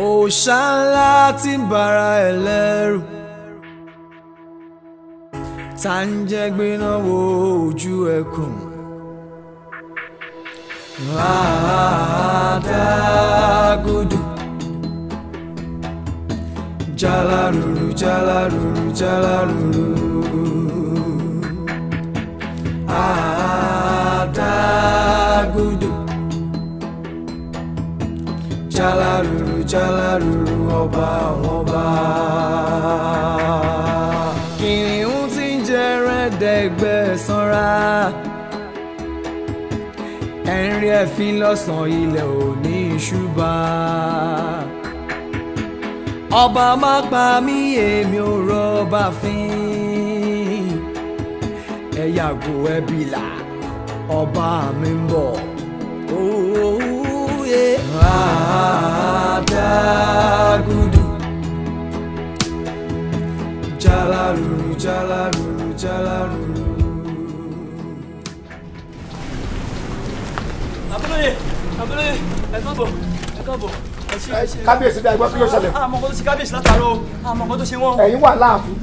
òòṣà ńlá tí ń bara ẹ̀ lẹ́rù tá ń jẹ́ gbiná wo ojú ẹkùn. Àádágúdù jálárùrù jálárùrù jálárùrù Àádágúdù Ajàlárúrú ọba àwọn ọba. kìnìún ti ń jẹ ẹrẹ́dẹ̀ ẹgbẹ́ sanra ẹ̀rí ẹ̀fín lọ́sàn ilẹ̀ òní ṣùbà. ọba má pa mí èmi ò rọ́ọ̀bà fín ẹ yàgò ẹbí là ọba mi ń bọ̀. Ada Jalaruru Jalaruru Jalaruru. Abúlóye Abúlóye ẹ káàbọ̀ ẹ káàbọ̀ kábíyèsí bí agbọ́n kí ló ṣẹlẹ̀. àmọ́ nǹkan tó ṣe kábíyèsí látàárọ̀ àmọ́ nǹkan tó ṣe wọ́n. ẹ̀yin wà láàfin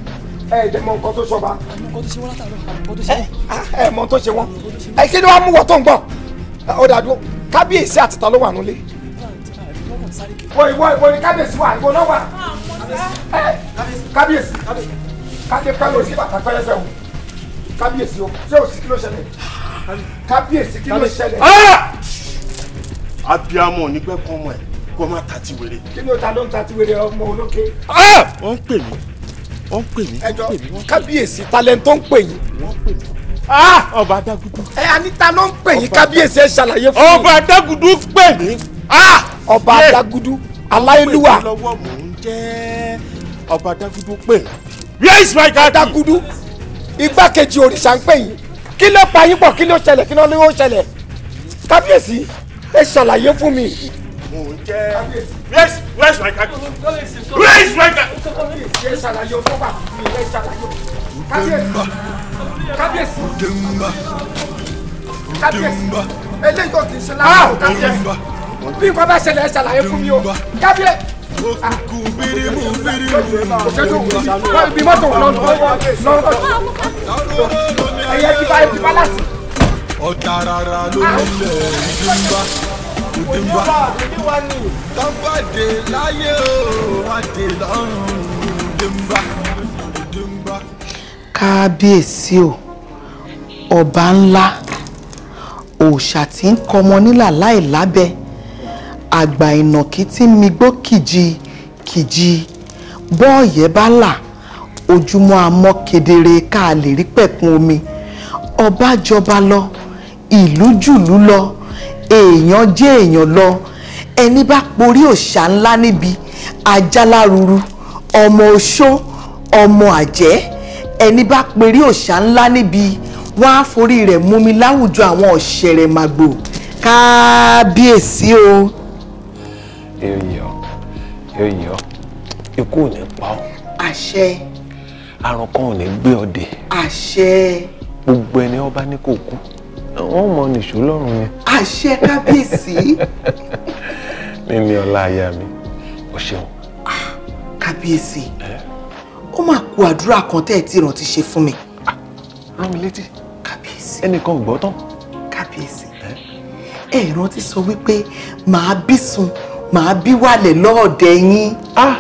ẹ dẹ̀ mọ̀ nǹkan tó ṣọba. nǹkan tó ṣe wọ́n látàárọ̀ nǹkan tó ṣe wọ́n. ẹ mọ̀ nǹkan tó ṣe wọ́n. ẹ kí ni wàá mú wọ́n tó ń gbọ́. ó kábíyèsí àtìtàn ló wà nílé wọ ìwọ ìwọ ni kábíyèsí wà ìwọ náà wà ah, eh, kábíyèsí kábíyèsí kábíyèsí bàtà pẹlẹsẹ o kábíyèsí o ṣé o sì kí ló ṣẹlẹ̀ kábíyèsí kí ló ṣẹlẹ̀. Ah! abiamọ nígbẹ́ kan mọ̀ ẹ́ kó má ta ti wèrè. kí ni o ta ló ń ta ti wèrè ọmọ olókè. Ah! wọ́n ń pè mí wọ́n ń pè mí. ẹjọ kábíyèsí talento ń pè yín. wọ́n ń pè mí ọba adagudu. ẹ eh, anita ló ń pè yín kábíyèsí ẹ ṣàlàyé fún mi. ọba adagudu pè mí ọba adágúdú aláìlúwà. ọba adágúdú pè. where is my garden. adágúdú igbákejì òrìṣà ń pè yín kí ló pa yín pọ̀ kí ló ṣẹlẹ̀ kí ló ní ó ṣẹlẹ̀ kábíyèsí ẹ ṣàlàyé fún mi. mò ń jẹ́ where's where's my garden. where's my garden. kábíyèsí kábíyèsí kábíyèsí eléyìí kò kì í ṣe láàbù kábíyèsí bí nǹkan bá ṣẹlẹ̀ ẹ ṣàlàyé fún mi o kábíyè. òṣèlú wọn ibi mọ́tò lọ́nà ẹ̀yẹ ti bá ẹ ti bá láti. ọ̀tá rárá ló ń lẹ̀ ìdúmbà ìdúmbà tábàdé láyé o àdè lọ́rùn ìdúmbà ìdúmbà. kábíyèsí o ọba ńlá òòṣà tí ń kọmọ nílà láì lábẹ́ àgbà ìnàkí tí ń migbó kìjì kìjì bọ́ọ̀yẹ́ bá là ojúmọ́ amọ́ kedere ká lè rí pẹ̀kun omi ọba jọba lọ ìlú jùlú lọ èèyàn jẹ́ èèyàn lọ ẹni bá porí òòṣà ńlá níbi ajáláruru ọmọ oṣó ọmọ àjẹ́ ẹni bá perí òòṣà ńlá níbi wọ́n á forí rẹ̀ mumi láwùjọ àwọn ọ̀ṣẹ̀rẹ̀ màgbò kábíyèsí o yóò yọ yóò yọ ikú ò ní pa ọ́. àṣẹ. àrùn kan ò ní gbé ọ dé. àṣẹ. gbogbo ẹni ọba ní kò kú wọn mọ nìṣó lọ́rùn yẹn. àṣẹ kábíyèsí. níní ọlá aya mi o ṣeun. Ah, kábíyèsí ó máa kú àdúrà kan tẹ́ ẹ ti rántí ṣe fún mi. Ah, rán mi létí. kábíyèsí. ẹnìkan ò gbọ́ tán. kábíyèsí ẹ rántí sọ wípé màá bí sun ma màá bí wàlẹ̀ lọ́ọ̀dẹ ah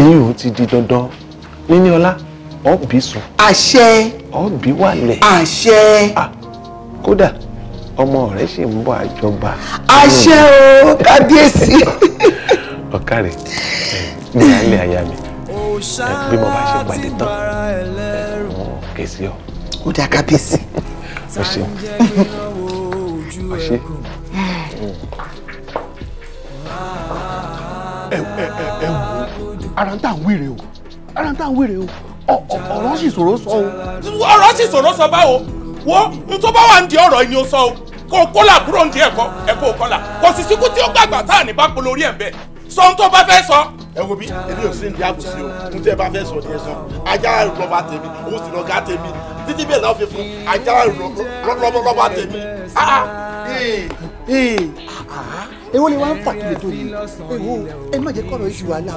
ẹ̀yin ò ti di dandan níní ọlá ọ̀bí sùn. àṣẹ. ọ̀bí wàlẹ̀. àṣẹ. Ah! kódà ọmọ rẹ̀ ṣì ń bọ̀ àjọba. àṣẹ o kábíyèsí. ọ̀ká rẹ̀ ní alẹ́ àyà mi bí mo bá ṣe pàdé tán kèsì ọ. ó dá kábíyèsí. ọṣẹ ọṣẹ. ẹ ẹ ẹ ẹ wò ara ń tà ń wéèrè o ara ń tà ń wéèrè o ọ̀rọ̀ sì ṣòro sọ o. ọ̀rọ̀ sì ṣòro sọ báwo wo n tó ń di ọ̀rọ̀ ni o sọ o kó kọ́là ń di ẹ̀kọ́ ẹ̀kọ́ kọ́là kò sì síkú tí ó gbàgbà tá à ní bá polo orí ẹ̀ bẹ́ẹ̀ sọ ohun tó bá fẹ́ sọ. ẹ wo bí èmi ò sí ní àbùsí o ohun tí bá fẹ́ sọ ni ẹ sọ ajá rọba tèmi òun sì lọ́gá tèmi títí bẹ́ẹ̀ náà fi fún ajá rọba tèmi. Ah, ah èwo lè wá ń pàkìlì tó yìí èwo ẹ má jẹ́ kọ́ ọ̀rọ̀ ìṣù wàhálà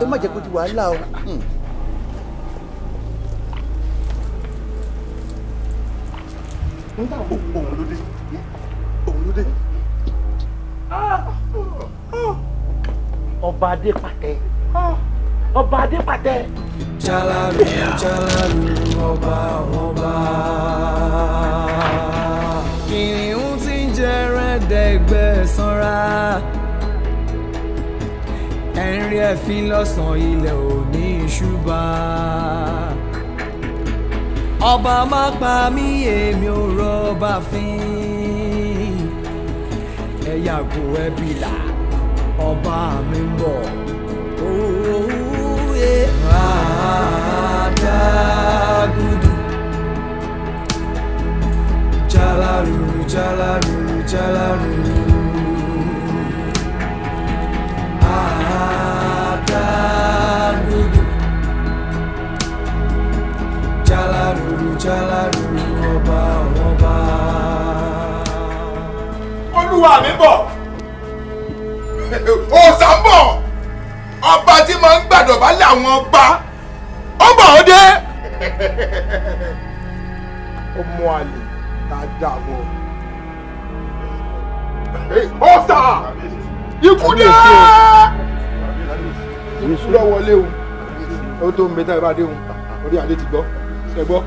o ẹ má jẹ́ kó di wàhálà o. Hmm. Oh, òun ló dé òun ló dé. ọba adé pàtẹ ọba adé pàtẹ. jalalu jalalu ọba ọba kiri ẹ̀ẹ́dẹ́gbẹ́ sanra ẹ̀rín rí lọ́sàn ilẹ̀ òní ṣùbà. ọba má pa mí èmi ò rọ́ọ̀bà fín ẹ̀yà kò ẹ̀bìlà ọba mi ń bọ̀ òwúrọ̀ eh. àdágùdù jálárùrù jalan akan duduk jalan dulu jalan dulu ọba ọba. olúwa mi bọ̀ òòsà ń bọ̀ ọba ọmọ àlè tá a ọ̀sà ikú dé ikú lọ wọlé o ó tó ń bẹ táyà bá dé o orí adé ti gbọ́ ẹ gbọ́.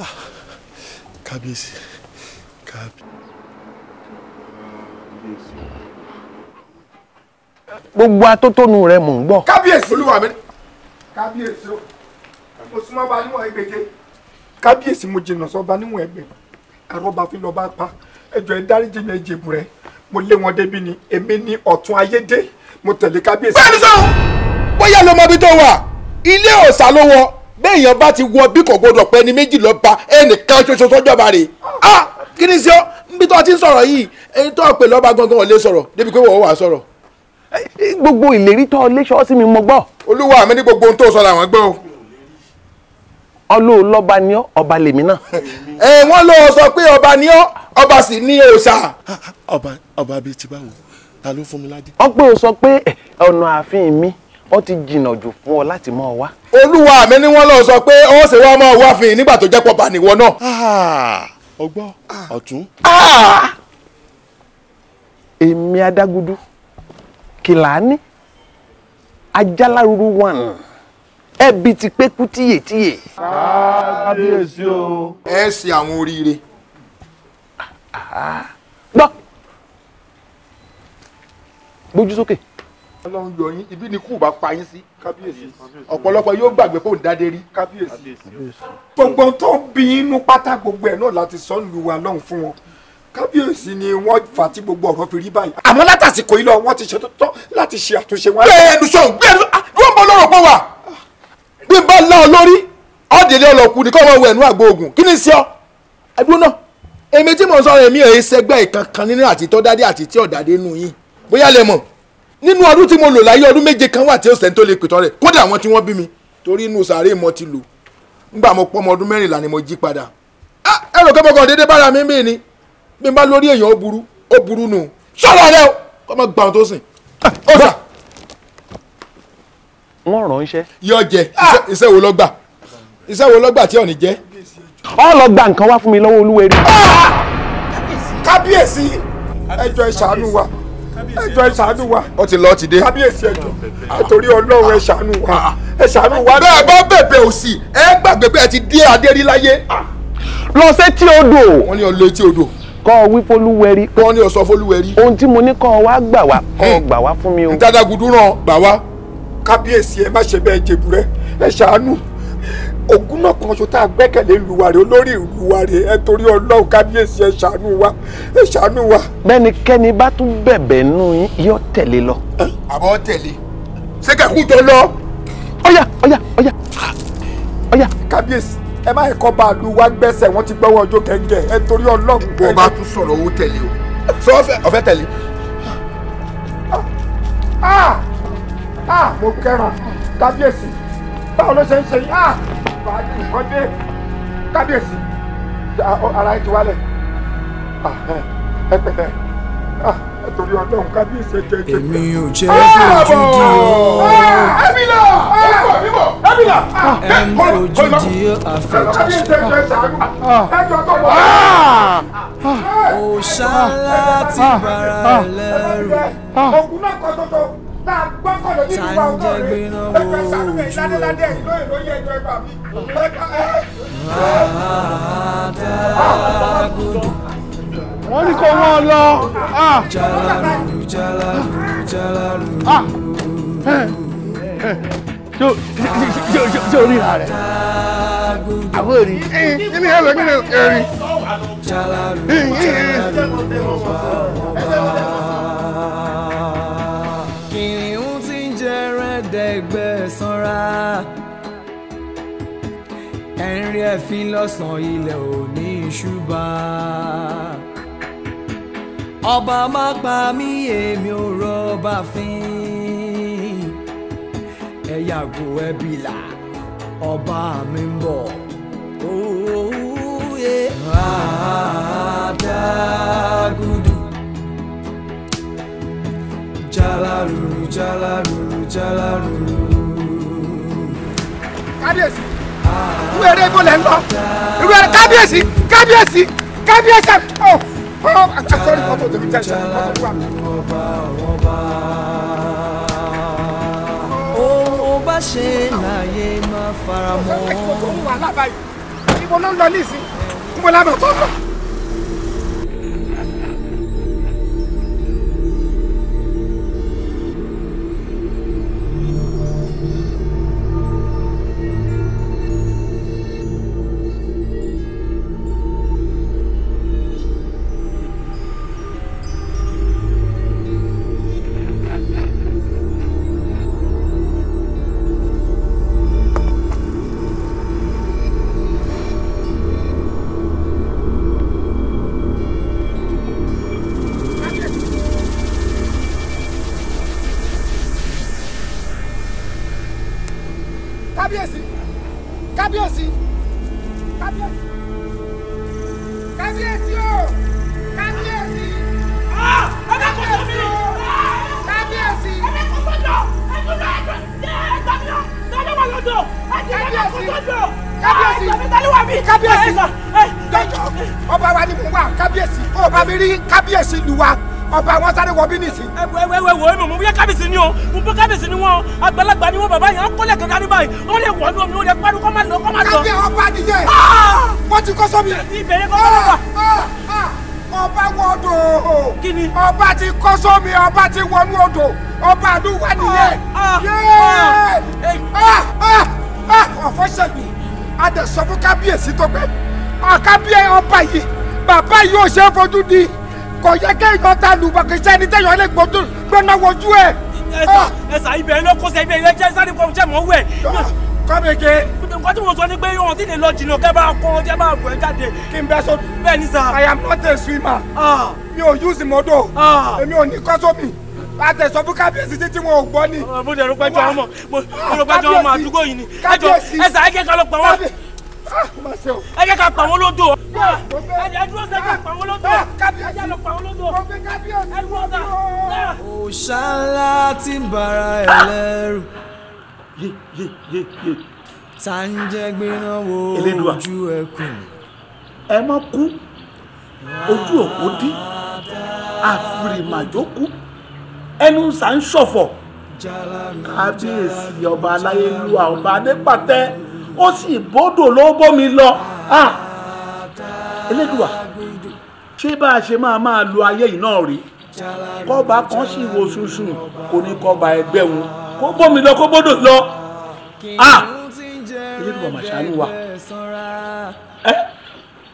Ah, kábíyèsí gbogbo atótónu rẹ mò ń gbọ́. kábíyèsí olúwa mi kábíyèsí o mo súnmọ́ ba níwọ̀n ẹgbẹ̀je kábíyèsí mo jìnnà sọ ba níwọ̀n ẹgbẹ̀ ẹ̀rọ bá fi lọ bá pa ẹjọ́ ẹ dáríjì mi ẹ̀jẹ̀bù rẹ mo lé wọn débi ni èmi ní ọ̀tún ayédè mo tẹ̀lé kábíyèsí. bẹ́ẹ̀ ni sọ bóyá ló mọ ibi tó wà ilé òòsà ló wọ béèyàn bá ti wọ bí kò gbọdọ̀ pẹ́ ni méjì lọ ba ẹnìkan ṣoṣo sọ́jọba rẹ̀ ah! kí ni sọ níbi tó ti ń sọ̀rọ̀ yìí ẹni tó pè lọ́ba gangan ò lè sọ̀rọ̀ débi pé wọ́n wà sọ̀rọ̀ gbogbo ìlérí tó lé ṣọ́ọ́sì mi mo gbọ́. olúwa mi ní gbogbo ohun tó sọ làwọn gbọ́ o. ọlọ́ọ̀ lọ́ba ni ọ́ ọba lèmi náà. ẹ wọ́n lọ sọ pé ọba ni ọ́ ọba sì ni òòṣà. ọba ọba bíi ti báwo ta ló fún mi ládé. ọpẹ́ o sọ pé eh, ọ̀nà ààfin mi ó ti jìnnà jù fún ọ láti mọ wá. olúwa mi ni wọ́n lọ sọ pé ó ṣe wá máa wá fún nígbà tó jẹ́ pọ̀pá nìwọ náà. ọgbọ́n ọ̀tún. èmi adágúdú kìláàní ajálárúrú one ẹbí ti pé kú tíyètíyè. kábíyèsí o. ẹ ṣe àwọn oríire. gbọ́ gbójú sókè. ọlọ́run yọ yín ibi ni kú bá pa yín sí kábíyèsí ọ̀pọ̀lọpọ̀ yóò gbàgbé pé òun dáadé rí kábíyèsí. gbogbo tó ń bí inú pátá gbogbo ẹ̀ náà láti sọ ń lu wa lọ́hùn fún wọn kábíyèsí ni wọ́n fà tí gbogbo ọ̀rọ̀ fi rí báyìí. àmọ́ látàsìkò yìí lọ wọ́n ti ṣe tó tọ́ láti ṣe àtúnṣe wọn. bẹ́ẹ̀ ẹnu sọ̀rọ̀ bẹ́ẹ̀ ẹnu wọ́n ah, bọ́ lọ́rọ̀ pọ̀ wá. bí n bá la ọ lórí ọ̀dẹ̀lẹ̀ ọlọ́kù ni kọ́ wọ́n ẹnu àgbo oògùn kí ni sí ọ. ẹdun náà èmi tí mò ń sọ̀rọ̀ èmi èyí sẹ́gbẹ́ ìkankan nínú àti tọ́dádé àti tí ọ̀dàdé nù yín bóyá lẹ mọ̀ nínú ọdún tí mo lò láyé ọdún méje kan wà tí ó sẹ́ni tó lè pètọ́ rẹ̀ kódà àwọn mo ti lò ńgbà mo ni mo jí padà. Ah, ẹ rò pé mo kàn déédéé bára mi mí ni bí n bá lórí èèyàn ó burú ó burú nù sọ̀rọ̀ rẹ o kọ́ mọ́ gbàùn tó sìn ah, ó sà. wọ́n ràn án iṣẹ́. yọ jẹ ah! iṣẹ́ wo ló gbà iṣẹ́ wo ló gbà tí ò ní jẹ́. ọ lọ gba nǹkan wá fún mi lọ́wọ́ olúwerí. kábíyèsí ẹjọ́ ìṣàánú wa ẹjọ́ ìṣàánú wa. ó ti lọ ti dé. kábíyèsí ẹjọ́ nítorí Ọlọ́run ẹ ṣàánú wa ẹ ṣàánú wa. bẹ́ẹ̀ bá bẹ̀bẹ̀ òsì ẹ gbàgbé pé ẹ ti dé adé rí láyé. lọ sí etí odò. wọ́n ní ọ lọ etí odò kọ́ ọ wí fólúwẹ̀rí. kọ́ ni o sọ fólúwẹ̀rí. ohun tí mo ní kọ́ ọ gbà wá kọ́ hmm. gbà wá fún mi o. ntadagudu ràn gbà wá kábíyèsí ẹ má ṣe bẹ́ẹ̀ jèbù ẹ ṣàánú ògùn náà kan ṣo tá a gbẹ́kẹ̀lé ìlúwàrè olórí ìlúwàrè ẹ torí ọlọ́run kábíyèsí ẹ ṣàánú wa ẹ ṣàánú wa. bẹ́ẹ̀ni kẹ́ni bá tún bẹ̀bẹ̀ nù yóò tẹ̀lé lọ. àbọ̀ tẹ̀lé ṣé kẹ́kùn tó lọ. ọ̀yà ọ̀yà ọ̀yà ọ̀yà. kábíyèsí ẹ má ẹ̀kọ́ bá lu wá gbẹ́sẹ̀ wọ́n ti gbọ́wọ́ ọjọ́ kẹ̀ǹgẹ̀ ẹ torí ọlọ́run. bó o bá tún sọ̀rọ̀ owó tẹ̀lé o sọ ọ̀fẹ́ tẹ̀lé. Ah! Ah! Ah! mo kẹ́ràn kábíyèsí báwo ló ṣe ń ṣe yín báyìí nǹkan dé kábíyèsí ara ẹ ti wálẹ̀ ẹ pẹ̀lẹ́ torí ọlọ́run kábíyèsí ẹ̀jẹ̀ ẹ̀jẹ̀. èmi ò jẹ́ fojú di o. ẹ̀mílà ẹ̀mílà ẹ̀mílà ẹ̀mí fojú di àfẹ̀jẹ̀sọ́. òṣàlá ti ah. bàrà ah. lẹ́rù. ògùn náà kọ́ tó tó tá a gbọ́ kọ́ lójú ìgbà ọ̀gá rẹ̀ ẹgbẹ́ sàrúgbẹ̀ ìdániládẹ́ ìlú èlò yẹ ẹjọ́ ẹgbà mi. àdàgùdù. Ah. wọ́n ní kó wọ́n lọ. Jalalu, jalalu, jalalu. Ṣé o ríra rẹ̀? Àbúrò rí. Kí ni ẹ̀rọ kí ni ẹ̀rọ rí? Jalalu, jalalu, kìnìún ti ń jẹ rẹ́dẹ̀gbẹ́ sanra ẹ̀rín ẹ̀fín lọ́sàn-án òní ṣùgbọ́n ọba má pa mí èmi ò rọba fín ẹ yàgò ẹ bìlà ọba mi ń bọ̀ òye. Eh. àdágùdù jálárùrù jálárùrù jálárùrù. kábíyèsí ìwé eré ibo lẹ́ ń lọ ìwé eré kábíyèsí kábíyèsí kábíyèsí fáwọn àtàkọ́rí kọ́tò tèmi tẹ̀ ṣe kọ́tò tó wà mí. ó bá ṣe láàyè máa fara mọ́. ìwọ ló ń lọ ní ìsìn kúmọ̀lábà tó ń lọ. ọba ti kọ́ sómi ọba ti wọnú odò ọba àdúgbò nìyẹn ah, ah, ah, ọ̀fọ̀ ṣẹ̀gbìn adẹ̀sọ fún kábíyèsí tó pẹ́ àkábíyè ọba yìí bàbá yìí ò ṣe é fojú di kò yẹ kéèyàn ta lùbọ̀kìṣẹ́ ni téèyàn lè gbóná wojú ẹ̀. ẹsà ibẹ̀ ló kó sẹ́ ibẹ̀ ilé jẹ́ sáré kọ́ jẹ́ mọ́ wẹ̀. kọ́mẹ̀kẹ́. nǹkan tí mo sọ ni pé yóò ti lè lọ jìnnà kẹ́ bá kọ́ jẹ́ bá wẹ̀ jáde. kí n bẹ́ sọ́dún. bẹ́ẹ̀ ni sà. I am not a swimmer. Ah mi ò yúùsì mọ́tò ah. èmi ò ní kọ́sọ́mì àtẹ̀sọ́ fún kábíyèsí títí wọn ò gbọ́ ni. Ah, mo dẹ̀ rò pẹ́jọ ọmọ mo rò pẹ́jọ ọmọ àdúgbò yìí ni ẹjọ ẹsẹ̀ ẹ ká lọ pa wọ́n ah, ẹ ká pa wọ́n lódò ẹ ti ń bara ẹ lẹ́rù tá ń jẹ́ gbiná wo ojú ẹkùn. ẹ má kú ojú òkú dín màjókú ẹnu sà ń ṣọ̀fọ̀ kábíyèsí ọba aláyélúwà ọba adépàtẹ ó sì bódò ló bómi lọ elédùà ṣé bá a ṣe máa máa lo ayé yìí náà rí kọba kan sì wo ṣunṣun kò ní kọba ẹgbẹ́ wọn kó bómi lọ kó bódò lọ elédùà màṣánú wa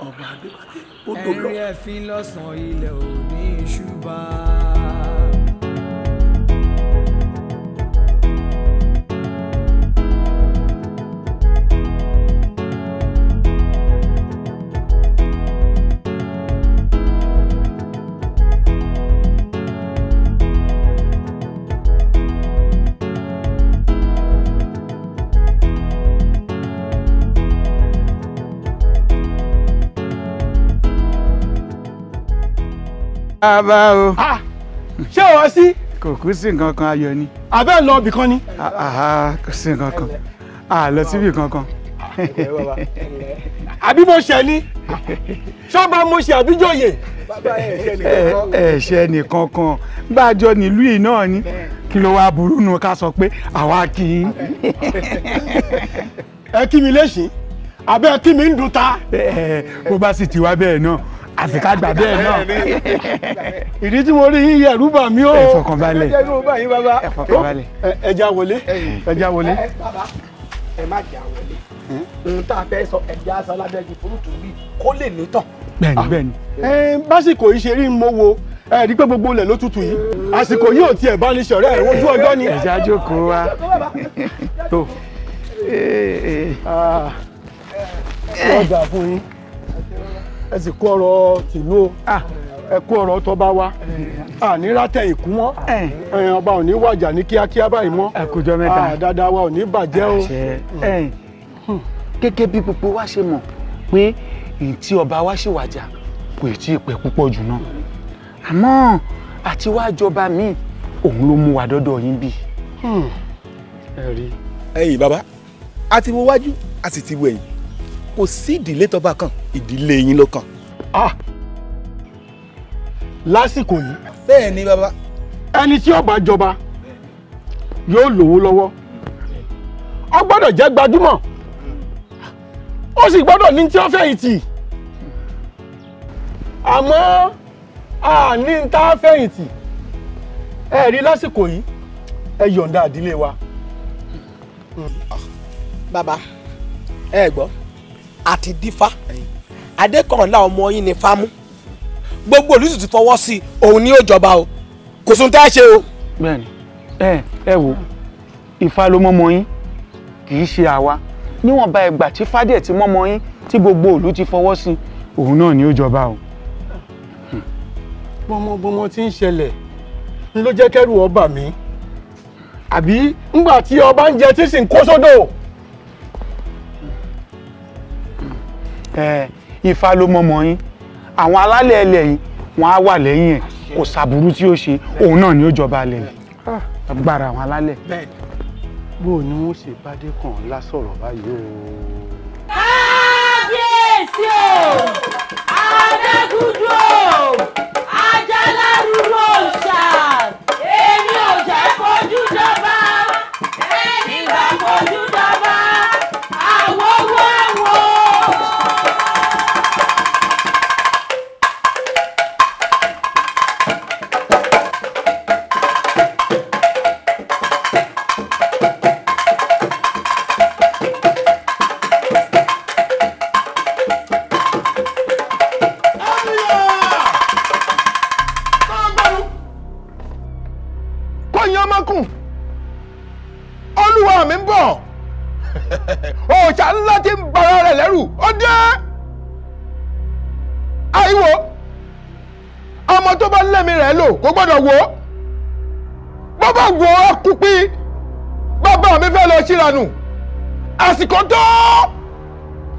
ọba adépàtẹ ó dò lọ. ẹ̀rín ẹ̀fín lọ́sàn-án ilẹ̀ òní ṣùgbọ́n. bàbá o. Ah, ṣé o wá sí. kò kú sí nǹkan kan ayọ̀ ni. àbẹ́ lọ ibì kan ni. Ah, kò sí nǹkan kan a lọ síbì kankan. àbí mo ṣẹ̀ ni ṣọ́ba mo ṣe àbíjòyè. ẹ̀ṣẹ̀ nìkan kan bá a jọ nílùú yìí náà ni kí ló wá burú nu ká sọ pé àwa kì í. ẹ kí mi léṣin àbẹ́ kí mi ń dun ta. bó bá sì ti wá bẹ́ẹ̀ náà àfikà gbà bẹ́ẹ̀ náà ìdí tí mo rí yín yẹ̀rù bà mí o ẹ fọkàn balẹ̀ ẹ fọkàn balẹ̀ ẹ já wọlé ẹ já wọlé. bàbá ẹ má jà wọlé ohun tá a fẹ́ sọ ẹ̀jẹ̀ aṣọ alábẹ́jì fúrúùtù bíi kó lè nítàn. bẹ́ẹ̀ni bẹ́ẹ̀ni. Ah. ẹ básìkò yìí ṣe rí mo wo ẹ rí pé gbogbo ilẹ̀ ló tutù yìí àsìkò yìí ò tiẹ̀ bá ẹ̀ wojú ọjọ́ ni. ẹ̀jẹ̀ ajókòó wa tó. Ah. ọjà fún yín ẹ sì kó ọ̀rọ̀ tìlú o ẹ kó ọ̀rọ̀ tọba wa ànírà tẹ ìkú mọ́ ọba ò ní wàjà ní kíákíá báyìí mọ́ àkójọ mẹ́ta dáadáa wa ò ní bàjẹ́ o. gẹ́gẹ́ bí gbogbo wa ṣe mọ̀ pé ìtí ọba wa ṣì wàjà kò tí ì pẹ́ púpọ̀ jù náà àmọ́ àti wá jọba míì òun ló mú wa dọ́dọ̀ yín bí. Hmm. ẹ̀yin bàbá a ti wo wájú a sì ti wo ẹ̀yìn kò sí ìdílé tọ́ba kan ìdílé yín ló kàn. ah lásìkò yìí. bẹ́ẹ̀ ni bàbá. ẹni tí ó bá jọba yóò lówó lọ́wọ́ ó gbọ́dọ̀ jẹ́ gbajúmọ̀ ó sì gbọ́dọ̀ ní tí ó fẹ̀yìntì àmọ́ a ní tá a fẹ̀yìntì ẹ rí lásìkò yìí ẹ yọ̀ǹda ìdílé wa. bàbá ẹ gbọ́ àti dífá adékọ̀ọ́lá ọmọ yín ni fámú gbogbo olùsù ti fọwọ́ sí i òun ni ó jọba o kò sóhun tá a ṣe o. bẹ́ẹ̀ni ẹ ẹ wo ifá ló mọmọ yín kì í ṣe àwa níwọ̀nba ìgbà tí fádẹ ti mọmọ yín tí gbogbo òlú ti fọwọ́ sí i òun náà ni ó jọba o. bọmọbọmọ tí ń ṣẹlẹ̀ ló jẹ́ kẹ́rù ọba mi àbí ńgbà tí ọba ń jẹ tí sì ń kó sódò. ifá ló mọ̀mọ́ yín àwọn alálẹ̀ ẹlẹ̀ yìí wọ́n á wà lẹ́yìn ẹ̀ kò sàbúrú tí ó ṣe òun náà ni ó jọba alẹ̀ yìí ah. agbára àwọn alálẹ̀. bó o wọn ṣe bàdé kan lásọ̀rọ̀ báyìí o. kábíyèsí o adágúndú o ajálárúrú òòṣà èmi ò jẹ́ fojú dọ́ba èmi bá fojú dọ́ba. ẹ lò kó gbọ́dọ̀ wò ó bàbá wò ó kú pé bàbá mi fẹ́ lọ ṣìranù àsìkò tó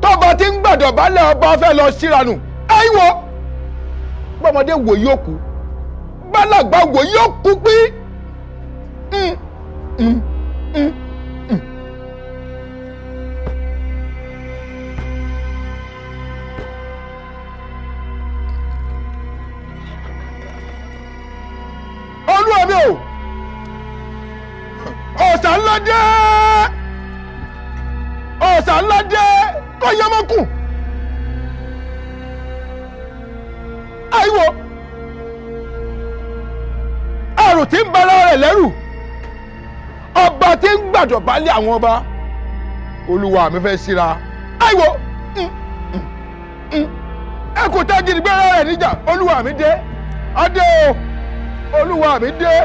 tọba ti ń gbàdọ̀ balẹ̀ ọba fẹ́ lọ ṣìranù ẹ̀yìnwó bọ́mọdé wò yóò kú bálàgbà wò yóò kú pé. dọ̀bálẹ̀ àwọn ọba olúwa mi fẹ́ síra àìwò mm, mm, mm. ẹ kò tẹ́ gidigbẹ́rẹ́ rẹ̀ níjà olúwa mi dé adé o olúwa mi dé.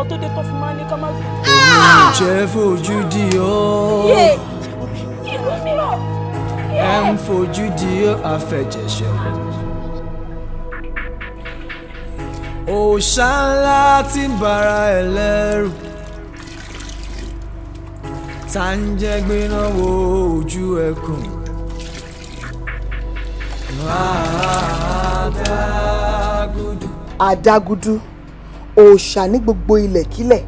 nǹkan tó dé tó fi máa ní ká má fi. èmi jẹ́ fojú di ọ́. ìlú mìíràn. ẹ ń fojú di àfẹ̀jẹ̀ṣẹ̀. òòṣà ńlá ti ń bara ẹ̀ lẹ́rù tá ń jẹ́ gbiná wo ojú ẹkùn. àdágudu. àdágudu òòṣà ní gbogbo ilẹ̀kílẹ̀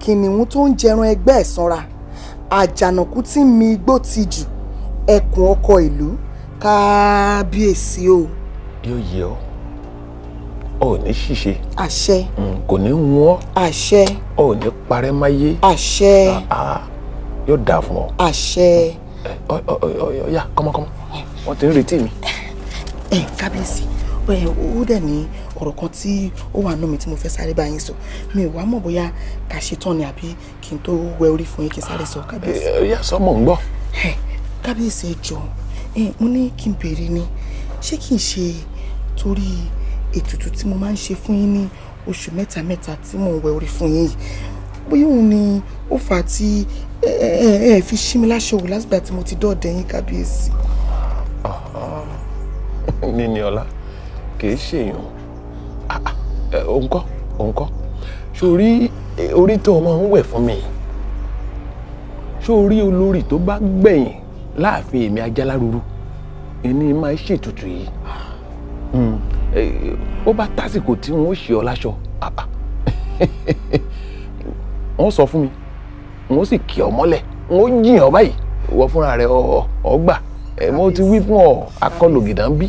kìnìún tó ń jẹran ẹgbẹ́ ẹ̀ sanra àjànàkú tí mi igbó ti jù ẹkùn ọkọ ìlú kábíyèsí o. yóò yẹ ọ ò ní ṣìṣe. àṣẹ. Mm, kò ní wọ́n. àṣẹ. ò ní parẹ́ máyé. àṣẹ. Ah, ah, yóò dà fún ọ. àṣẹ. Eh, ọ̀ya kọ́mọkọ́mọ wọ́n ti ń retí mi. ẹ eh, kábíyèsí ó dẹ̀ ní ọ̀rọ̀ kan tí ó wà nù mí tí mo fẹ́ sáré bá yín sọ mi ò wá mọ̀ bóyá ká ṣe tán ni àbí kí n tó wẹ orí fún yín kí n sáré sọ kábíyèsí. ìyá sọ mọ̀ ń gbọ́. kábíyèsí ẹ jọ mo ní kí n béèrè ni ṣé kí n ṣe torí ètùtù tí mo máa ń ṣe fún yín ní oṣù mẹ́ta mẹ́ta tí mò ń wẹ orí fún yín yìí bóyá òun ni ó fà á tí ẹ fi ṣí mi láṣọ wò lásìgbà tí mo ti dọ̀ọ̀dẹ̀ yín kábíyèsí. Ah, ah. níní ọlá kì í ṣèyàn ah, ah, òun kọ́ òun kọ́ sórí orí tó o máa ń wẹ̀ fún mi sórí olórí tó bá gbẹ̀yìn láàfin èmi ajáláruru ẹni máa ṣètùtù yìí hmm, ó bá tásìkò tí wọ́n ṣe ọ láṣọ ah, wọ́n sọ fún mi wọ́n sì kì ọ mọ́lẹ̀ wọ́n jiyàn báyìí wọ́n fúnra rẹ̀ ọ gbà mo ti wí fún ọ akọlògìdá ń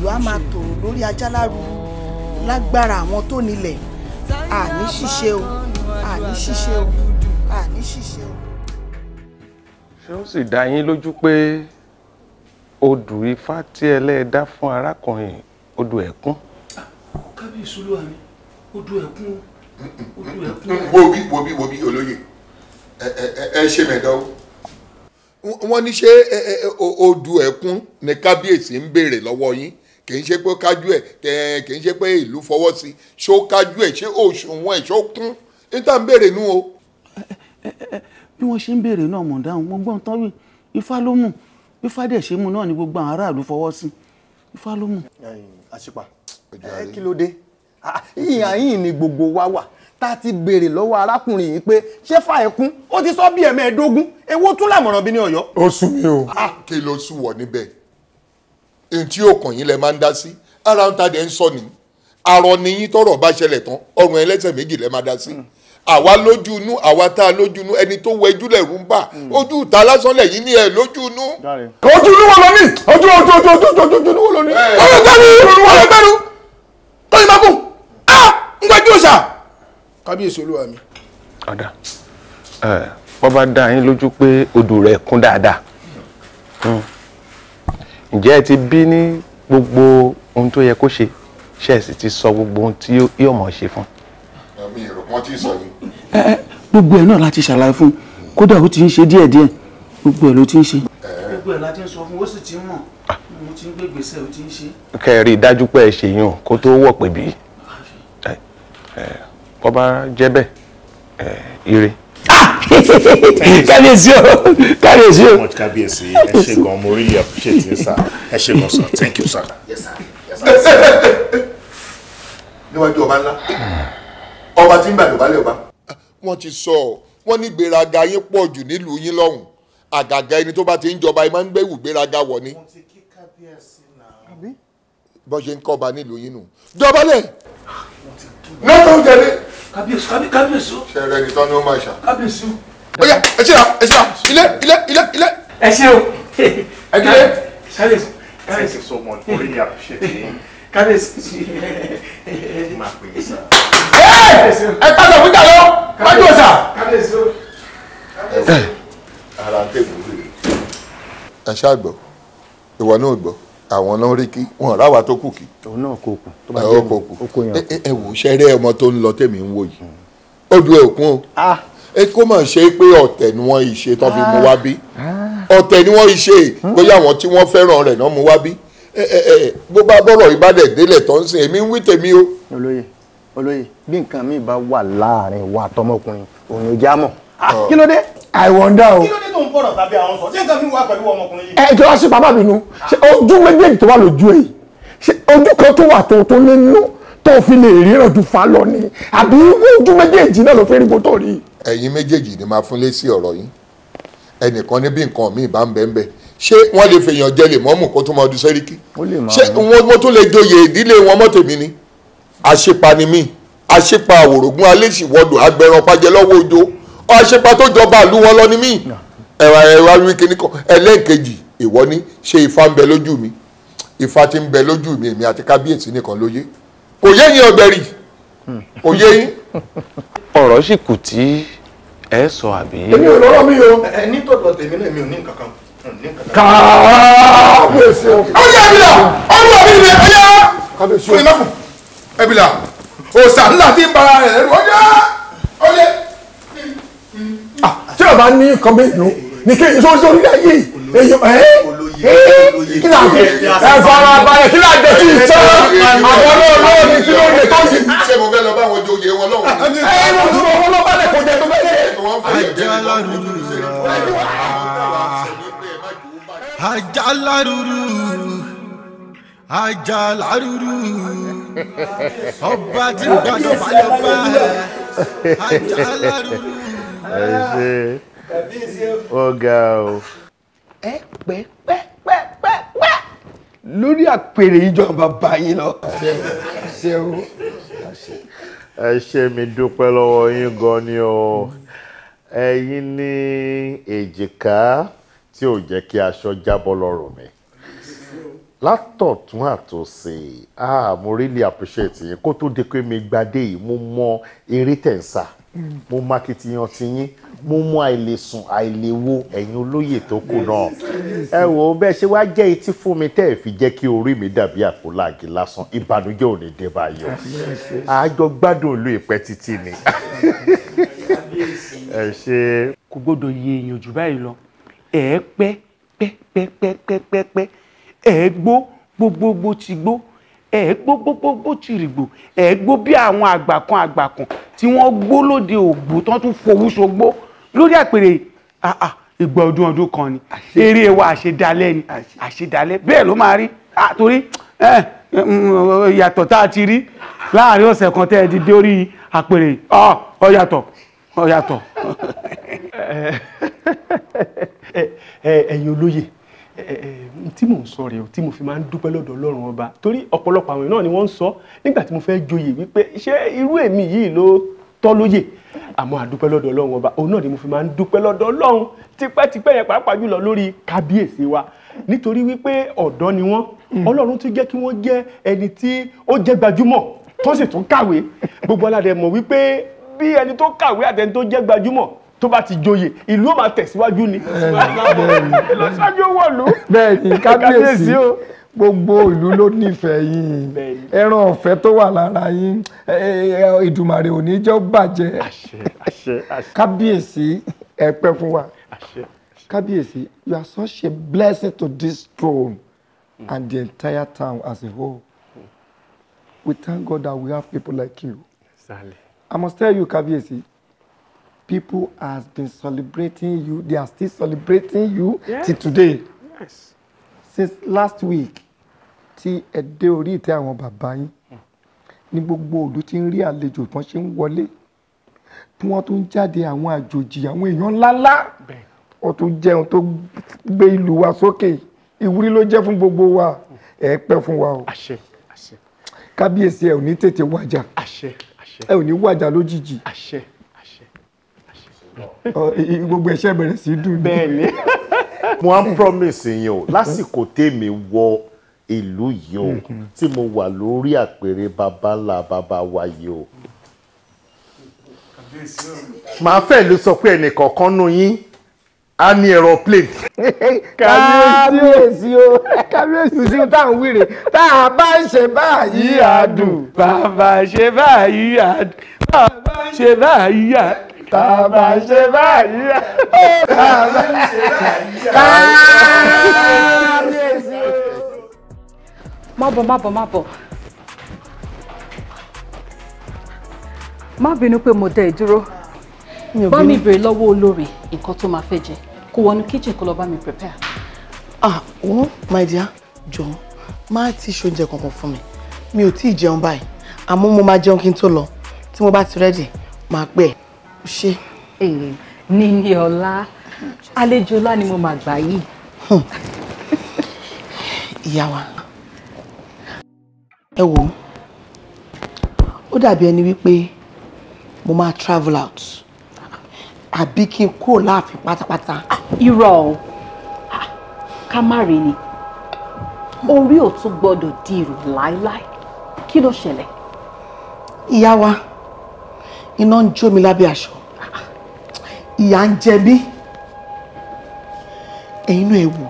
ìlú á máa tòrò lórí ajáláru lágbára àwọn tó nílẹ̀ àní ṣiṣẹ́ o àní ṣiṣẹ́ o àní ṣiṣẹ́ o. ṣé ó sì dá yín lójú pé odù ifá tí ẹlẹ́ẹ̀dá fún arákùnrin odù ẹ̀kún. Ah, kábíyèsí olúwa mi odù ẹ̀kún odù ẹ̀kún. wobi wobi wobi olóye ẹ ṣe mẹ́dọ́ wọ́n ní ṣé odù ẹ̀kún ni kábíyèsí ń béèrè lọ́wọ́ yín kì í ṣe pé kájú ẹ̀ tẹ̀ kì í ṣe pé ìlú fọwọ́ sí ṣó kájú ẹ̀ ṣé òṣùwọ̀n ẹ̀ ṣó kún níta ń béèrè nú o. bí wọ́n ṣe ń béèrè náà mọ̀ dáhùn mo gbọ́n tán wí ifá ló mú ifá dẹ̀ ṣe mú náà ni gbogbo àwọn aráàlú fọwọ́ sí ifá ló mú. àṣìpà ẹ kí ló dé ìyìn ah, àyìn ah, ni gbogbo wa wà tá a ti béèrè lọ́wọ́ arákùnrin yìí pé ṣé fà ẹ kún ó ti sọ bí ẹ̀mẹ́ẹ̀ẹ́dógún èwo tún làmọ̀ràn bí ní ọ̀yọ́. ó sún mi o. Ah. kí ló sùn wọ̀ níbẹ̀ ntí yóò kàn yín lẹ máa ń dá sí ara ń ta dẹ̀ ń sọ ni arọ ni yín tọrọ bá ṣẹlẹ̀ tán ọrùn ẹlẹ́sẹ̀ méjì lẹ máa dá sí hmm. àwa lójú inú àwa tá a lójú inú ẹni tó wẹjú lẹ̀rú ń bà hmm. ojú ìta lásán lẹ́yìn ni ẹ lójú inú. ojú inú wo ló ní ojú ojú ojú ojú ojú ojú inú wo ló ní. ọ̀rọ̀ gbẹ́rù ọ̀rọ̀ gbẹ́rù tọ́jú máa kú á ń gbẹ́jú òòṣà. kábíyèsí olúwa mi. ọ̀dà wọ́n bá dá yín lójú pé odò rẹ̀ kún dáadáa hmm ǹjẹ́ ẹ ti bí ní gbogbo ohun tó yẹ kó ṣe ṣe ẹ sì ti sọ gbogbo ohun tí yóò mọ̀ ṣe fún. àmì ìrò wọn ti sọ yìí. ẹ ẹ gbogbo ẹ náà láti ṣàlàyé fún kódà ó ti ń ṣe díẹ̀díẹ̀ gbogbo ẹ ló ti ń ṣe. gbogbo ẹ la ti ń sọ fún ó sì ti ń mọ mo ti ń gbé gbèsè ó ti ń ṣe. kẹrì dájú pé ẹ ṣèyàn kó tó wọ̀ pé bí bọ́ bá jẹ́ bẹ́ẹ̀ ire. Ah! kábíyèsí o kábíyèsí o. you, ẹ ṣé gan mo really appreciate you sir Thank you, sir thank you sir. Yes, sir. ńlá ọba tí ń bàdàn balẹ̀ ọba. wọ́n ti sọ ọ́ wọ́n ní gbéraga yín pọ̀ jù nílùú yín lọ́hùn àgàgà ẹni tó bá ti ń jọba ẹ máa ń gbẹ́wù gbéraga wọ̀ ni. bọ́n ṣe ń kọ́ ọba nílùú yín nù. jọba lẹ̀. náà tó jẹ ní kábíyèsí kábíyèsí. sẹ́rẹ́ ni tán ni ó máa ṣá. kábíyèsí. ó yá ẹ ṣe ra ẹ ṣe ra ilé ilé ilé ilé. ẹ ṣe o. ẹ kílé. kábíyèsí. kábíyèsí so much for really appreciate it. kábíyèsí. máa é sá. ẹ ká sọ fún jàlọ wájú ọ̀sà. kábíyèsí o. ara ń tẹ̀ gbòòrò. ẹ ṣáà gbọ́ ìwọ náà gbọ́ àwọn náà rí kí wọn ráwa tó kù kí. òun náà kò kù tó bá jẹ́ kò kù ẹ wò sẹ́rẹ́ ọmọ tó ń lọ tèmi ń wò yìí ó hmm. du o ah. ẹ kó mọ̀ ṣe pé ọ̀tẹ̀ ni wọ́n ṣe tó fi mú ah. wá bí ah. ọ̀tẹ̀ ni wọ́n ṣe hmm. bóyá àwọn tí wọ́n fẹ́ràn rẹ̀ náà mú wá bí bó bá bọ̀rọ̀ ìbàdàn délẹ̀ tó ń sìn èmi ń wí tèmi o. olóye olóye bí nǹkan mi bá wà láàrin wa tọmọkùnrin òun ò já mọ̀ oh. kí ló dé I wonder o. kí ló dé tó ń bọ̀rọ̀ tàbí àwọn sọ ṣé nǹkan mi wà pẹ̀lú ọmọkùnrin yìí. ẹ jọ̀wọ́ sí bàbá mi nu ojú méjèèjì tó wà lójú ẹ̀ ṣe ojú kan tó wà tó tó lé nínú tó fi lè ríran ju fa lọ ni àbí ojú méjèèjì náà ló fẹ́ rí bó tó rí. ẹ̀yin méjèèjì ni máa fún lé sí ọ̀rọ̀ yín ẹnìkan níbi nǹkan míì bá ń bẹ́ẹ̀ bẹ́ẹ̀ ṣé wọ́n lè fèèyàn jẹ lè mọ́mù kó tó máa du sẹ́ríkì ṣé wọ́n tún lè joyè ìdílé wọn mọ́tèmi ni àṣepa ni mí àṣepa àwòrògùn alẹ́ sì wọdù lọ́wọ́ ọjọ́ àṣepa tó jọba ìlú wọn lọ ni mí ẹ̀wà ẹ̀wà wí kíní kan ẹlẹ́ẹ̀kejì ìwọ ni ṣe ifá ń bẹ lójú mi ifá ti ń bẹ lójú mi èmi àti kábíyèsí nìkan lóye kò yé yín ọbẹ̀ rì kò yé yín. ọ̀rọ̀ sì kù tí ẹ sọ àbí. èmi ò lọ́rọ̀ mi o. ẹ ní tọ̀tọ̀ tèmi náà mi ò ní nǹkan kan kábíyèsí o. ọjà ìbílà ọdún ọdún ìbílẹ̀ ọjà kábíyèsí o. ìbílà òòsàn ńlá ti ń bara rẹ̀ bá ní nǹkan mélòó ní kí n sọ́ọ́ sórí ayé èyí ẹ́ kí ni àfi ẹ fara balẹ̀ kí ni àjọ tí ì tán àwọn olóòlóò ní kí ló ń lè tó sí. ṣé mo fẹ́ lọ bá àwọn joyè wọn lọ́wọ́. ẹ ẹ mo tún ọba tí gbàdọ̀ balẹ̀ bá ajá ó ga o. ẹ pẹ́ pẹ́ pẹ́ pẹ́ pẹ́ lórí àpèrè ìjọba báyìí lọ. ṣé o ẹ ṣe mi dúpẹ́ lọ́wọ́ yín gan ni o ẹ̀yin ní èjìká tí ò jẹ́ kí aṣọ jábọ́ lọ́rùn mi látọ̀tún àtòsí ah mo really appreciate yín kó tó di pé mi gbadé yìí mo mọ eré tẹ̀ ń sà mo máa kìtìyàn ti yín mo mú àìlèsùn àìlèwo ẹ̀yin olóyè tó kù náà ẹ wò ó bẹ́ẹ̀ ṣe wá jẹ́ etí fún mi tẹ́ ẹ̀ fi jẹ́ kí orí mi dàbí àpòláàgì lásán ìbànújẹ́ ò ní dé báyìí o àjọ gbádùn ìlú ìpẹ́ títí ni ẹ ṣe. kò gbọ́dọ̀ yé èèyàn jù báyìí lọ ẹ pẹ́ pẹ́pẹ́pẹ́pẹ́pẹ́ ẹ gbó gbogbogbò ti gbó ẹ gbó gbogbogbò ti rìgbò ẹ gbó bí àwọn àgbà kan àgbà kan tí wọ́n gbó lóde ògbó tán tún fowó ṣogbó. So lórí àpèrè ah, ah, ìgbà ọdún ọdún kan ni eré wa àṣedalẹ̀ ni àṣedalẹ̀ bẹ́ẹ̀ ló máa rí ah, torí eh, mm, ìyàtọ̀ tá a ti rí láàrin ọ̀sẹ̀ kan tẹ́ ẹ ti dé orí àpèrè ọ yàtọ̀ ọ yàtọ̀. Eh, eh, ẹ̀yin olóye tí mò ń sọ rèé o tí mo fi máa ń dúpẹ́ lọ́dọ̀ ọlọ́run ọba torí ọ̀pọ̀lọpọ̀ àwọn èèyàn náà ni wọ́n ń sọ nígbà tí mo fẹ́ joyè wípé ṣé irú èmi yìí ló tọ́ lóyè àmọ́ àdúpẹ́ lọ́dọ̀ ọlọ́run ọba òun náà ni mo fi máa ń dúpẹ́ lọ́dọ̀ ọlọ́run tipẹ́tipẹ́ yẹn pàápàá jùlọ lórí kábíyèsí wa nítorí wípé ọ̀dọ́ ni wọ́n hmm. ọlọ́run tún jẹ́ kí wọ́n jẹ́ ẹni tí ó jẹ́ gbajúmọ̀ tó sì tún kàwé gbogbo aládẹ mọ̀ wípé bí ẹni tó kàwé àtẹni tó jẹ́ gbajúmọ̀ tó bá ti joyè ìlú ó máa tẹ̀síwájú ni lọ síwájú wọ̀lú kábíyèsí gbogbo ìlú ló nífẹ̀ẹ́ yín ẹran ọ̀fẹ́ tó wà lára yín ìdùmàrè ò ní jẹ́ bàjẹ́ kábíyèsí ẹ pẹ́ fún wa kábíyèsí you are such a blessing to this throne and the entire town as a whole we thank God that we have people like you exactly. I must tell you kábíyèsí people has been celebrating you they are still celebrating you yes. till today. Yes since last week tí ẹ dé orí ìtẹ́ àwọn bàbá yín ní gbogbo òdu tí ń rí àlejò tí wọ́n ṣe ń wọlé tí wọ́n tún jáde àwọn àjòjì àwọn èèyàn ńláńlá wọ́n tún jẹun tó gbé ìlú wa sókè ìwúrí ló jẹ́ fún gbogbo wa ẹ pẹ́ fún wa o àṣẹ àṣẹ kábíyèsí ẹ ò ní tètè wájà àṣẹ àṣẹ ẹ ò ní wájà lójijì gbogbo ẹ̀ṣẹ̀ bẹ̀rẹ̀ sí dùn. bẹ́ẹ̀ni. mo á promise yín o lásìkò tèmi wọ ìlú yìí o mm-hmm. tí mo wà lórí àpèrè baba ńlá baba wa yìí o. màá fẹ́ ló sọ pé ẹnìkọ̀ọ̀kan nù yín a ní aeroplane. kábíyèsí o kábíyèsí o tá à ń wíre tá a bá ṣe báyìí àdùn bàbá ṣe báyìí àdùn bàbá ṣe báyìí àdùn tá a bá ṣe báyìí tá a bá ṣe báyìí kábíyèsí. má bọ̀ má bọ̀ bínú pé mo dẹ ìdúró bá mi bèrè lọ́wọ́ olórí nǹkan tó máa fẹ́ jẹ kó wọnú kitchen kó lọ bá mi prepare. ah oh my dear John. má ti ṣoúnjẹ kankan fún mi mi ò tí ì jẹun báyìí àmọ́ mo máa jẹun kí n tó lọ tí mo bá ti rẹ́dì máa pẹ́ ẹ̀ ṣe. níní ọlá àlejò ọlá ni mo máa gbà yìí. ìyá wa ẹ wò ó dàbí ẹni wípé mo máa travel out àbí kí n kúrò láàfin pátápátá. irọ́ o ká má rí ni orí ò tún gbọ́dọ̀ di irọ́ láéláé kí ló ṣẹlẹ̀. ìyá wa iná ń jó mi lábẹ́ aṣọ ìyà ń jẹ mí ẹ̀yin náà ẹ wò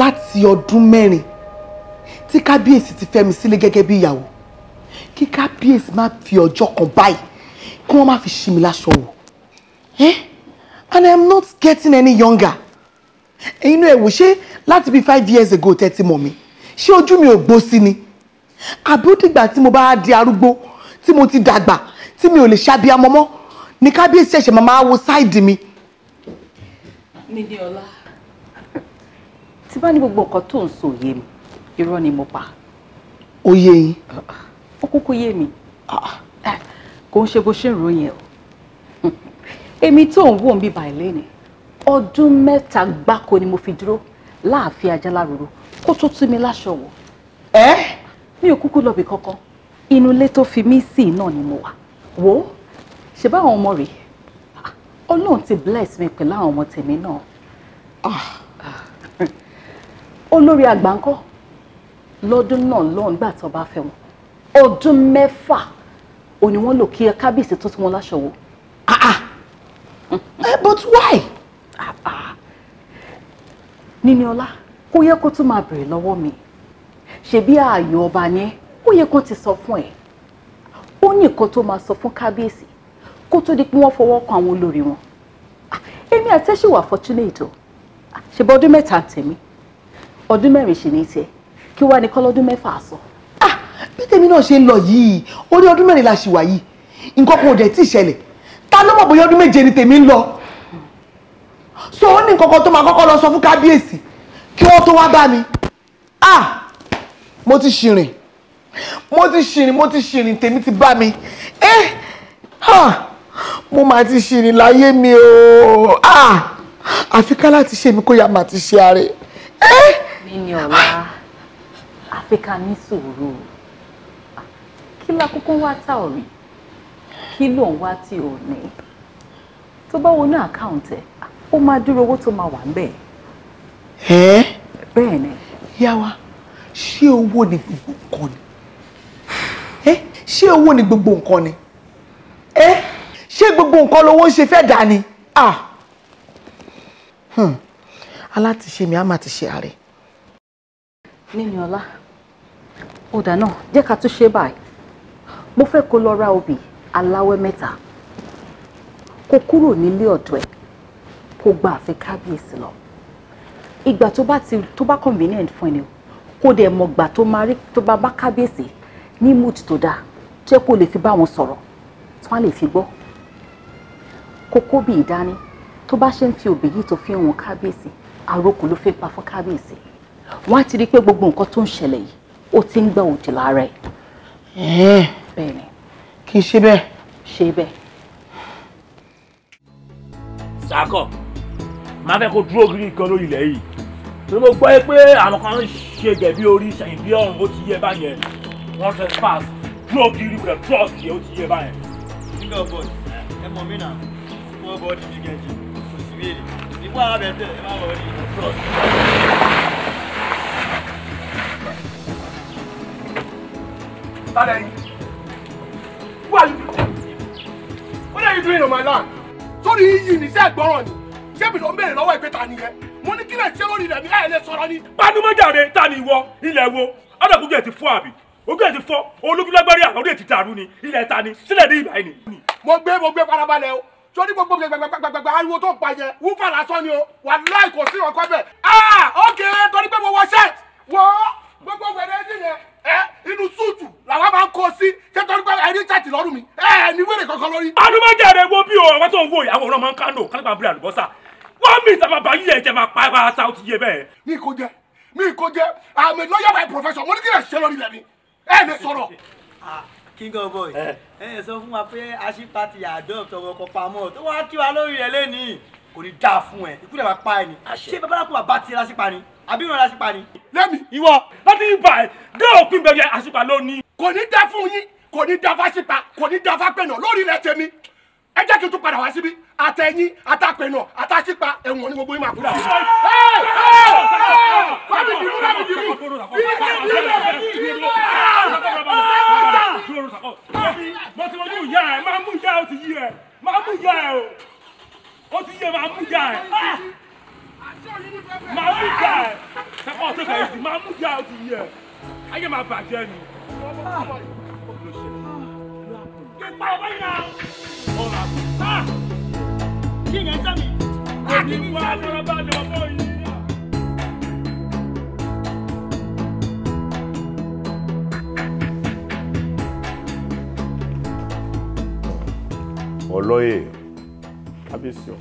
láti ọdún mẹ́rin tí kábíyèsí ti fẹ́ mi sílé gẹ́gẹ́ bí ìyàwó kí kábíyèsí má fi ọjọ́ kan báyìí kí wọ́n má fi ṣí mi láṣọ wò eh and i'm not getting any younger ẹ̀yin náà ẹ wò ṣé láti bíi five years ago tẹ́tí mọ̀ mi ṣé ojú mi ò gbó sí ni àbí ó dìgbà tí mo bá di arúgbó tí mo ti dàgbà tí mi ò lè ṣàbí amọ́mọ́ ni kábíyèsí ẹ̀ṣẹ̀ màmá wo sáìdì mi. Nídìọlá tí bá ní gbogbo nǹkan tó ń sọ òye mi irọ́ ni mo pa. Oyè yín. Ó kúkú yé mi. Kò ń ṣe bó ṣe ń ròyìn o. Èmi tó ń wò ń bí bàílẹ̀ ni ọdún mẹ́ta gbáko ni mo fi dúró láàfin Ajalaruru kó tó tú mi láṣọ wọ̀. Ẹ́ mi ò kúkú lọ bí kankan inú ilé tó fi mí sí náà ni mo wà wo ṣe bá àwọn ọmọ rè ọlọ́run ti bless mi pẹ̀lú àwọn ọmọ tèmi náà ah. olórí àgbà ńkọ́ lọ́dún náà lọ́run gbà tó bá fẹ́ wọn ọdún mẹ́fà ò ní wọ́n lò kí kábíyèsí tó tún wọn láṣọ wò. Ah, ah. Eh, but why? níní ọlá kó yẹ kó tún máa bèrè lọ́wọ́ mi ṣebí ààyò ọba ni ó yẹ kó ti sọ fún ẹ ó ní nǹkan tó máa sọ fún kábíyèsí kó tó di pé wọ́n fọwọ́ kan àwọn olórí wọn ah, èmi àti ẹ ṣì wà fortunate o ah, ṣùgbọ́n ọdún mẹ́ta tèmi ọdún mẹ́rin ṣì ní tiẹ̀ kí wàá ní kọ́lọ́dún mẹ́fà sọ. Ah, bí tèmi náà ṣe ń lọ yìí orí ọdún mẹ́rin la ṣì wà yìí nǹkan kan ò dẹ̀ tí ì ṣẹlẹ̀ ta ló mọ̀ bóyá ọdún méje ni tèmi ń lọ so ó ní nǹkan kan tó máa kọ́kọ́ lọ sọ fún kábíyèsí kí wọ́n tó wá bá mi ah mo ti ṣìrìn mo ti ṣìrìn mo ti ṣìrìn tèmi ti bá mi ẹ eh, mo máa ti ṣìrìn láyé mi o ah, àfi ká láti ṣe mi kó yá máa ti ṣe ààrẹ. mi ni ọ̀la àfi ká ní sùúrù kí lákòókò wá tá ò rí kí ló ń wá tí ò ní tó bá wọnú àkáǹtì ẹ ó máa dúró owó tó máa wà ń bẹ̀. Eh? bẹ́ẹ̀ ni. yá wa ṣé owó ni gbogbo kan ni ṣé owó ni gbogbo nǹkan ni ẹ ṣé gbogbo nǹkan lowó ń ṣe fẹ́ dà ni ah hmm. alátiṣe mi á máa ti ṣe àárẹ̀. níní ọlá ọ̀dà náà jẹ́ ká tún ṣe báyìí mo fẹ́ kó lọ ra obì aláwẹ́ mẹ́ta kó kúrò nílé ọ̀dọ̀ ẹ̀ kó gba àfẹ́ kábíyèsí lọ ìgbà tó bá ti tó bá convenient fún ẹ ni kó dẹ̀ mọ̀gbà tó máa rí tó bá bá kábíyèsí ní mood tó dáa jẹ́ kó lè fi bá wọn sọ̀rọ̀ tí wọ́n lè fi gbọ́ kókó bíi ìdání tó bá ṣe ń fi òbí yìí tó fi hàn kábíyèsí àròkù ló fi pa fún kábíyèsí wọ́n á ti rí i pé gbogbo nǹkan tó ń ṣẹlẹ̀ yìí ó ti ń gbà òdì lára ẹ̀. bẹ́ẹ̀ ni kì í ṣe bẹ́ẹ̀. ṣe bẹ́ẹ̀. sàkọ máa fẹ́ kó dúró gírí kan lórí ilẹ̀ yìí tó mo gbọ́ pé àwọn kan ń ṣe gẹ̀bí orí ṣẹ̀yìn bí ọ̀run ó ti yẹ báyẹn wọ́n trespass dúró kiri kò dẹ̀ trust yẹ ó ti yẹ báyẹn. nígbà bọ́ọ̀d ẹ mọ̀ mí náà small body big engine kò sí wéèrè ìgbà abẹ tẹ ẹ má wọ ní trust. Tadani, what are you doing? What are you doing on my land? Sórí yìí ní sẹ́ gbọ́ràn ni, ṣébi ló ń béèrè lọ́wọ́ ìpẹ́ta nìyẹn. Mo ní kílẹ̀ ṣé lórí rẹ̀ ní ẹ̀ lè sọ̀rọ̀ ni. Banúmọ́jà rẹ̀ ta ni ìwọ ilẹ̀ wo? Ọ̀dọ̀ gbogbo ẹ̀ ti fún àbí ogún ẹ̀ ti fọ́ olójúlágbárí àlọ́dún ẹ̀ ti dàrú ni ilẹ̀ ta ni sílẹ̀ ní ìbàyìí ni. mo gbé mo gbé farabalẹ̀ o sórí gbogbo gbàgbàgbàgbà ariwo tó ń pa yẹn wúfà lásán ni o wà láì kò sí ọkọ bẹ. aa ok torí pé mo wọ ṣẹ́ẹ̀tì wọ gbogbo wẹ̀rẹ̀ ní yẹn ẹ inú súùtù làwọn máa ń kó sí ṣé torí pé ẹni ṣàtì lọ́rùn mi ẹ ní wẹ̀rẹ̀ kankan lórí. alumajẹ rẹ wo bí o àwọn tó ń wo ìyàwó ọlọmọ ń kánò kálápá bíi àlùbọ́sà wọ́n mi ìtàbà bá yíyẹ jẹ máa pa ẹ bá a ta ó ti yé bẹ́ẹ̀. mi kò jẹ mi kò jẹ àmì lọ́yà by profession mo ní kí ẹ ṣe lórí rẹ ni ẹ ní sọ̀rọ̀. Ah, king of boys ẹ ẹ sọ fún wa pé aṣípatì àdọ́ọ̀ tọwọ́ ọkọ̀ pamọ́ tó wá kí wa lórí ẹ lẹ́nìí kò ní dáa fún ẹ ikú dẹ̀ máa pa ẹ ni ṣé babalá kó bàbá tiẹ̀ lásìpa ni àbí ìrora lásìpa ni. lẹ́mi ìwọ láti ibà ẹ̀ dé òpin bẹ̀rẹ̀ àṣìpa lónìí. kò ní dáa fún yín kò ní dáa fáṣípa kò ní dáa fápẹ̀nà lórí ilẹ̀ tèmi ẹ jẹ́ kí n tún padà wá síbí àtẹ̀yìn àtàpẹ̀nà àtàṣípa ẹ̀wọ̀n ni gbogbo yín máa kú dàbí. bábí dìbò bábí dìbò mo ti wojú ìyá ẹ máa mú ìyá ẹ ó ti yí ẹ máa mú ìyá ẹ o ó ti yí ẹ máa mú ìyá ẹ máa mú ìyá ẹ sẹ́kọ̀ọ́ tó kẹ̀ ẹ́ máa mú ìyá ẹ ó ti yí ẹ ayé máa bàjẹ́ ni. Get power now! kí ni ẹ sẹ́ mi èmi ni wàá fara balẹ̀ ọmọ yìí. olóyè kábíyèsí o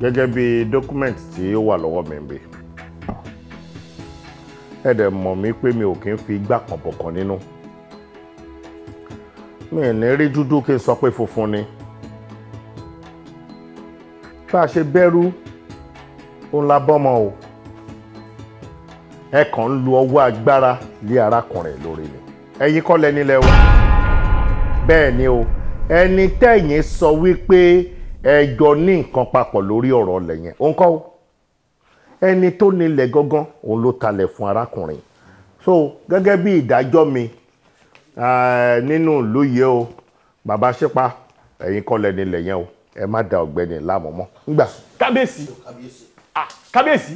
gẹ́gẹ́ bí document tí ó wà lọ́wọ́ mi ń bẹ ẹ dẹ̀ mọ̀ mí pé mi ò kí ń fi igbá kan bọ̀kan nínú. No? mi ì ní rí dúdú kí n sọ pé funfun ni tá a ṣe bẹ̀rù òun la bọ́mọ o ẹ kàn ń lu ọwọ́ agbára lé arákùnrin lórí ni ẹ̀yin kọ́ lẹni lẹ o bẹ́ẹ̀ ni o ẹni tẹ̀yìn sọ wípé ẹjọ́ ní nǹkan papọ̀ lórí ọ̀rọ̀ lẹ́yìn òun kọ́ o ẹni tó nílẹ̀ gangan òun ló talẹ̀ fún arákùnrin so gẹ́gẹ́ bí ìdájọ́ mi nínú ìlú yìí o bàbá ṣípa ẹ̀yin kọ́lẹ̀ nílẹ̀ yẹn o ẹ má da ọ̀gbẹ́ni láàmú mọ́ ngbà. kábíyèsí kábíyèsí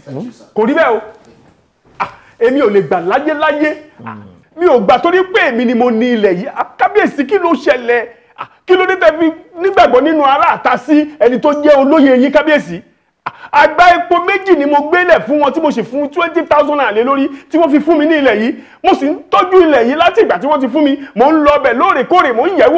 kò rí bẹ́ẹ̀ o èmi ò lè gbà láyé láyé mi ò gbà torí pé èmi ni mo ní ilẹ̀ yìí kábíyèsí kí ló ṣẹlẹ̀ kí ló dé tẹ́ fi nígbàgbọ́ nínú aráàta sí ẹni tó jẹ́ olóyè yín kábíyèsí àgbá epo méjì ni mo gbélẹ̀ fún wọn tí mo sì fún twenty thousand naira lé lórí tí wọ́n fi fún mi ní ilẹ̀ yìí mo sì ń tọ́jú ilẹ̀ yìí láti ìgbà tí wọ́n ti fún mi mò ń lọ bẹ̀ lóòrèkóòrè mò ń yẹ̀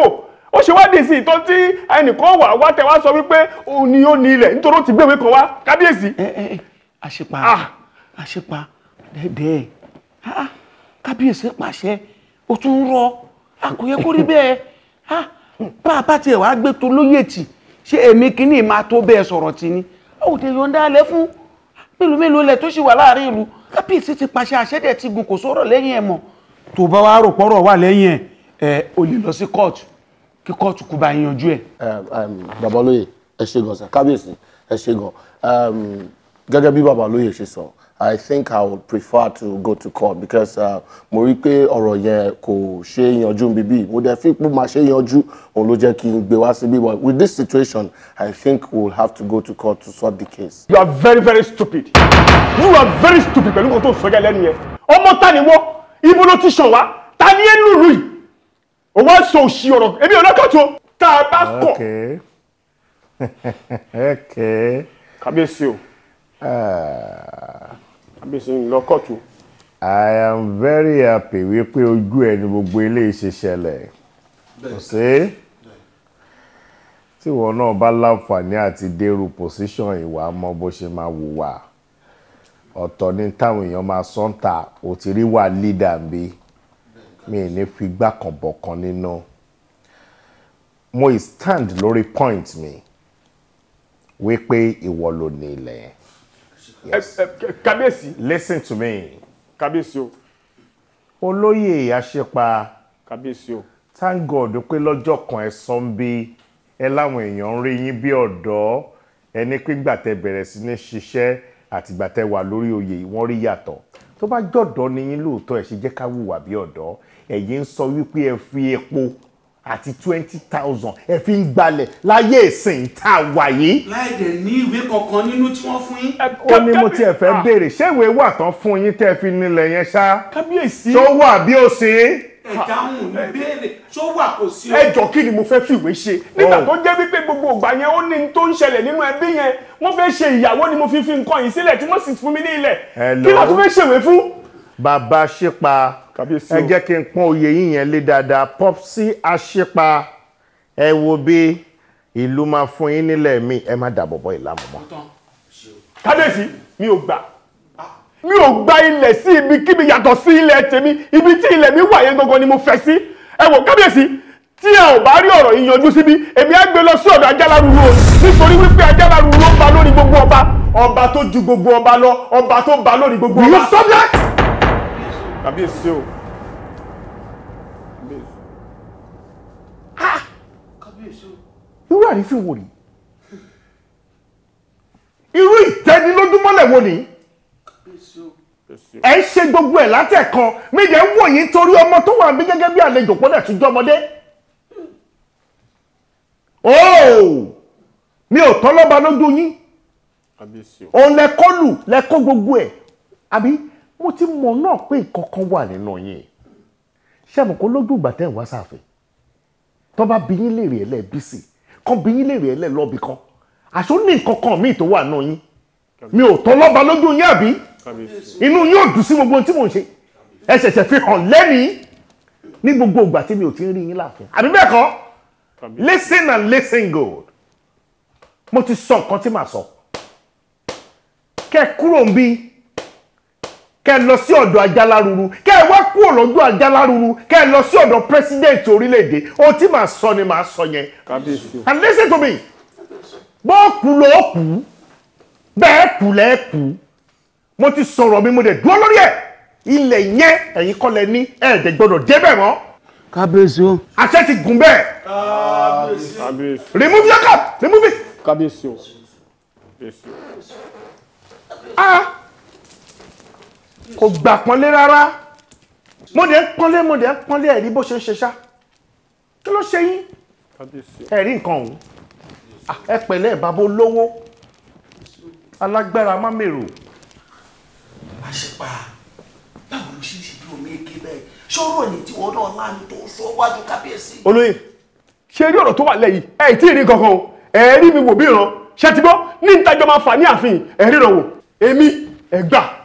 ó ṣe wádìí sí ìtọ́ tí ẹnìkan wà wá tẹ wá sọ wípé òun ni ó ní ilẹ̀ nítorí ó ti gbéwèé kan wá kábíyèsí. ẹ ẹ àṣepa ah. àṣepa dẹ́dẹ́ ah, ah, kábíyèsí pàṣẹ ó tún rọ àkóyẹ kó rí bẹ́ẹ̀ bá a bá tiẹ̀ wá gbé tó lóyè tì ṣé èmi kìíní máa tó bẹ́ẹ̀ sọ̀rọ̀ tì ni ó dé yọ̀ǹda alẹ́ fún mélòó mélòó lẹ̀ tó ṣì wà láàrin ìlú kábíyèsí ti pàṣẹ àṣẹ́dẹ̀ ti gùn kò sọ̀rọ̀ lẹ́yìn ẹ̀ mọ́ tó bá wá rò pọ́rọ̀ wà lẹ́yìn ẹ̀ ẹ̀ o lè lọ sí kóòtù kí kóòtù kú bá yanjú ẹ̀. bàbá lóye ẹ ṣe gan sir kábíyèsí ẹ ṣe gan gẹ́gẹ́ bí bàbá ṣe sọ I think I would prefer to go to court because uh, mo rí pé ọ̀rọ̀ yẹn kò ṣe é yanjú bíbí mo dẹ̀ fi pé máa ṣe é yanjú òun ló jẹ́ kí n gbé wá síbí but with this situation I think we will have to go to court to sort the case. You are very very stupid you are very stupid pẹ̀lú ohun tó ń sọ́jà lẹ́nu yẹn ọmọ ta ni wọ́n ibo ló ti ṣàn wá ta ni ẹ lùlù yìí òun á sọ òṣì ọ̀rọ̀ èmi ò lọ́kàn tó tá a bá kọ̀. kábíyèsí o. Ah abisi lọ kóòtù. I am very happy wípé ojú ẹ ni gbogbo eléyìí ṣe ṣẹlẹ̀ kò sí tí wọn náà bá láǹfààní àti dérú position ìwà mọ bó ṣe máa wùwà ọ̀tọ̀ ní táwọn èèyàn máa sọ́ńtà ò ti rí wà lídà ń bí mi ì ní fi gbá kan bọ̀ kan nínú mo ì stand lórí point mi wípé ìwọ ló ní ilẹ̀ yẹn Yes. Listen to me. Kábíyèsí o. Olóyè Àṣepa. Kábíyèsí o. Thank God pé lọ́jọ́ kan ẹ sọ ń bí ẹ láwọn èèyàn ń rí yín bí ọ̀dọ́ ẹni pé gbà tẹ́ bẹ̀rẹ̀ sí ní ṣiṣẹ́ àti gbà tẹ́ wà lórí oyè wọ́n rí yàtọ̀. Tó bá jọ̀dọ́ ni yín lóòótọ́ ẹ̀ ṣe jẹ́ ká wùwà bí ọ̀dọ́. Ẹ̀yin ń sọ wípé ẹ fi epo àti twenty thousand ẹ fi ń gbalẹ̀ láyé ìsìn tá a wà yìí. láì dẹ̀ ní ìwé kankan nínú tí wọ́n fún yín. ó ní mo tiẹ̀ fẹ́ ah. béèrè ṣé ìwé wà tán fún yín tẹ́ fi nílẹ̀ yẹn ṣá. kábíyèsí tó wà bí ó ṣe ẹ̀dáhùn ìbéèrè tó wà kò sí o. ẹjọ́ kí ni mo fẹ́ fìwé ṣe oh. nígbà tó jẹ́ wípé gbogbo ìgbà yẹn ó ní n tó ń ṣẹlẹ̀ nínú ẹbí yẹn wọ́n fẹ́ ṣe ìyàwó ni mo fi fi nǹkan yìí sílẹ̀ tí wọ́n ẹ jẹ́ kí n pọ́n oyè yín yẹn lé dáadáa Popsi Aṣípa ẹ wo bí ìlú máa fún yín nílẹ̀ mi ẹ má dàbọ̀ bọ́ ìlànà mọ́. kábíyèsí mi ò gbà mi ò gba ilẹ̀ sí ibikíbi yàtọ̀ sí ilẹ̀ tèmi ibi tí ilẹ̀ mi wà yẹn gangan ni mo fẹ́ sí ẹ wò kábíyèsí tí ẹ ò bá rí ọ̀rọ̀ yìí yanjú síbi èmi á gbé lọ sí ọ̀dọ̀ ajálárúurú nítorí wípé ajálárúurú ń ba lórí gbogbo ọba ọba tó ju gbogbo ọba lọ ọba tó ba lórí gbogbo ọba. you subject? kábíyèsí o kábíyèsí. Ah! kábíyèsí o. irú àrífín wo ni irú ìtẹ́nilójúmọ́lẹ̀ wo ni ẹ ń ṣe gbogbo ẹ̀ látẹ̀kan méje ń wò yín torí ọmọ tó wà bí gẹ́gẹ́ bí àlejò pọ́lẹ̀ tún jọ ọmọdé. mi ò tọ́lọ́ba lójú yín òun lẹ kọ́ lù lẹ kọ́ gbogbo ẹ̀ àbí mo ti mọ̀ náà pé ìkọ̀kan wà nínú yín ṣẹ́mu kó lójú ìgbà tẹ́ ẹ̀ wá sáfẹ́ tó bá bí yín léèrè ẹlẹ́ bísí kan bí yín léèrè ẹlẹ́ lọ́bì kan àṣọ ní ìkọ̀kan míì tó wà nù yín mi ò tọ́ lọ́ba lójú yín àbí inú yóò dùn sí gbogbo ohun tí mò ń ṣe ẹ ṣẹ̀ṣẹ̀ fi hàn lẹ́nìí ní gbogbo ìgbà tí mi ò ti rí yín láàfin àbí bẹ́ẹ̀ kọ́ listen and listen good mo ti sọ nǹkan tí màá sọ kẹ́ kúrò ń bíi kẹ lọ sí ọ̀dọ̀ Ajalaruru kẹ wá kúrò lọ́dọ̀ Ajalaruru kẹ lọ sí ọ̀dọ̀ president orílẹ̀-èdè ohun tí màá sọ ni màá sọ yẹn. kábíyèsí. and listen to me bọ́ọ̀kù ló kù bẹ́ẹ̀ kù lẹ́ẹ̀kù mo ti sọ̀rọ̀ mi mo dẹ̀ dúró lórí ẹ̀ ilẹ̀ yẹn ẹ̀yin kọ́ lẹ ní ẹ̀ẹ́dẹ̀ gbọ́dọ̀ débẹ̀ mọ́. kábíyèsí o. àṣẹ ti gùn bẹ́ẹ̀. kábíyèsí. remove your cap remove it. kábíyèsí o. ah kò gbà pọ́nlé rárá mo dẹ̀ ń pọ́nlé mo dẹ̀ ń pọ́nlé ẹ̀rí bó ṣe ń ṣe ṣá kí ló ṣe yín ẹ̀rí nǹkan ọ̀hún ẹ pẹ̀lẹ́ bàbá olówó alágbára mámèrò. àṣepa báwo ló ṣe ń ṣe bí omi eke bẹ́ẹ̀ ṣọ́rọ̀ ni tí wọ́n náà láàánú tó sọ wájú kábíyèsí. olóyè ṣe rí ọ̀rọ̀ tó wà lẹ́yìn ẹ̀ tí ì rí kankan o ẹ̀ẹ́rí mi wò bí ìran ṣe ti gbọ́ ní ìtajọ́ máa fà ní ààfin ẹ̀rí wò èmi ẹ̀gbà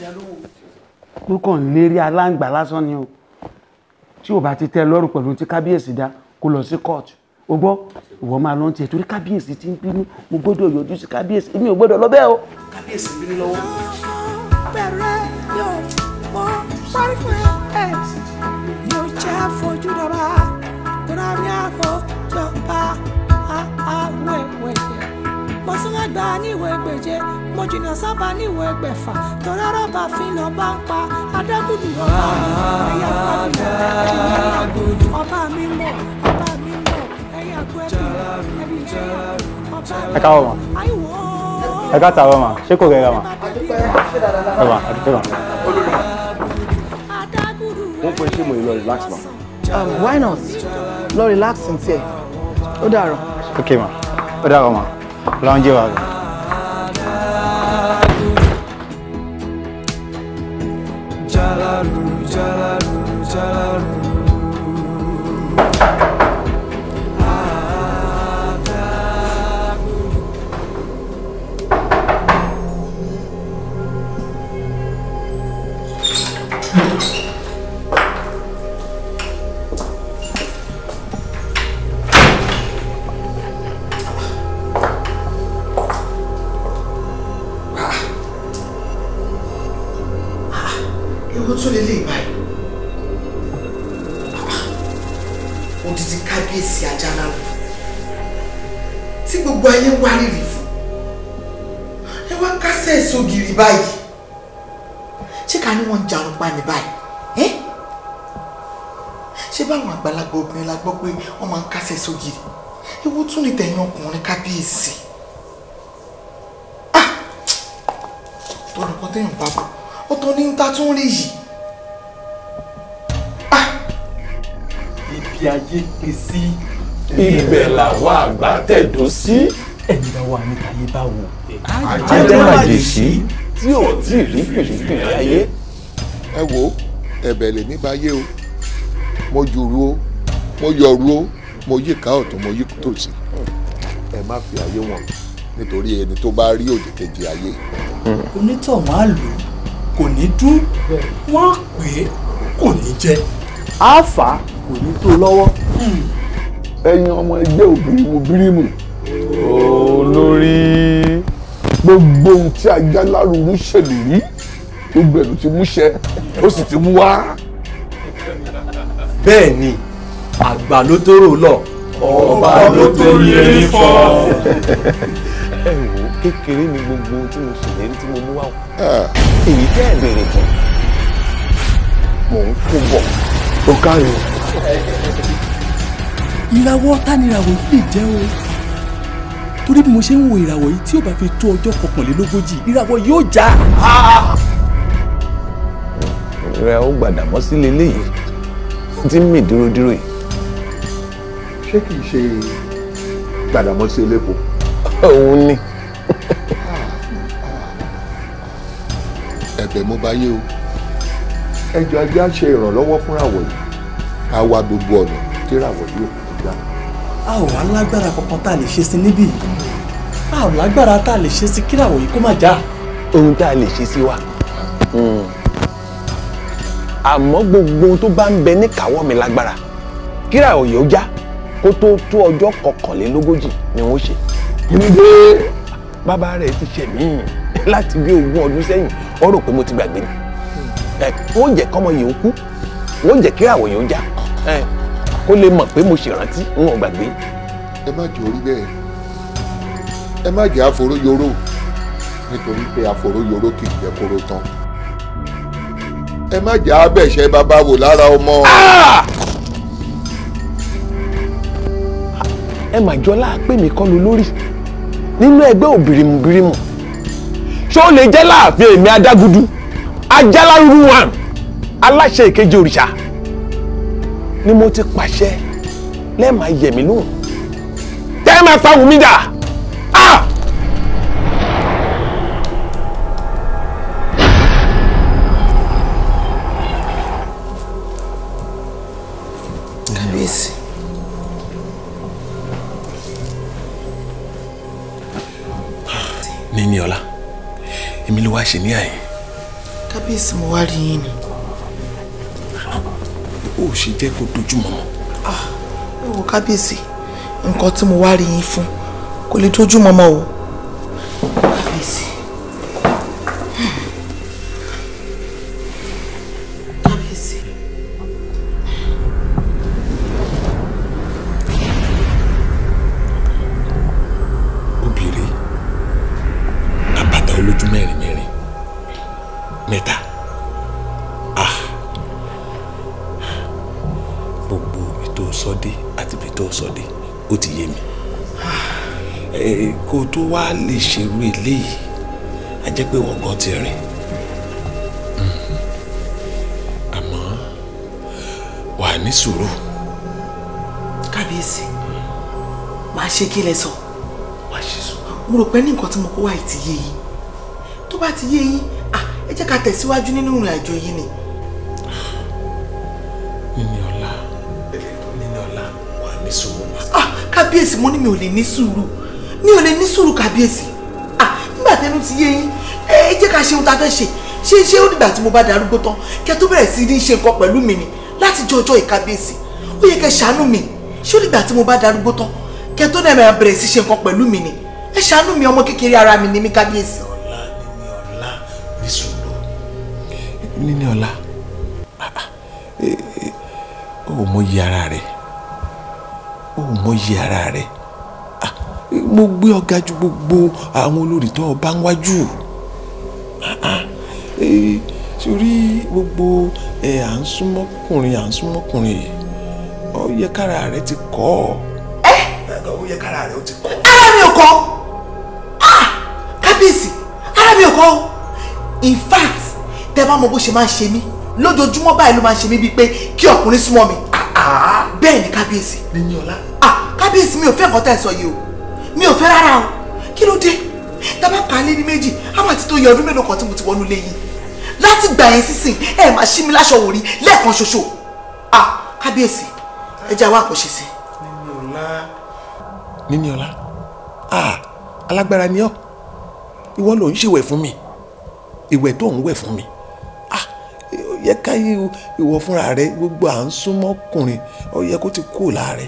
dá lóhùn. ló kàn lérí aláǹgbá lásán ni o tí ò bá ti tẹ́ lọ́rùn pẹ̀lú ti kábíyèsí dá kó lọ sí kóòtù o gbọ́ ìwọ máa lọ tiẹ̀ torí kábíyèsí ti ń bínú mo gbọ́dọ̀ yọjú sí kábíyèsí èmi ò gbọ́dọ̀ lọ o. kábíyèsí ń bínú lọ́wọ́. bẹ̀rẹ̀ yóò mọ parí fún yóò jẹ́ fojú dọ́ba tó náà rí àfọ́jọba àwẹ̀wẹ̀ mo sún ẹgbà níwò sábà níwò ẹgbẹ̀fà torí ọlọ́ba fi lọ bá ń pa adágúdù ọba mi ẹ̀yà adágúdù ọba mi mọ̀ ọba mi mọ̀ ẹ̀yà gbẹ́bí ẹbí jẹ́ ọba mi. ẹ káwọ́ ma ẹ ká tààrọ ma ṣé kò rẹra ma ẹ ma àdúgbò ma. Um, why not? lọ relax ǹtiẹ̀ ó dàrọ̀. ok ma ó ma. longevado. Jalaru, jalaru, gbọ́ pé wọ́n máa ń kásẹ̀ sógiri ewu tún ní tẹ̀yìn ọkùnrin kábíyèsí ah tó nǹkan tẹ̀yìn bá bọ̀ ó tó ní ta tún rí yìí ah. ibi ayé pè sí ibẹ̀ làwọn àgbà tẹ̀dó sí ẹ̀mí lọ́wọ́ àníkàyé bá wò ajẹ́màjèṣí sí tí ò tí ì rí fìrìfìrì ayé. ẹ wo ẹ̀bẹ̀ lèmi bá yé o mo jùrù o mo yọ̀rù o mo yíká ọ̀tún mo yí tòsí ẹ má fi ayé wọn nítorí ẹni tó bá rí òdì kejì ayé. onítọ̀hún á lò kò ní dún wọ́n á pè é kò ní jẹ. àáfà kò ní tó lọ́wọ́. ẹ̀yin ọmọ ẹgbẹ́ òbírímù bírímù. olórí. gbogbo ohun tí ajá lárúurú ṣèlérí gbogbo ẹ̀ ló ti mú ṣẹ ó sì ti mú wá. bẹ́ẹ̀ ni àgbà ló tóró lọ ọba ló tó yẹrí fọ. ẹ wo kékeré ni gbogbo tí mo ṣèlérí tí mo mú wá o èyí tẹ́ ẹ̀ béèrè fún mò ń kó bọ̀ tó káyọ̀. ìràwọ̀ tániràwọ̀ yìí lè jẹ́ o torí bí mo ṣe ń wo ìràwọ̀ yìí tí ó bá fi tó ọjọ́ kọkànlélógójì ìràwọ̀ yóò já. rẹ ó gbàdàmọ́sí lélẹ́yìí tí ń mì dúródúró yìí ṣé kìí ṣe gbàdàmọ́sí elépo. òun ni. ẹ̀bẹ̀ mo bá yé o ẹjọ́ ajé á ṣe ìrànlọ́wọ́ fún ràwọ̀ yìí ká wá gbogbo ọ̀nà tí ràwọ̀ yìí ò a ò wá lágbára kankan tá a lè ṣe sí níbí yìí a ò lágbára tá a lè ṣe sí kí ràwọ̀ yìí kó má já. ohun tá a lè ṣe sí wa hmm. àmọ́ gbogbo ohun tó bá ń bẹ níkàáwọ́ mi lágbára kí ràwọ̀ yìí ó já kó tó tó ọjọ́ kọkànlélógójì ni wọ́n ṣe. inú dé bàbá rẹ̀ ti ṣe mí láti bí ogún ọdún sẹ́yìn ó rò pé mo ti gbàgbé ni wọ́n jẹ́ kọ́mọ yìí ó kú wọ́n jẹ́ kí àwọ̀ yìí ó já kó lè mọ̀ pé mo ṣèrántí n ò gbàgbé. ẹ má jẹ́ orí bẹ́ẹ̀ ẹ má jẹ́ àforó yoró nítorí pé àforó yoró kì í jẹ́ kóró tán ẹ má jẹ́ abẹ́ṣẹ́ bàbá wò lára ọmọ. Ah! ẹ mà jọlá pé mi kọ́ lu lórí nínú ẹgbẹ́ òbìrìmùbìrìmù ṣó lè jẹ́ láàfin èmi adágudu ajálárúrú wọn aláṣẹ ìkejì òrìṣà ni mo ti pàṣẹ lẹ́ẹ̀ máa yẹ̀ mí lóhùn tẹ́ ẹ máa fa wùmí dà. ní ọlá èmi ló wá ṣe ní àyè. kábíyèsí mo wá rí yín ni. ó ṣe jẹ́ kó dojú mọ́. Ah, ẹ wo kábíyèsí nǹkan tí mo wá rí yín fún kò lè dojú mọ́ o kábíyèsí. eléyìí a jẹ́ pé wọ́n gan ti rìn mm-hmm. àmọ́ wà ní sùúrù. kábíyèsí màá ṣe kí lẹ sọ wàá ṣe sùn. mo rò pé ní nǹkan tí mo kó wá yìí ti yé yín tó bá ti yé yín ẹ jẹ́ ká tẹ̀síwájú nínú ìrìn àjò yìí ni. níní ọlá níní ọlá wà ní sùúrù. kábíyèsí mo ní mi ò lè ní sùúrù mi ò lè ní sùúrù kábíyèsí ti yé yín ẹ jẹ́ ká ṣe ohun tá a fẹ́ ṣe ṣé ṣé ó dìgbà tí mo bá darúgbó tán kẹ́ tó bẹ̀rẹ̀ sí ní ṣe nǹkan pẹ̀lú mi ni láti jọ ọjọ́ ìkábíyèsí ó yẹ kẹ́ ṣàánú mi ṣé ó dìgbà tí mo bá darúgbó tán kẹ́ tó náà bẹ̀rẹ̀ sí ṣe nǹkan pẹ̀lú mi ni ẹ ṣàánú mi ọmọ kékeré ara mi ni mi kábíyèsí. ọ̀la ni ọ̀la ní sùúrù ọ̀la ó mọ yí ara rẹ̀ ó mọ yí ara rẹ̀ mo gbé ọ̀gá ju gbogbo àwọn olórí tó bá ń wájú sórí ah, ah. gbogbo ẹ̀ à ń súnmọ́kùnrin à ń súnmọ́kùnrin ó yẹ kára rẹ ti kọ́ ọ. ẹ ó yẹ kára rẹ ti kọ́. ara mi ò kọ́ ah! kábíyèsí ara mi ò kọ́ in fact tẹ bá mọ bó ṣe máa ń ṣe mí lójoojúmọ́ báyìí ló máa ń ṣe mí bíi pé kí ọkùnrin súnmọ́ mi. bẹ́ẹ̀ ni kábíyèsí. ní ní ọlá. kábíyèsí mi ò fẹ́ nǹkan tẹ̀ sọ yìí o mi ò fẹ́ rárá o kí ló dé tábà kà á lé ní méjì á máa ti tó yẹ ọdún mélòó kan tí mo ti wọnú lé yìí láti gbà yẹn sísìn ẹ máa ṣí mi láṣọ wò rí lẹ́ẹ̀kan ṣoṣo à kábíyèsí ẹ jẹ́ àwọn àkànṣe sí. Níníọlá Níníọlá ah alágbára ni ọ́ ìwọ ló ń ṣèwẹ̀ fún mi ìwẹ̀ tó ń wẹ̀ fún mi ah yẹ ká ìwọ fúnra rẹ gbogbo à ń súnmọ́ ọkùnrin ó yẹ kó ti kú láàrẹ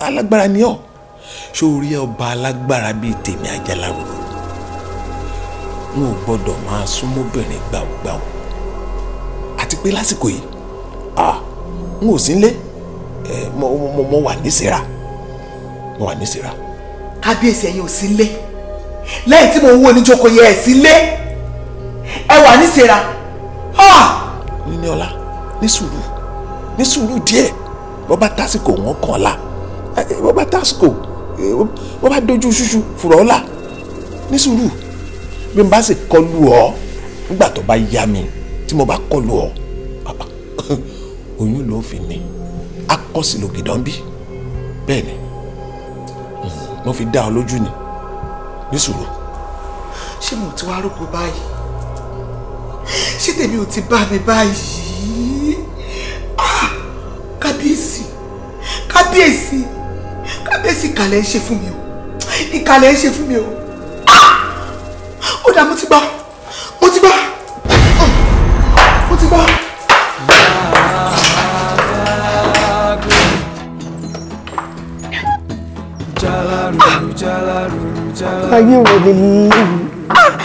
alágbára ni ọ́ ṣó rí ọba alágbára bíi tèmi àjàlá ròrò n ò gbọ́dọ̀ máa súnmọ́bìnrin gbàùgbàù àti pé lásìkò yìí n ò sí nílé mo wà nísìra mo wà nísìra. kábíyèsí ẹ̀yin ò sí nílé lẹ́yìn tí mo ń wo oníjókòó yẹ ẹ̀ sí nílé ẹ wà nísìra. níní ọlá ní sùúrù ní sùúrù díẹ̀ bọ́ bá tásìkò wọn kàn la bọ́ tásìkò wọ́n eh, bá dojú ṣuṣu fùrọ́lá ní sùúrù bí n bá sì kọlu ọ nígbà tó bá yá mi tí mo bá kọlu ọ oyún ló fi ní akọ́sílò gidọ́nbí bẹ́ẹ̀ ni hmm, mo fi dá ọ lójú ni ní sùúrù. ṣé mo ti wá rògbò báyìí ṣé tèmi ò ti bá mi báyìí ah, kábíyèsí kábíyèsí kábíyèsí ìkàlẹ̀ ń ṣe fún mi o ìkàlẹ̀ ń ṣe fún mi o ó ah! dà mo ti gbọ́ mo ti gbọ́ mo ti gbọ́. ayé wo ni mo ń lò.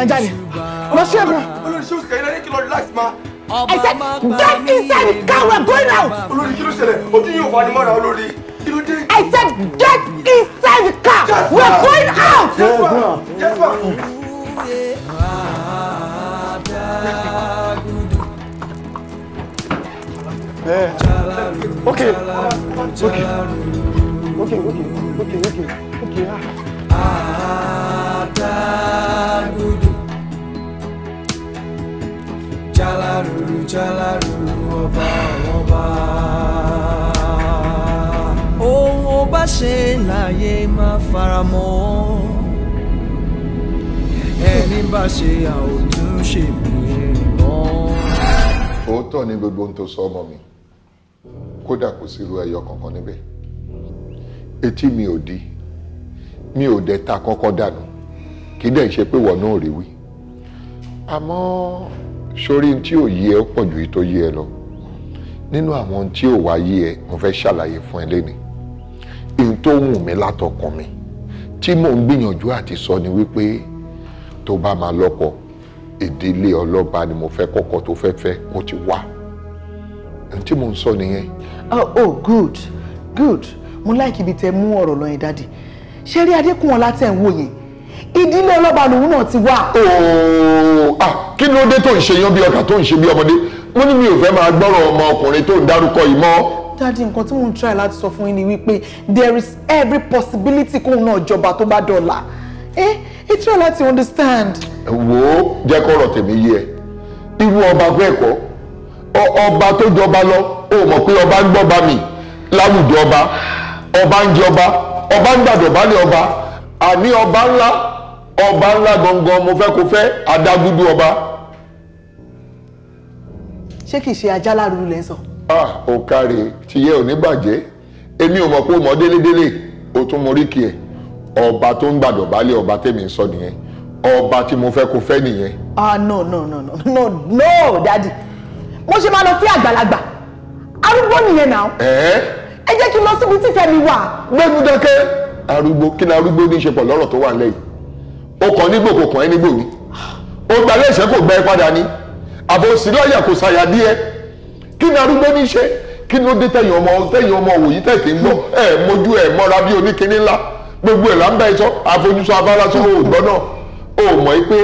yẹn jáde ọmọ ṣé bro. olórí ṣé o sẹ́yìn lẹ́yìn kí relax ma. I said get inside the car we are going out. olórí kí ló ṣẹlẹ̀ ojú fani mọ́ra olórí kí ló I said get inside the car we are going out. yes ma yes ma. Yeah. Eh. Okay. Okay. Okay, okay, okay, okay, okay. Ah. Adagudu jálárúurú jálárúurú ọba àwọn ọba. ohun ó bá ṣe láàyè máa fara mọ́ ẹni bá ṣe àòtúnṣe bìrì mọ́. òótọ́ ni gbogbo ohun tó sọ ọmọ mi kódà kò sí irú ẹyọ kankan níbẹ̀ etí mi ò di mi ò dẹ̀ ta kọ́kọ́ dànù kí dẹ̀ ṣe pé wọ́n náà rí wí àmọ́ sórí tí ò yí ẹ ó pọ̀ ju èyí tó yí ẹ lọ nínú àwọn tí ò wá yí ẹ mo fẹ́ ṣàlàyé fún ẹ lẹ́nu èyí tó wù mí látọkàn mi tí mò ń gbìyànjú àti sọ ni wípé tó bá máa lọ́kọ ìdílé ọlọ́ba ni mo fẹ́ kọ́kọ́ tó fẹ́ fẹ́ kó ti wà ohun tí mò ń sọ nìyẹn. oh, oh good good mo láìkí ibi tẹ mú ọ̀rọ̀ lọ yẹn dáàdi ṣé rí adékùnrin ọlá ń wò yẹn ìdílé ọlọ́ba lòun náà ti wá. Ah, kí ló dé tó ń ṣe yan bí ọkà tó ń ṣe bí ọmọdé mo ní mi ò fẹ́ máa gbọ́rọ̀ ọmọ ọkùnrin tó ń dárúkọ yìí mọ́. dádì nǹkan tí mò ń try láti sọ fún yín ni wípé there is every possibility kóun náà jọba tó bá dọ̀la ẹ ẹ try láti understand. wo jẹ́ kọ́rọ̀ tèmi yé ẹ irú ọba gbẹ́kọ̀ ọba tó jọba lọ ó mọ̀ pé ọba ń gbọ́ba mi láwùjọ ọba ọba ń jọba ọba ń gbàdọ̀bálẹ̀ ọba àní ọba ńlá ọba ńlá gangan mo fẹ́ kó fẹ́ adágúdú ọba. ṣé kìí ṣe ajá lárúurú lẹ́ sọ. ah ò kárí tìyẹ ò ní bàjẹ́ èmi ò mọ̀ pé o mọ̀ délédélé o tún mo rí kí ẹ ọba tó ń gbàdọ̀ balẹ̀ ọba tèmi sọ nìyẹn ọba tí mo fẹ́ kó fẹ́ nìyẹn. ah no no no no no no daddy mo ṣe máa lọ sí àgbàlagbà arúgbó nìyẹn náà. ẹ̀ẹ́ ẹ jẹ́ kí n lọ síbi tí Fẹ́mi wà. gbẹ́nu dákẹ́ arúgbó kí ni arúgbó ní í ṣe pọ̀ lọ́rọ̀ tó wà lẹ́yìn ó kàn nígbò kò kàn ẹ́ nígbò ni ó gbàgbé ìṣẹ́ kò gbẹ padà ni àbòsí lọ́ọ̀yà kò ṣàyà díẹ̀ kí ni arúgbó ní ṣe kí ló dé tẹ̀yìn ọmọ tẹ̀yìn ọmọ wòyí tẹ̀kí ń gbọ́ ẹ̀ mojú ẹ̀ mọ́ra bí oníkíní ńlá gbogbo ẹ̀ là ń bá ẹ sọ àfojúsọ abáraṣọ òògbọ́ náà ó mọ̀ pé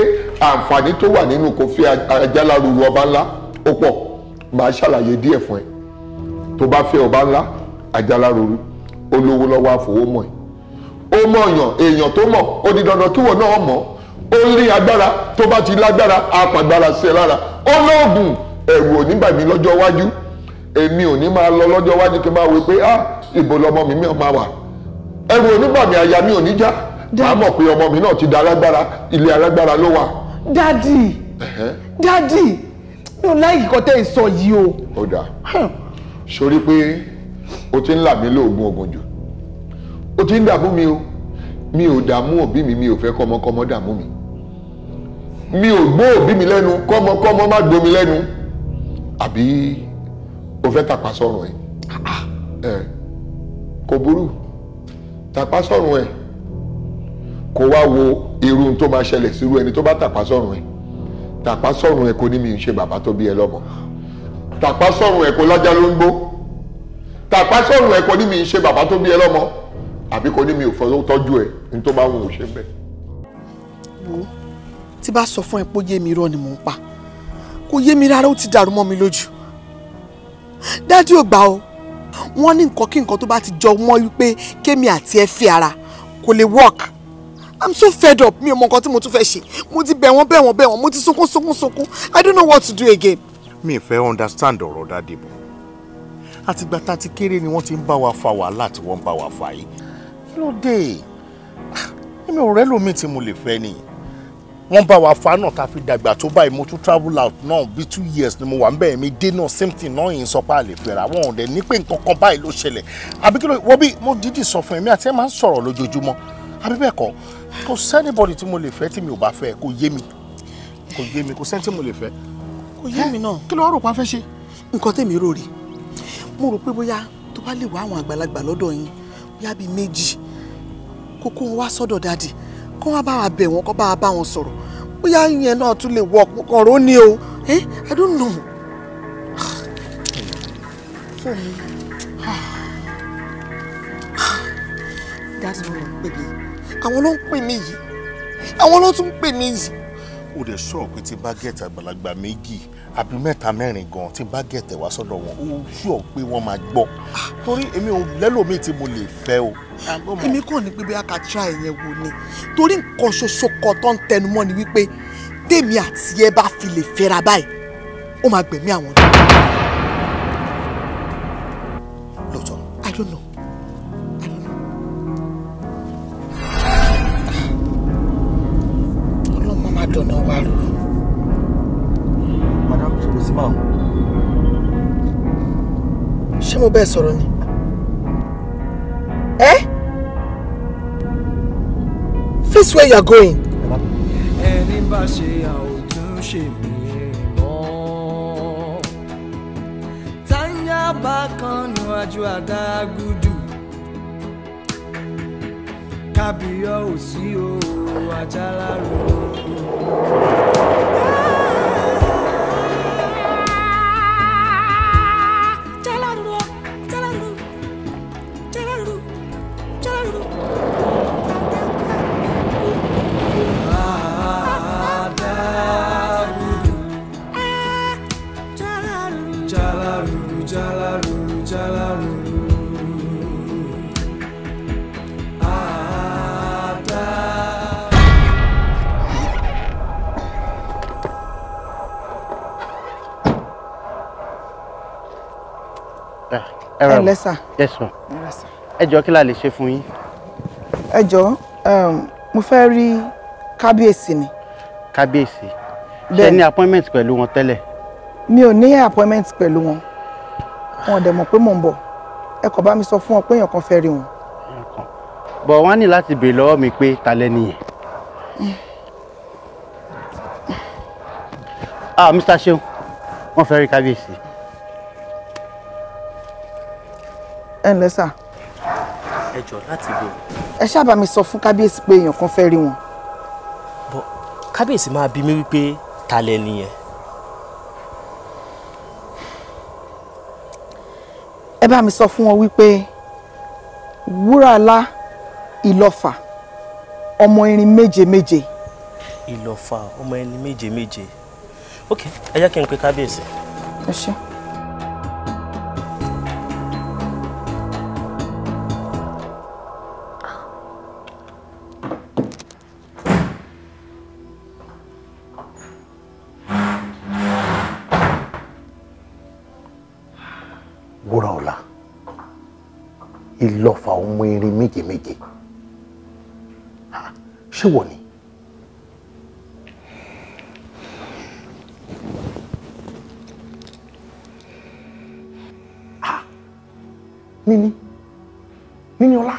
àǹfààní tó wà nínú kò fi ajáláruru ọba ńlá ó pọ̀ màá ṣàlàyé díẹ̀ fún ẹ tó bá fẹ́ ọba ńlá ajáláruru olówó lọ́wọ́ àfọwọ́mọ̀ ẹ̀ ó mọ̀ èèyàn èèyàn tó mọ̀ ó di dandan kíwọ náà mọ̀ ó ní agbára tó bá ti lágbára apàgbára sí ẹ lára olóògùn ẹ̀rù ò ní bà mí lọ́jọ́ iwájú èmi ò ní máa lọ lọ́jọ́ iwájú kí n máa wí pé ah ìbò lọmọ mi mi máa wà ẹ̀rù ò ní bà mí àyà mi ò ní já màá mọ̀ pé ọmọ mi náà ti da alágbára ilé alágbára ló wà. dádì dádì mi ò láyìí kọ́tẹ́ ìsọ yìí o. ó dáa sórí pé o ti ń là mí lóògùn ogun jù ó ti ń dààmú mi o mi ò dààmú òbí mi mi ò fẹ́ kọ́mọkọ́mọ dààmú mi mi ò gbọ́ òbí mi lẹ́nu kọ́mọkọ́mọ má gbomi lẹ́nu àbí o fẹ́ tàpá sọ̀rọ̀ ẹ̀ ẹ̀ kò burú tàpá sọ̀rọ̀ ẹ̀ kò wá wo irú tó máa ṣẹlẹ̀ sírú ẹni tó bá tàpá sọ̀rọ̀ ẹ̀ tàpá sọ̀rọ̀ ẹ̀ kò ní mi ń ṣe bàbá tó bí ẹ lọ́mọ tàpá sọ̀rọ̀ ẹ̀ kò lájà ló ń gbó tàpá sọ̀rọ̀ ẹ̀ kò ní mi ṣe bàbá tó bí ẹ lọ́mọ àbí kò ní mi ò fẹ́ ló tọ́jú ẹ̀ ní tó bá wọn ò ṣe ń bẹ̀. wo tí bá sọ fún ẹ pé ó yé mi irọ́ ni mò ń pa kò yé mi rárá ó ti dàrú mọ́ mi lójú dájú ò gbà o wọ́n ní nǹkan kí nǹkan tó bá ti jọ wọ́n wípé kémi àti ẹ fi ara kò lè work i'm so fed up mi ò mọ nǹkan tí mo tún fẹ́ ṣe mo ti bẹ̀ wọ́n bẹ̀ wọ́n bẹ̀ wọ́n mo ti sunkún sunkún sunkún i don't know what to do again. mi ì fẹ́ understand ọ̀rọ̀ Dádébọ̀ àtìgbà tá a ti kéré ni wọ́n ti ń bá wa fa wàhálà tí wọ́n ń bá wa fa yìí kí ló dé ah, èmi ò rẹ́ lómi tí mo lè fẹ́ ni wọ́n bá wa fa náà ta fi dàgbà tó báyìí mo tún travel out náà bí two years ni mo wà ń bẹ̀rẹ̀ mi dé náà same thing náà yìí ń sọ pé a lè fẹ́ra wọn ò dẹ̀ ní pé nǹkan kan báyìí ló ṣẹlẹ̀ àbí kí ló wọ́n bí mo dídì sọ fún ẹ̀mí àti ẹ̀ máa ń sọ̀rọ̀ lójoojúmọ́ àbí bẹ́ẹ̀ kọ́ kò sẹ́nibọ̀dì tí mo lè fẹ́ tí mi ò bá fẹ́ kò yé mi kò yé mi kò sẹ́ni tí mo lè fẹ́. kò yé mi náà eh, kí ló rò pa fẹ́ ṣe. nǹkan tèmi rò rè mo rò pé bóyá tó bá lè wá àwọn àgbàlagbà lọ́dọ̀ yín bóyá bíi méjì kókó wọn wá sọ́dọ̀ dáàdì kó wá bá wa bẹ̀ wọ́n kó bá wa bá wọn sọ̀rọ̀ bóyá ìyẹn náà tún lè wọ ọ̀rọ̀ ni o eh I don't know. fóònù dáàdì ló ń pè mí àwọn ló ń pè mí yìí àwọn ló tún ń pè mí yìí. ó dẹ̀ sọ̀rọ̀ pé tí bá gẹ̀ẹ́tì àgbàlagbà méjì àbí mẹ́ta mẹ́rin gan tí bá gẹ̀tẹ̀ wá sọ́dọ̀ wọn ó ṣùọ́ pé wọ́n máa gbọ́ torí èmi ò lẹ́lòmíì tí mo lè fẹ́ o. èmi kàn ní pé bí a kà ni torí nǹkan ṣoṣo kan tó ń tẹnumọ́ ni wípé tèmi àti ẹ bá fi lè fẹ́ra báyìí ó máa gbẹ̀mí àwọn ọ̀dọ́. I don't know. ọlọ́mọ máa dọ̀nà wa rò máa. ṣé mo bẹ́ẹ̀ sọ̀rọ̀ ni. ẹ face where you are going. ẹni bá ṣe àwòtúnṣe mi mọ́ tanya bákan nu àjọ àdágúdù kábíyọ̀ ò sí o àjálá rò ẹ ǹlẹ́ sà. yes ma ẹ jọ kí la lè ṣe fún yín. ẹ jọ um, mo fẹ́ rí kábíyèsí ni. kábíyèsí ṣe ní appointment pẹ̀lú wọn tẹ́lẹ̀. mi ò ní appointment pẹ̀lú wọn wọn dẹ̀ mọ̀ pé mò ń bọ̀ ẹ kò bá mi sọ fún wọn pé èèyàn kan fẹ́ rí wọn. bọ̀ wọ́n á ní láti béèrè lọ́wọ́ mi pé ta lẹ́ni yẹn. ah mr seun wọ́n fẹ́ rí kábíyèsí. ẹ ǹlẹ́ sà. ẹ jọ láti bò. ẹ ṣáàbà mi sọ fún kábíyèsí pé èèyàn kan fẹ́ rí wọn. bọ kábíyèsí máa bi mí wípé ta lẹ nìyẹn. ẹ bá mi sọ fún wọn wípé wúràlá ìlọ́fà ọmọ irin méje méje. ìlọ́fà ọmọ irin méje méje ok ẹ jẹ́ kí n pe kábíyèsí. ẹ ṣe. Sure. lọ fa ọmọ erin méje méje ṣé wọ ni. Nini Nini Ọlá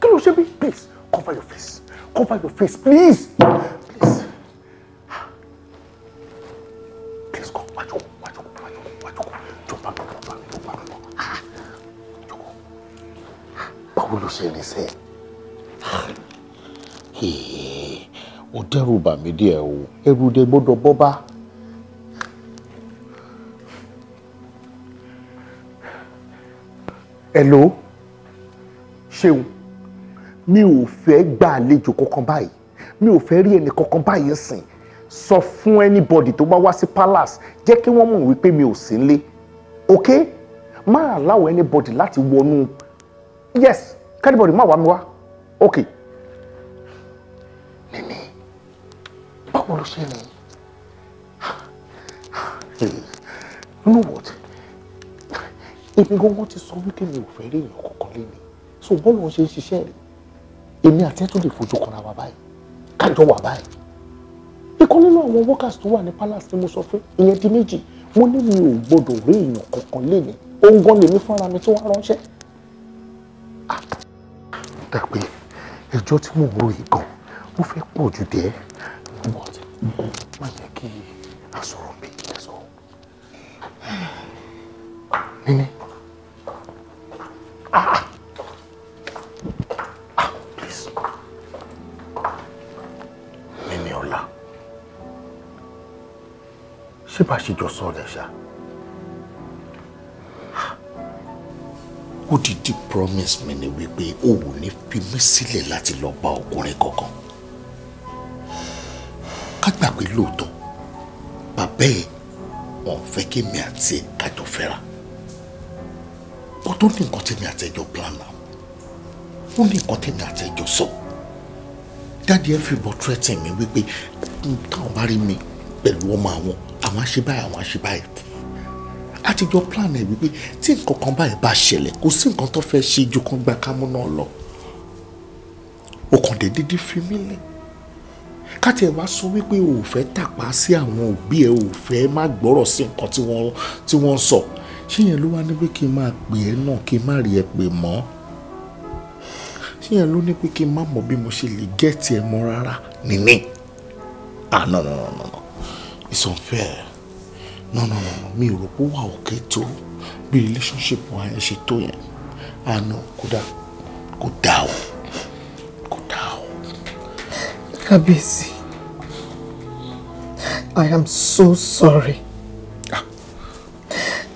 kí ló ṣe bí please cover your face cover your face please. díẹ̀ o ẹrù dẹ gbọ́dọ̀ bọ́ bá. hello ṣeun mi ò fẹ́ gba àlejò kankan báyìí mi ò fẹ́ rí ẹnì kankan báyìí sìn sọ fún anybody tó bá wá sí palace jẹ́ kí wọ́n mọ̀ wípé mi ò sí nílé ok má allow anybody láti wọnú yes anybody má wá mi wá ok. kọ́ ló you know what èmi gbogbo ti sọ wípé mi ò fẹ́ rí èèyàn kankan léni so bọ́ọ̀lù wọn ṣe ń ṣiṣẹ́ rẹ̀ èmi àti ẹ̀ tún lè fojú kanra wa báyìí kájọ wà báyìí ìkan nínú àwọn workers tó wà ní palace ni mo sọ fún ìyẹn di méjì mo ní mi ò gbọdọ̀ rí èèyàn kankan léni ohun gan lèmi fúnra mi tó wá ránṣẹ́. dàgbé ẹjọ́ tí mò ń ro yìí gan mo fẹ́ pọ̀ jù dé má jẹ́ kí a sọ̀rọ̀ bí kí sọ. Níní. Ah, ah. Ah, please. Níní Ọlá. Ṣé bá ṣe jọ sọ̀rọ̀ ẹ̀ ṣá? Ó dìdí promise mi ni wípé o ò ní fi mí sílẹ̀ láti lọ bá ọkùnrin kankan ká gbà pé lóòótọ́ bàbá ẹ̀ wọn fẹ́ kí mi àti ẹ̀ kájọ fẹ́ra ó tó ní nǹkan tèmi àti ẹjọ́ plan náà ó ní nǹkan tèmi àti ẹjọ́ sọ dáàdi ẹ fi bọ tírẹ́tì mi wípé táwọn bá rí mi pẹ̀lú ọmọ àwọn àwọn àṣebáyé àwọn àṣebáyé a ti jọ plan ẹ wípé tí nǹkan kan báyìí bá ṣẹlẹ̀ kò sí nǹkan tó fẹ́ ṣe ju kan gba kámú náà lọ ó kàn dé dídí fi mí lẹ́yìn káti ẹ̀ wá sọ wípé o ò fẹ́ tàpá sí àwọn òbí ẹ o ò fẹ́ má gbọ́rọ̀ sí nǹkan tí wọ́n tí wọ́n sọ ṣé yẹn ló wá ní pé kí n máa pè ẹ́ náà kí n má rí ẹ pè mọ́ ṣé yẹn ló ní pé kí n má mọ̀ bí mo ṣe lè gẹ́ẹ̀tì ẹ mọ́ rárá nìní ah no no no no no it's unfair no no no no mi ò rò pé wà òkè tó bí relationship wa ẹ ṣe tó yẹn ah no kódà kódà o. Kábíyèsí, I am so sorry. Ah.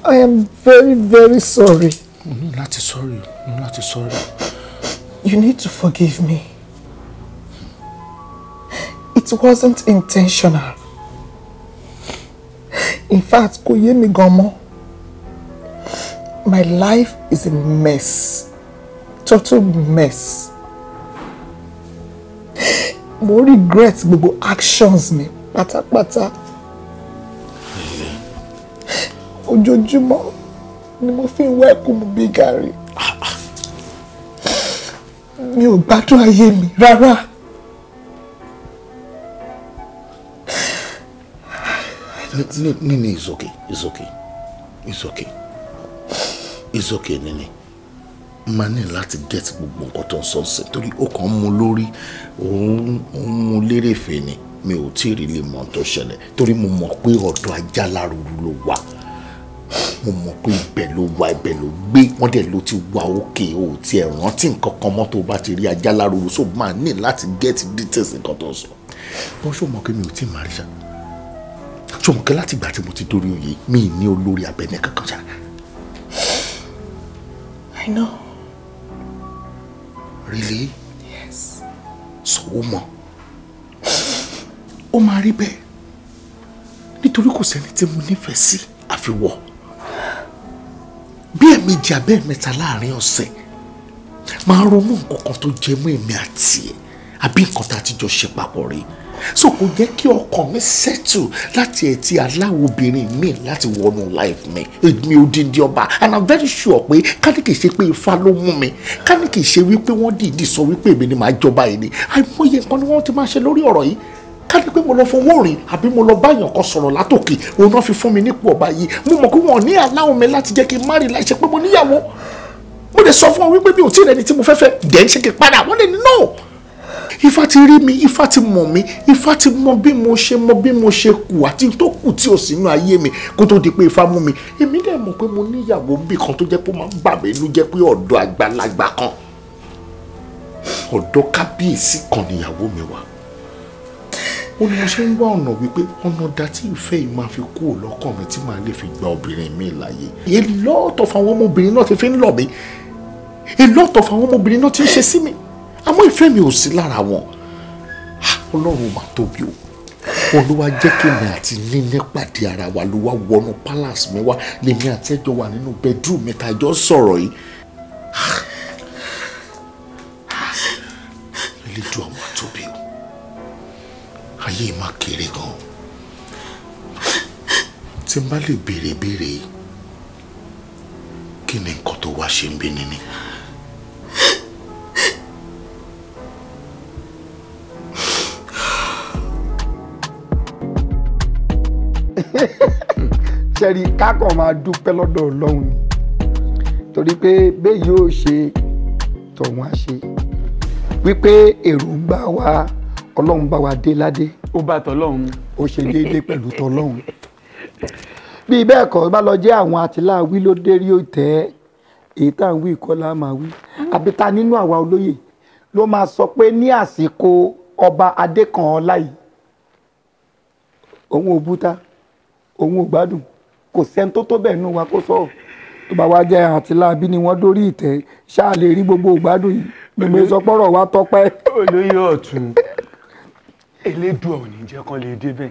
I am very, very sorry. Mo not sorry, mo ní sorry. You need to forgive me. It wasn't intentional. In fact, kò gomo. My life is a mess. Total mess mo regret gbogbo actions mi pátápátá ojoojúmọ́ ni mo fi ń wá ẹkún mu bí gàrí mi ò gbádùn ayé mi rárá. Nini, it's okay, it's okay, it's okay, it's okay, Nini máa ní láti get gbogbo nǹkan tó ń sọ sí torí ó kàn mú lórí òun òun mú lérèfé ni mi ò tí ì rí lè mọ ohun tó ṣẹlẹ̀ torí mo mọ̀ pé ọ̀dọ̀ ajá lárúurú ló wà mo mọ̀ pé ibẹ̀ ló wà ibẹ̀ ló gbé wọ́n dẹ̀ ló ti wà òkè o ti ẹ̀ rántí nǹkan kan mọ́ tó bá ti rí ajá lárúurú so máa ní láti get details nǹkan tó ń sọ bó ṣó mọ̀ pé mi ò tí ì máa rí ṣá ṣó mọ̀ pé láti ìgbà tí mo ti dórí oyè mi ì ní olórí abẹ́ni kankan ṣá. I know. Really? Yes. So O mọ̀. Ó máa rí bẹ́ẹ̀. Nítorí kò sẹ́ni tí mo nífẹ̀ẹ́ sí àfiwọ̀. Bí ẹ̀mejì abẹ́ mẹ́ta láàrin ọ̀sẹ̀, máa ronú nǹkan kan tó jẹ mọ́ èmi àti ẹ̀ àbí nǹkan tá a ti jọ ṣe papọ̀ rèé so kò jẹ́ kí ọkàn mi settle láti ẹ̀tí aláwọ̀ obìnrin mi láti wọnú life mi èmi odindi ọba and i'm very sure pé ká ní kì í ṣe pé ifá ló mú mi ká ní kì í ṣe wípé wọ́n dìídì sọ wípé èmi ni màá jọba yìí ni àìmọye nǹkan ni wọ́n ti máa ṣe lórí ọ̀rọ̀ yìí ká ní pé mo lọ fọwọ́ rìn àbí mo lọ báyàn kan sọ̀rọ̀ látòkè òun náà fi fún mi nípò ọba yìí mo mọ̀ pé wọn ò ní aláwọ̀ mi láti jẹ́ kí n má rí láì ṣe pé mo níyàwó mo lè sọ fún wọn wípé mi ò tí ì rẹni tí mo fẹ́ fẹ́ dẹ̀ ń ṣe kí n padà wọ́n lè ní náà ifá ti rí mi ifá ti mọ̀ mi ifá ti mọ bí mo ṣe mọ bí mo ṣe kù àti tó kù tí ò sínú ayé mi kó tó di pé ifá mú mi èmi dẹ̀ mọ̀ pé mo níyàwó ń bì kan tó jẹ́ pé ó máa ń bà mí inú jẹ́ pé ọ̀dọ̀ àgbàlagbà kan ọ̀dọ̀ kábíyèsí kan níyàwó mi wà ó ní mo ṣe ń wá ọ̀nà wípé ọ̀nà ọ̀dà tí ìfẹ́ yìí máa fi kúrò lọ́kàn mi tí màá lè fi gba obìnrin mi láàyè a lot of àwọn ọmọbìnrin náà ti fi ń lọ̀ mí a lot of àwọn ọmọbìnrin náà ti ń ṣe sí mi àmọ́ ìfẹ́ mi ò sí lára wọn ah, ọlọ́run mà tóbi o wọn ló wá jẹ́ kí èmi àti níní pàdé ara wa ló wá wọnú palace mi wá lèmi àtẹ́jọ́ wà nínú bedroom mi tàjọ́ sọ̀rọ̀ yìí. Ah, elédò àwọn àtòbí o ayé má kéré gan tí n bá lè béèrè béèrè kí ni nǹkan tó wá ṣe ń bí níní. ṣẹ́rí kákan máa dúpẹ́ lọ́dọ̀ ọlọ́run ni torí pé bẹ́ẹ̀ yóò ṣe tọ̀hún àṣe wípé èròǹgbà wa ọlọ́run bá wa dé ládé. ó bá tọlọ́run. ó ṣe déédéé pẹ̀lú tọlọ́run. bí bẹ́ẹ̀ kọ́ bá lọ jẹ́ àwọn àtìláàwí ló dé rí òtẹ́ èyí tá à ń wí ìkọlá máa wí àbíta nínú àwa olóyè ló máa sọ pé ní àsìkò ọba adékànọ́lá yìí òun ò òun ò gbádùn kò sẹ́ni tó tó bẹ́ẹ̀ nù wa kó sọ̀rọ̀ tó bá wá jẹ́ àti láàbí ni wọ́n dórí ìtẹ́ ṣáà lè rí gbogbo ògbádùn yìí gbogbo ìsọpọ̀rọ̀ wa tọpẹ́. olóyè ọ̀tún elédùn ò ní jẹ́ kán lè débẹ̀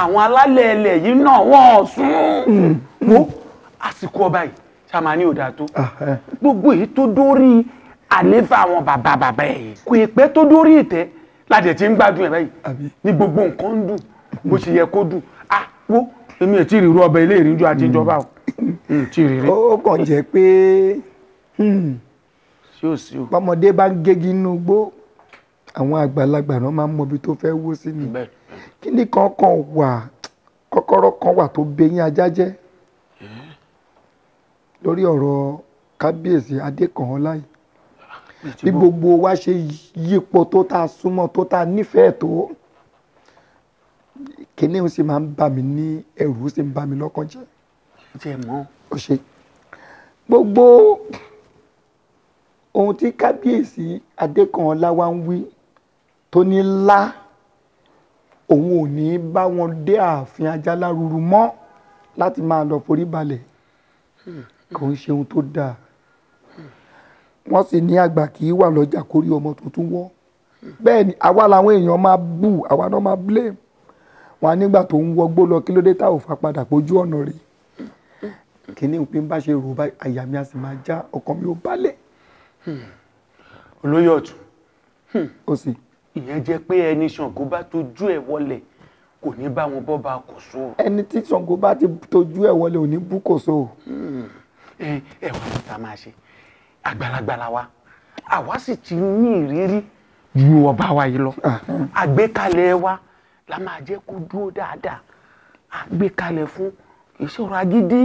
àwọn alálẹ̀ ẹlẹ̀ yìí náà wọ́n sún mm. wo àsìkò ọba yìí sàmání ò dáa tó ah, eh. gbogbo èyí tó dórí àléfà àwọn bàbá bàbá ẹ̀ yìí kò ìpẹ́ tó dórí ìtẹ́ láti ti ń gbádùn ẹ̀ báyìí ní gbogbo nǹkan ń dùn bó ṣe yẹ kó dùn ah wo èmi ò tí ì rí irú ọbẹ̀ ilé ìrìnjú àti ìjọba o tí ì rí rí. ó kàn jẹ́ pé hmm, ọmọdé bá ń gégi inú igbó àwọn àgbàlagbà náà máa ń mọbi tó fẹ́ wó sí ni kí ni kankan wà kọ́kọ́rọ́ kan wà tó bẹyìn ajá jẹ́ lórí ọ̀rọ̀ kábíyèsí adékànọ́lá yìí ah, bí gbogbo wa ṣe yípo tó ta súnmọ́ tó ta nífẹ̀ẹ́ tó kíní ó sì máa ń bà mí ní ẹrù ó sì ń bà mí lọ́kàn jẹ́. ó ti ẹ̀ mọ́. ó ṣe gbogbo ohun tí kábíyèsí adékanọlá wa ń wí tó ní lá òun ò ní bá wọn dé ààfin ajálárúurú mọ́ láti máa lọ forí balẹ̀ kò ń ṣe ohun tó dáa wọ́n sì ní àgbà kì í wà lọ́jà kórí ọmọ tuntun wọ́ bẹ́ẹ̀ ni àwa làwọn èèyàn máa bù àwa náà máa blame wọn nígbà tó ń wọgbó lọ kí ló dé tá ò fa padà pójú ọ̀nà rẹ̀ kíní pé ń bá ṣe rò bá àyà mi a sì máa já ọkàn mi ò balẹ̀. Hmm. olóyè ọ̀tún hmm. ó sì. ìyẹn jẹ́ pé ẹni ṣàngó bá tójú ẹ̀ wọlẹ̀ kò ní bá wọn bọ́ bá kò so. ẹni tí ṣàngó bá ti tójú ẹ̀ wọlẹ̀ ò ní bú kò so. Hmm. ẹ wà ní ta máa ṣe àgbàlagbà wa àwa sì ti ní ìrírí ju ọba wa yìí lọ àgbékalẹ̀ wa la máa jẹ́ kó dúró dáadáa à gbé kalẹ̀ fún kì í ṣọ̀rọ̀ agídí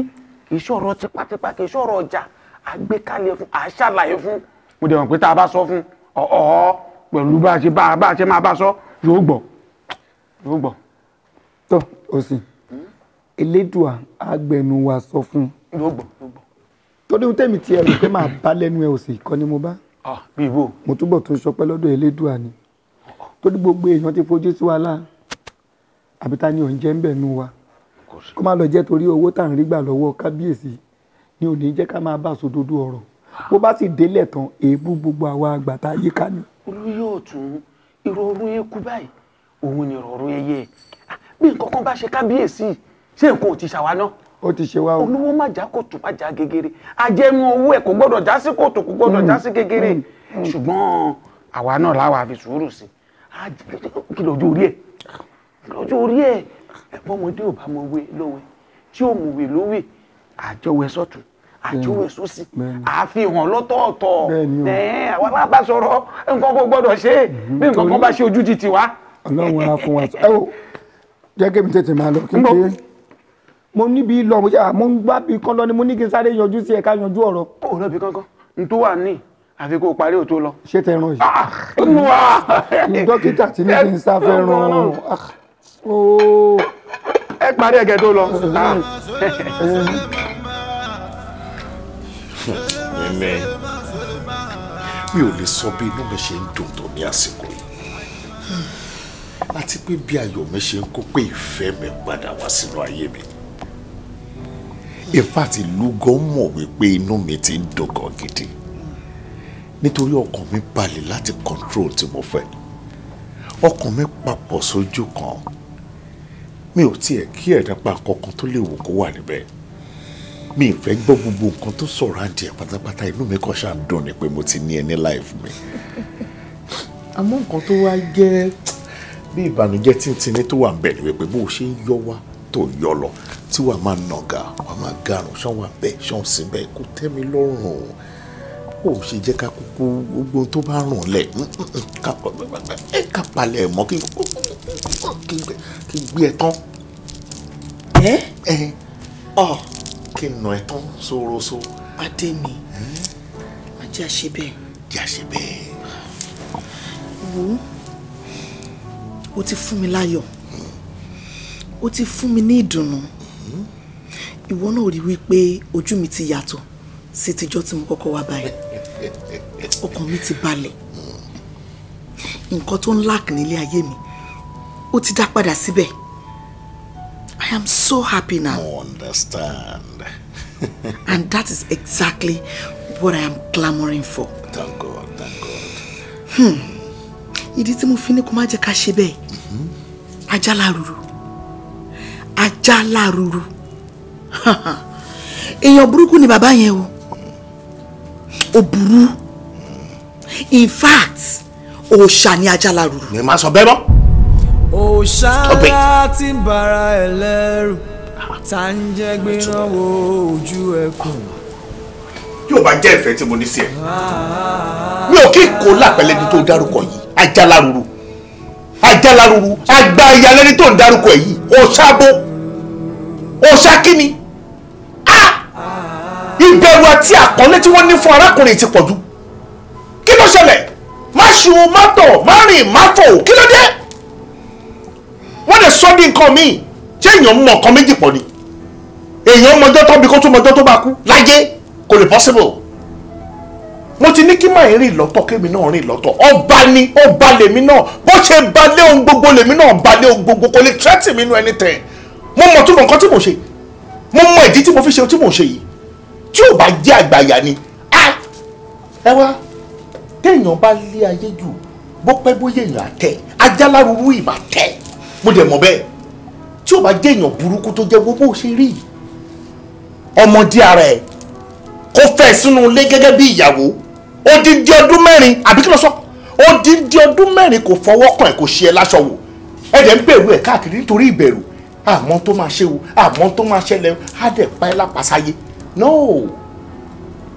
kì í ṣọ̀rọ̀ tipátipá kì í ṣọ̀rọ̀ ọjà à gbé kalẹ̀ fún à ṣàlàyé fún mo dẹ̀ mọ̀ pé tá a bá sọ fún ọ̀ọ́ pẹ̀lú bá a ṣe bá a ṣe máa bá sọ yóò gbọ́ yóò gbọ́. tó o sì elédùà agbẹnu wa sọ fún. yóò gbọ́ yóò gbọ́. torí ohun tẹ̀mí tiẹ̀ rò pé máa bá lẹ́nu ẹ̀ òsì kọ́ ni mo bá. ah bí ibo. mo túbọ̀ tún sọpẹ́ lọ́dọ̀ elédùà ni torí gbogbo èèyàn ti fojú sí wa láà àbí ta ni ò ń jẹ́ ń bẹ̀ nu wa kó má lọ jẹ́ torí owó tá à ń rí gbà lọ́wọ́ kábíyèsí ni ò ní jẹ́ ká máa bá sòdodo ọ̀rọ̀ bó bá sì délẹ̀ tán èébú gbogbo àwa àgbà tá a yé ká ni. olú yóò tún ìrọ̀rùn eku báyìí òun ni ìrọ̀rùn ẹyẹ bí nǹkan kan bá ṣe kábíyèsí ṣé nǹkan ò ti ṣàwa náà ó ti ṣe wá o. olówó má já kòtò má já gegere ajẹnu owó ẹ kò gbọ́dọ̀ já sí kòtò kò gbọ́dọ̀ já sí gegere mm, mm, mm. ṣùgbọ́n àwa náà láwa fi sùúrù sí i kí lójú orí ẹ lọ́jọ́ orí ẹ̀ ẹ̀pọ̀ ọmọdé ò bá mọ wé lówe tí ò mú wé lówè àjọwé sọ́tún àjọwé sósì àfihàn lọ́tọ̀ọ̀tọ̀ àwọn alábà sọ̀rọ̀ nǹkan kó gbọ́dọ̀ ṣe mhm, bí nǹkan kan bá ṣe ojú ti tiwa. ọlọ́run á fún wa sọ ẹ o jẹ́ kí mi tètè máa lọ kí n dé mo níbi lọ mo ń gbá bí kan lọ ni mo ní kí n sáré yanjú sí ẹ̀ka yanjú ọ̀rọ̀. ó rẹ̀ bí kankan n tó wà ní àfi kó parí òtó lọ. ṣé tẹ ran yìí. Ah, dókítà tí ní kí n sá fẹ́ ran. Oh. ẹ parí ẹ̀kẹ́ tó lọ. mímẹ́ mi ò lè sọ bí inú mi ṣe ń dùn tó ní àsìkò yìí àti pé bí ayọ̀ mi ṣe ń kó pé ìfẹ́ mi padà wá sínú ayé mi ìfà ti lúgọ́ mọ̀ wípé inú mi ti ń dùn gan gidi nítorí ọkàn mi balẹ̀ láti control tí mo fẹ́ ọkàn mi papọ̀ sójú kan mi ò tiẹ̀ kí ẹ̀dá pa kankan tó lè wò kó wà níbẹ̀ mi ì fẹ́ gbọ́ gbogbo nǹkan tó sọ̀rọ̀ àǹtí ẹ̀ pátápátá inú mi kàn ṣáà dùn ni pé mo ti ní ẹni life mi àmọ́ nǹkan tó wá jẹ́ bí ìbànújẹ́ tíntínní tó wà ń bẹ̀ ni wípé bó o ṣe ń yọ wá tó yọ lọ tí wàá máa nàgà wàá máa garùn ṣán wà bẹ́ẹ̀ ṣán sí bẹ́ẹ̀ kó tẹ́ mi lọ́rùn o ó ṣe jẹ́ ká kúkú gbogbo tó bá rùn lẹ̀ ká palẹ̀ mọ́ kí kókó kí n gbé ẹ tán. ẹ ẹ ọ. kí n nà ẹ tán sóróso. adé mi má jẹ́ àṣẹ bẹ́ẹ̀. jẹ́ àṣẹ bẹ́ẹ̀. wo o ti fún mi láyọ̀ hmm. o ti fún mi ní ìdùnnú hmm. ìwọ náà rí wípé ojú mi ti yàtọ̀ sí tijọ́ tí mo kọ́kọ́ wá báyìí ọkàn mi ti balẹ̀ hmm. nǹkan tó ń lack nílé ayé mi ó ti dá padà síbẹ̀ I am so happy now. I understand. and that is exactly what I am clamoring for. Thank God, thank God. Hmm. Ìdí tí mo fi ní kó má jẹ́ ká ṣe bẹ́ẹ̀. Mm-hmm. Ajá láruru. Ajá láruru. Èèyàn burúkú ni bàbá yẹn o. Ó burú. Mm. In fact, òòṣà ni ajá láruru. Ẹ máa sọ bẹ́ẹ̀ bọ́ òòṣà ńlá ti ń bara ẹ̀ lẹ́rù tá ń jẹ́ gbéná wo ojú ẹkùn. yóò bá jẹ́ ìfẹ́ tí mo ní sí ẹ mi ò kí kó lápẹ̀lẹ́ ni tó dárúkọ yìí ajá láruru ajá ìyàlẹ́ni tó ń dárúkọ yìí òòṣà bó ìbẹ̀rù àti àkọ́lé tí wọ́n ní fún arákùnrin ti pọ̀jù kí ló ṣẹlẹ̀ má ṣu má tọ̀ má rìn má fò kí ló dé wọ́n lè sọ́ di nǹkan míì ṣé èèyàn mọ nǹkan méjì pọ̀ ni èèyàn mọjọ́ tó bí kó tó mọjọ́ tó bá kú láyé kò lè possible mo ti ní kí máa rìn lọ́tọ̀ kémi náà rìn lọ́tọ̀ ọba ni ọba lèmi náà bó ṣe balẹ̀ ohun gbogbo lèmi náà balẹ̀ ohun gbogbo kò lè tẹ́tì mi nú ẹni tẹ̀ mo mọ̀ tó mọ̀ nǹkan tí mo ṣe mo mọ̀ ìdí tí mo fi ṣe ohun tí mo ṣe yìí tí ò bá jẹ́ àgbàyà ni a ẹ wá téèyàn bá lé ayé jù bó pẹ́ bóyá èèyàn àtẹ ajá ìbà tẹ̀ mo dẹ̀ mọ̀ bẹ́ẹ̀ tí o bá jẹ́ èèyàn burúkú tó jẹ́ gbogbo ṣe rí ọmọdé ara ẹ̀ kó fẹ́ sínú ilé gẹ́gẹ́ bí ìyàwó odidi ọdún mẹ́rin àbí kí ló sọ odidi ọdún mẹ́rin kò fọwọ́ kàn ẹ̀ kò ṣe ẹ láṣọ wò ẹ dẹ̀ ń bẹ̀rù ẹ̀ káàkiri nítorí ìbẹ̀rù àmọ́ tó máa ṣe o àmọ́ tó máa ṣẹlẹ̀ á dẹ̀ pa ẹ́ lápasáyé no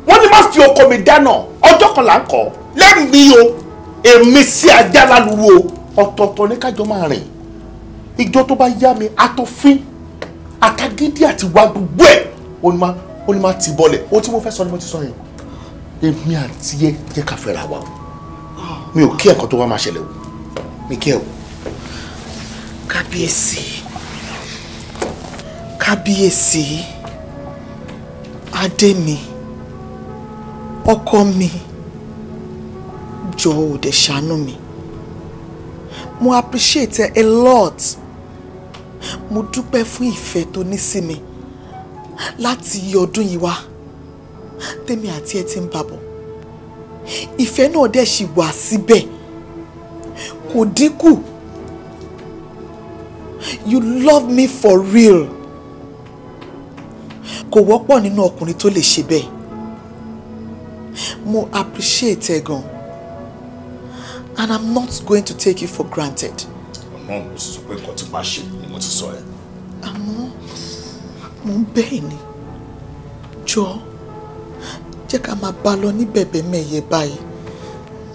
wọ́n ní má fi ọkọ mi dáná ọjọ́ kan là ń kọ́ lẹ́mìí o èmi sí ajá lálùú o ọ̀tọ̀ọ̀tọ̀ ní kájọ máa rìn ìjọ tó bá yá mi àtòfin àtàgídí àti wá gbogbo ẹ̀ ó ní máa ti bọ́lẹ̀ ohun tí mo fẹ́ sọ ni mo ti sọ yẹn èmi àti ẹ jẹ́ ká fẹ́ra wa o mi ò kí ẹ̀kọ́ tó wá máa ṣẹlẹ̀ o mi kí ẹ o. kábíyèsí kábíyèsí adé mi ọkọ mi jọ̀ọ́ ò ṣàánú mi mo appreciate a lot mo dúpẹ́ fún ìfẹ́ tó ní sí mi láti ọdún yìí wá tèmi àti ẹ ti ń bàbọ̀ ìfẹ́ náà dẹ̀ sì wà síbẹ̀ kò dínkù you love me for real kò wọ́pọ̀ nínú ọkùnrin tó lè ṣe bẹ́ẹ̀ mo appreciate ẹ gan and i'm not going to take you for granted. ọmọ mi sọ pé nǹkan tí màá ṣe ti sọ ẹ. àmọ́ mò ń bẹ́ẹ̀ ni jọ jẹ́ ká máa bá lọ ní bẹ̀bẹ̀ mẹ́yẹ báyìí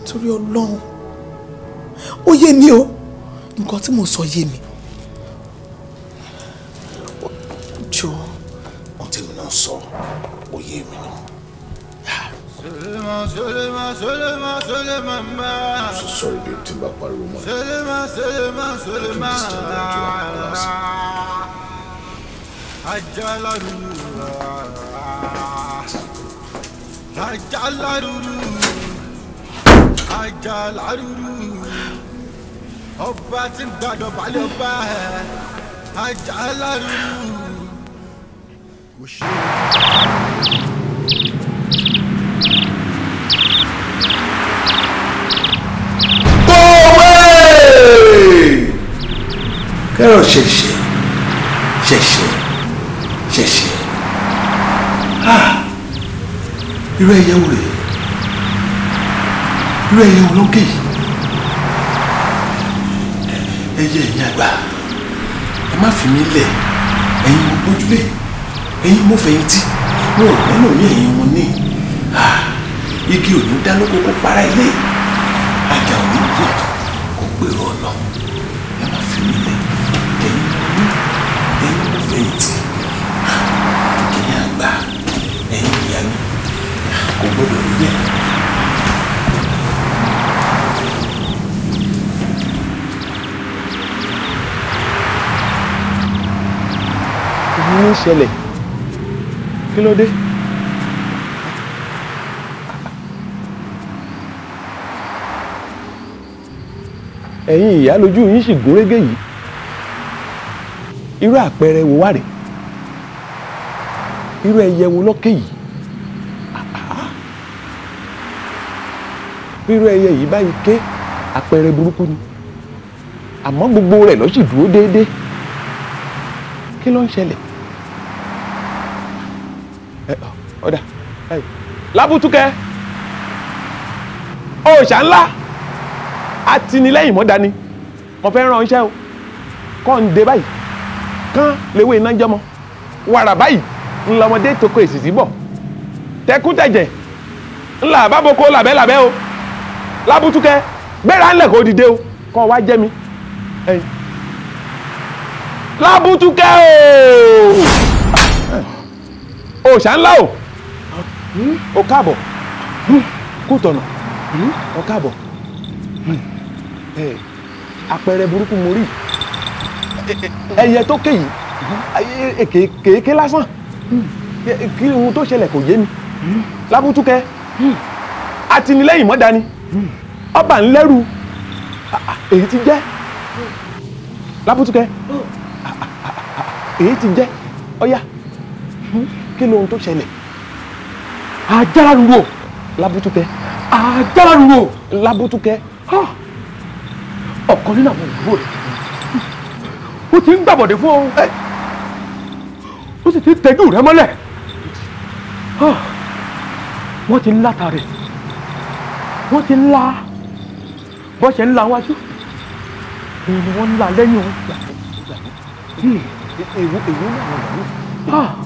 torí ọlọ́run ó yé mi o nǹkan tí mò ń sọ yé mi. jọ ohun tí mi náà sọ ó yé mi náà. Söyleme, söyleme, söyleme, söylemem ben. I'm so sorry babe, tüm bak var bu Söyleme, söyleme, söyleme. Haccalar Haccalar Haccalar Hoppatin dadop ali hoppahe Haccalar Haccalar kẹ́rọ̀ ṣẹ̀ṣẹ̀ ṣẹ̀ṣẹ̀ ṣẹ̀ṣẹ̀ ah irú ẹyẹ wò rè irú ẹyẹ wò lókè ẹyẹ ẹ̀yìn àgbà ẹ má fi mí lẹ̀ ẹ̀yin mo gbójúlé ẹ̀yin mo fẹ̀yìntì mo ò lẹ́nu mi ẹ̀yin wọn ní ah, igi ò dá lóko kó para ilé ajá ò ní kó gbèrò ọ̀nà. burú ṣẹlẹ̀ kí ló dé. ẹ̀yin ìyá lójú yín sì gún régé yìí irú àpẹẹrẹ wo wà rè irú ẹyẹ wo lọ́kẹ́ yìí irú ẹyẹ yìí báyìí ké àpẹẹrẹ burúkú ni àmọ́ gbogbo rẹ̀ ló dúró déédéé kí ló ń ṣẹlẹ̀ ọ̀dà lábùtúkẹ́ òòṣà ńlá atinilẹ́yìn mọ́ dání mo fẹ́ ràn iṣẹ́ o kọ́ ń de báyìí kán léwé iná jọmọ wàrà báyìí ńlọmọdé toko èsìsì bọ̀ tẹkútẹ̀jẹ̀ ńlá àbáboko làbẹ́làbẹ́ o lábùtúkẹ́ gbéra ńlẹ̀ kó dìde o kọ́ wá jẹ́ mi lábùtúkẹ́ o òòṣà ńlá o. Hmm? o káàbọ̀ hmm? kú tọ̀nà hmm? o káàbọ̀ eh, àpẹẹrẹ burúkú mo rí ẹyẹ tó ké yìí eh, kéèké lásán eh, kí ohun tó ṣẹlẹ̀ kò yé mi lábútúkẹ́ atinilẹ́yìn mọ́dá ni ọba ń lẹ́rù ah, ah, èyí ti jẹ́ lábútúkẹ́ ah, èyí ti jẹ́ ọ̀ya kí lohun tó ṣẹlẹ̀ àjálàrúwò lábútúkẹ́ àjálàrúwò lábútúkẹ́ ọ̀kan nínú àwọn òwúrò rẹ̀ ó ti ń gbàbọ̀dé fún ọ ó sì ti ń tẹ́jú rẹ mọ́lẹ̀ wọ́n ti ń láta rẹ̀ wọ́n ti ń la bọ́ ṣe ń la wájú èyí ni wọ́n ń la lẹ́yìn òun. èwo èwo náà wọ̀ lọ́wọ́.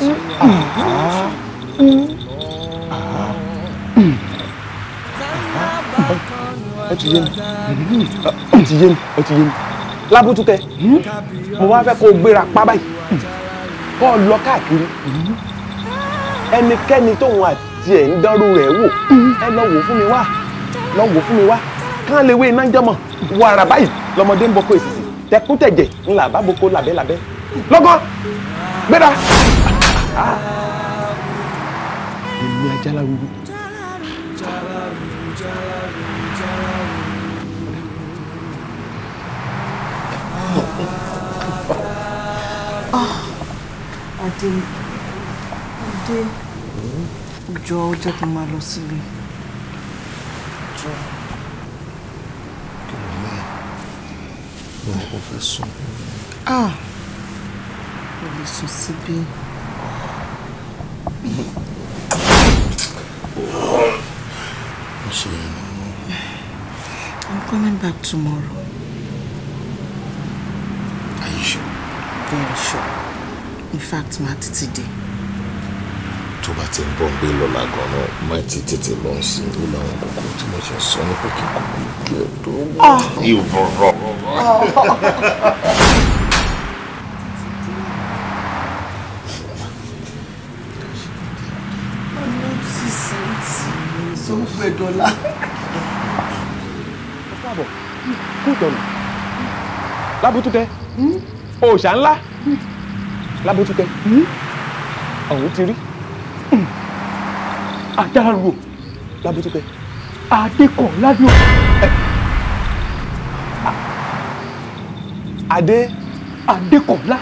ó ti yé mi ó ti yé mi ó mo wá fẹ́ kó o gbéra pa báyìí kó o lọ káàkiri ẹnikẹ́ni tóun àti ẹ̀ ń dánrú rẹ̀ wò ẹ lọ wò fún mi wá lọ wò fún mi wá kán lè wé iná jọmọ wọ ara báyìí lọmọdé ń bọ kó èsì tẹkútẹ̀jẹ̀ ńlá bá boko làbẹ́làbẹ́ lọ́gán gbéra èmi ini aja adé jọ ó jẹ́ kí n máa lọ sílé. ah mo lè I'm coming back tomorrow. Are you sure? Very sure. In fact, máa títí dé. Tó bá ti ń bọ̀ ń gbé lọ́la gan-an, máa ti tètè lọ sí i láwọn kòkó tí mo ṣe sọ ní pé kí kòkó kí gbẹ dọ́là. ọ̀pọ̀ kú ìtọ́nù lábútútẹ hmm? òòṣà ńlá hmm. lábútútẹ hmm? ọ̀hún ti rí àdárò lábútútẹ adékọ̀ ládùn adé adékọ̀ọ́lá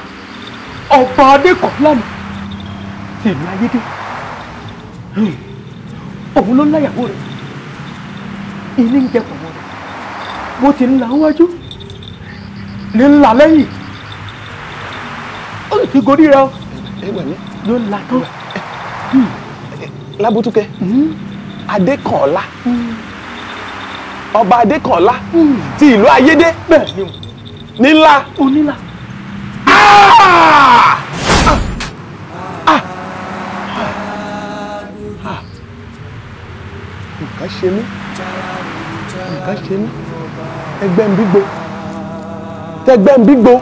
ọba adékọ̀ọ́lá ni tìlú ayédè òun ló ń láyàwó rẹ̀ ilé ń jẹ pọ̀mọ́ rẹ̀ bó ti ń la wájú ní ń la lẹ́yìn ó sì ti gorí rẹ o ló ń la tán. Hmm. lábútúkẹ́ hmm. adékànlá hmm. ọba adékànlá ti ìlú ayédè nílá onílá. Ah. ah! ah! ah! ṣe mí nǹkan ṣe ní ẹgbẹ́ ń bígbó tẹgbẹ́ ń bígbó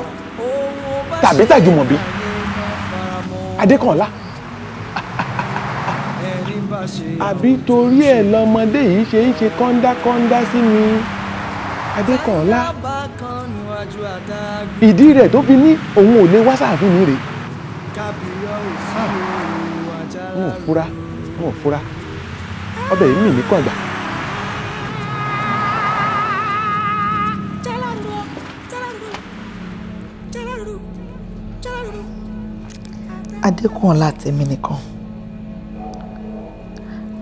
tàbí tàjùmọ̀bí adékànlá àbí torí ẹ̀ lọmọdé yìí ṣe ń ṣe kọ́ńdákọ́ńdá sí mi adékànlá ìdí rẹ̀ tó fi ní òun ò lè wá sáàfin mi rè n ò fura n ò fura ọbẹ̀ yìí mì ní kọ̀gbà. Adékúnlá tèmi nìkan.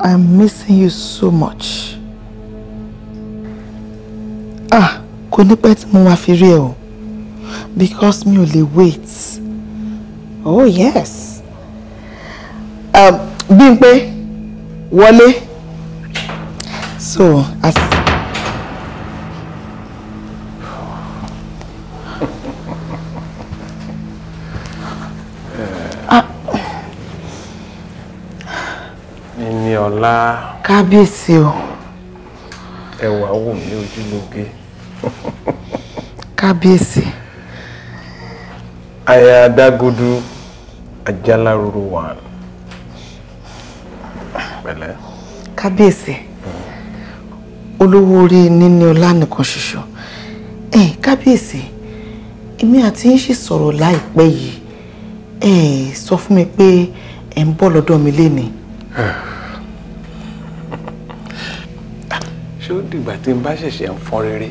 I'm missing you so much. Ah, kò ní pẹ́ tí mo máa fi rí ẹ o because mi ò lè wait. Oh yes. Um, Bímpé wọlé. So as. ọlá. kábíyèsí o. ẹwà wò mí ojúlóge. kábíyèsí. aya adágudu ajálárúurú wà. pẹ̀lẹ́. kábíyèsí olówó orí níní ọlá nìkan ṣoṣo ẹ kábíyèsí èmi àti yín sì sọ̀rọ̀ láìpẹ́ yìí ẹ sọ fún mi pé ẹ ń bọ̀ lọ́dọ̀ mi lénìí. Ah. ó dìgbà tí n bá ṣẹ̀ṣẹ̀ ń fọ́n rere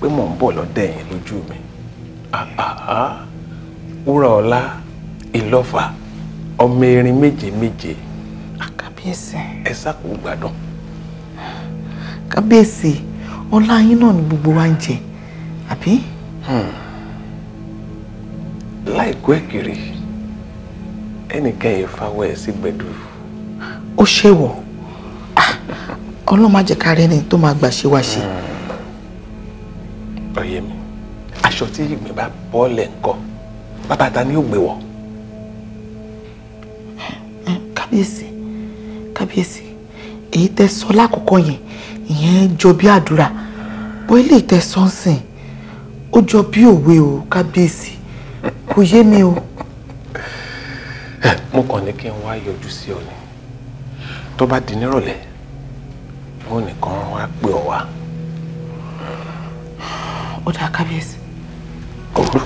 pé mò ń bọ̀ lọ́dẹ̀ yẹn lójú mi wúrà ọlá ìlọ́fà ọmọ erin méje méje. àkàbíyèsí. ẹ sáàkó gbádùn. kábíyèsí ọlá yín náà ni gbogbo wa ń jẹ àbí. Hmm. láìkó ẹ kiri ẹnìkan yìí fáwọ́ ẹ̀ sí gbẹ̀du. ó ṣèwọ̀ ọlọ́run má jẹ́ ká rẹ́ni tó máa gbà ṣe wá ṣe. ọyẹ mi aṣọ tí ìgbín bá bọ́ọ̀lẹ̀ ńkọ́ bàbá ta ni yóò gbé wọ̀. kábíyèsí kábíyèsí èyí tẹ́ sọ lákòókò yẹn ìyẹn jọ bí àdúrà bó ilé ìtẹ sọ́nsìn ó jọ bí òwe o kábíyèsí kò yé mi o. mo kàn ní kí n wá yọjú sí ọ ni tó bá di nírọ̀lẹ́ ó nìkan wá pè ọ wá. ó dáa kábíyèsí. òru.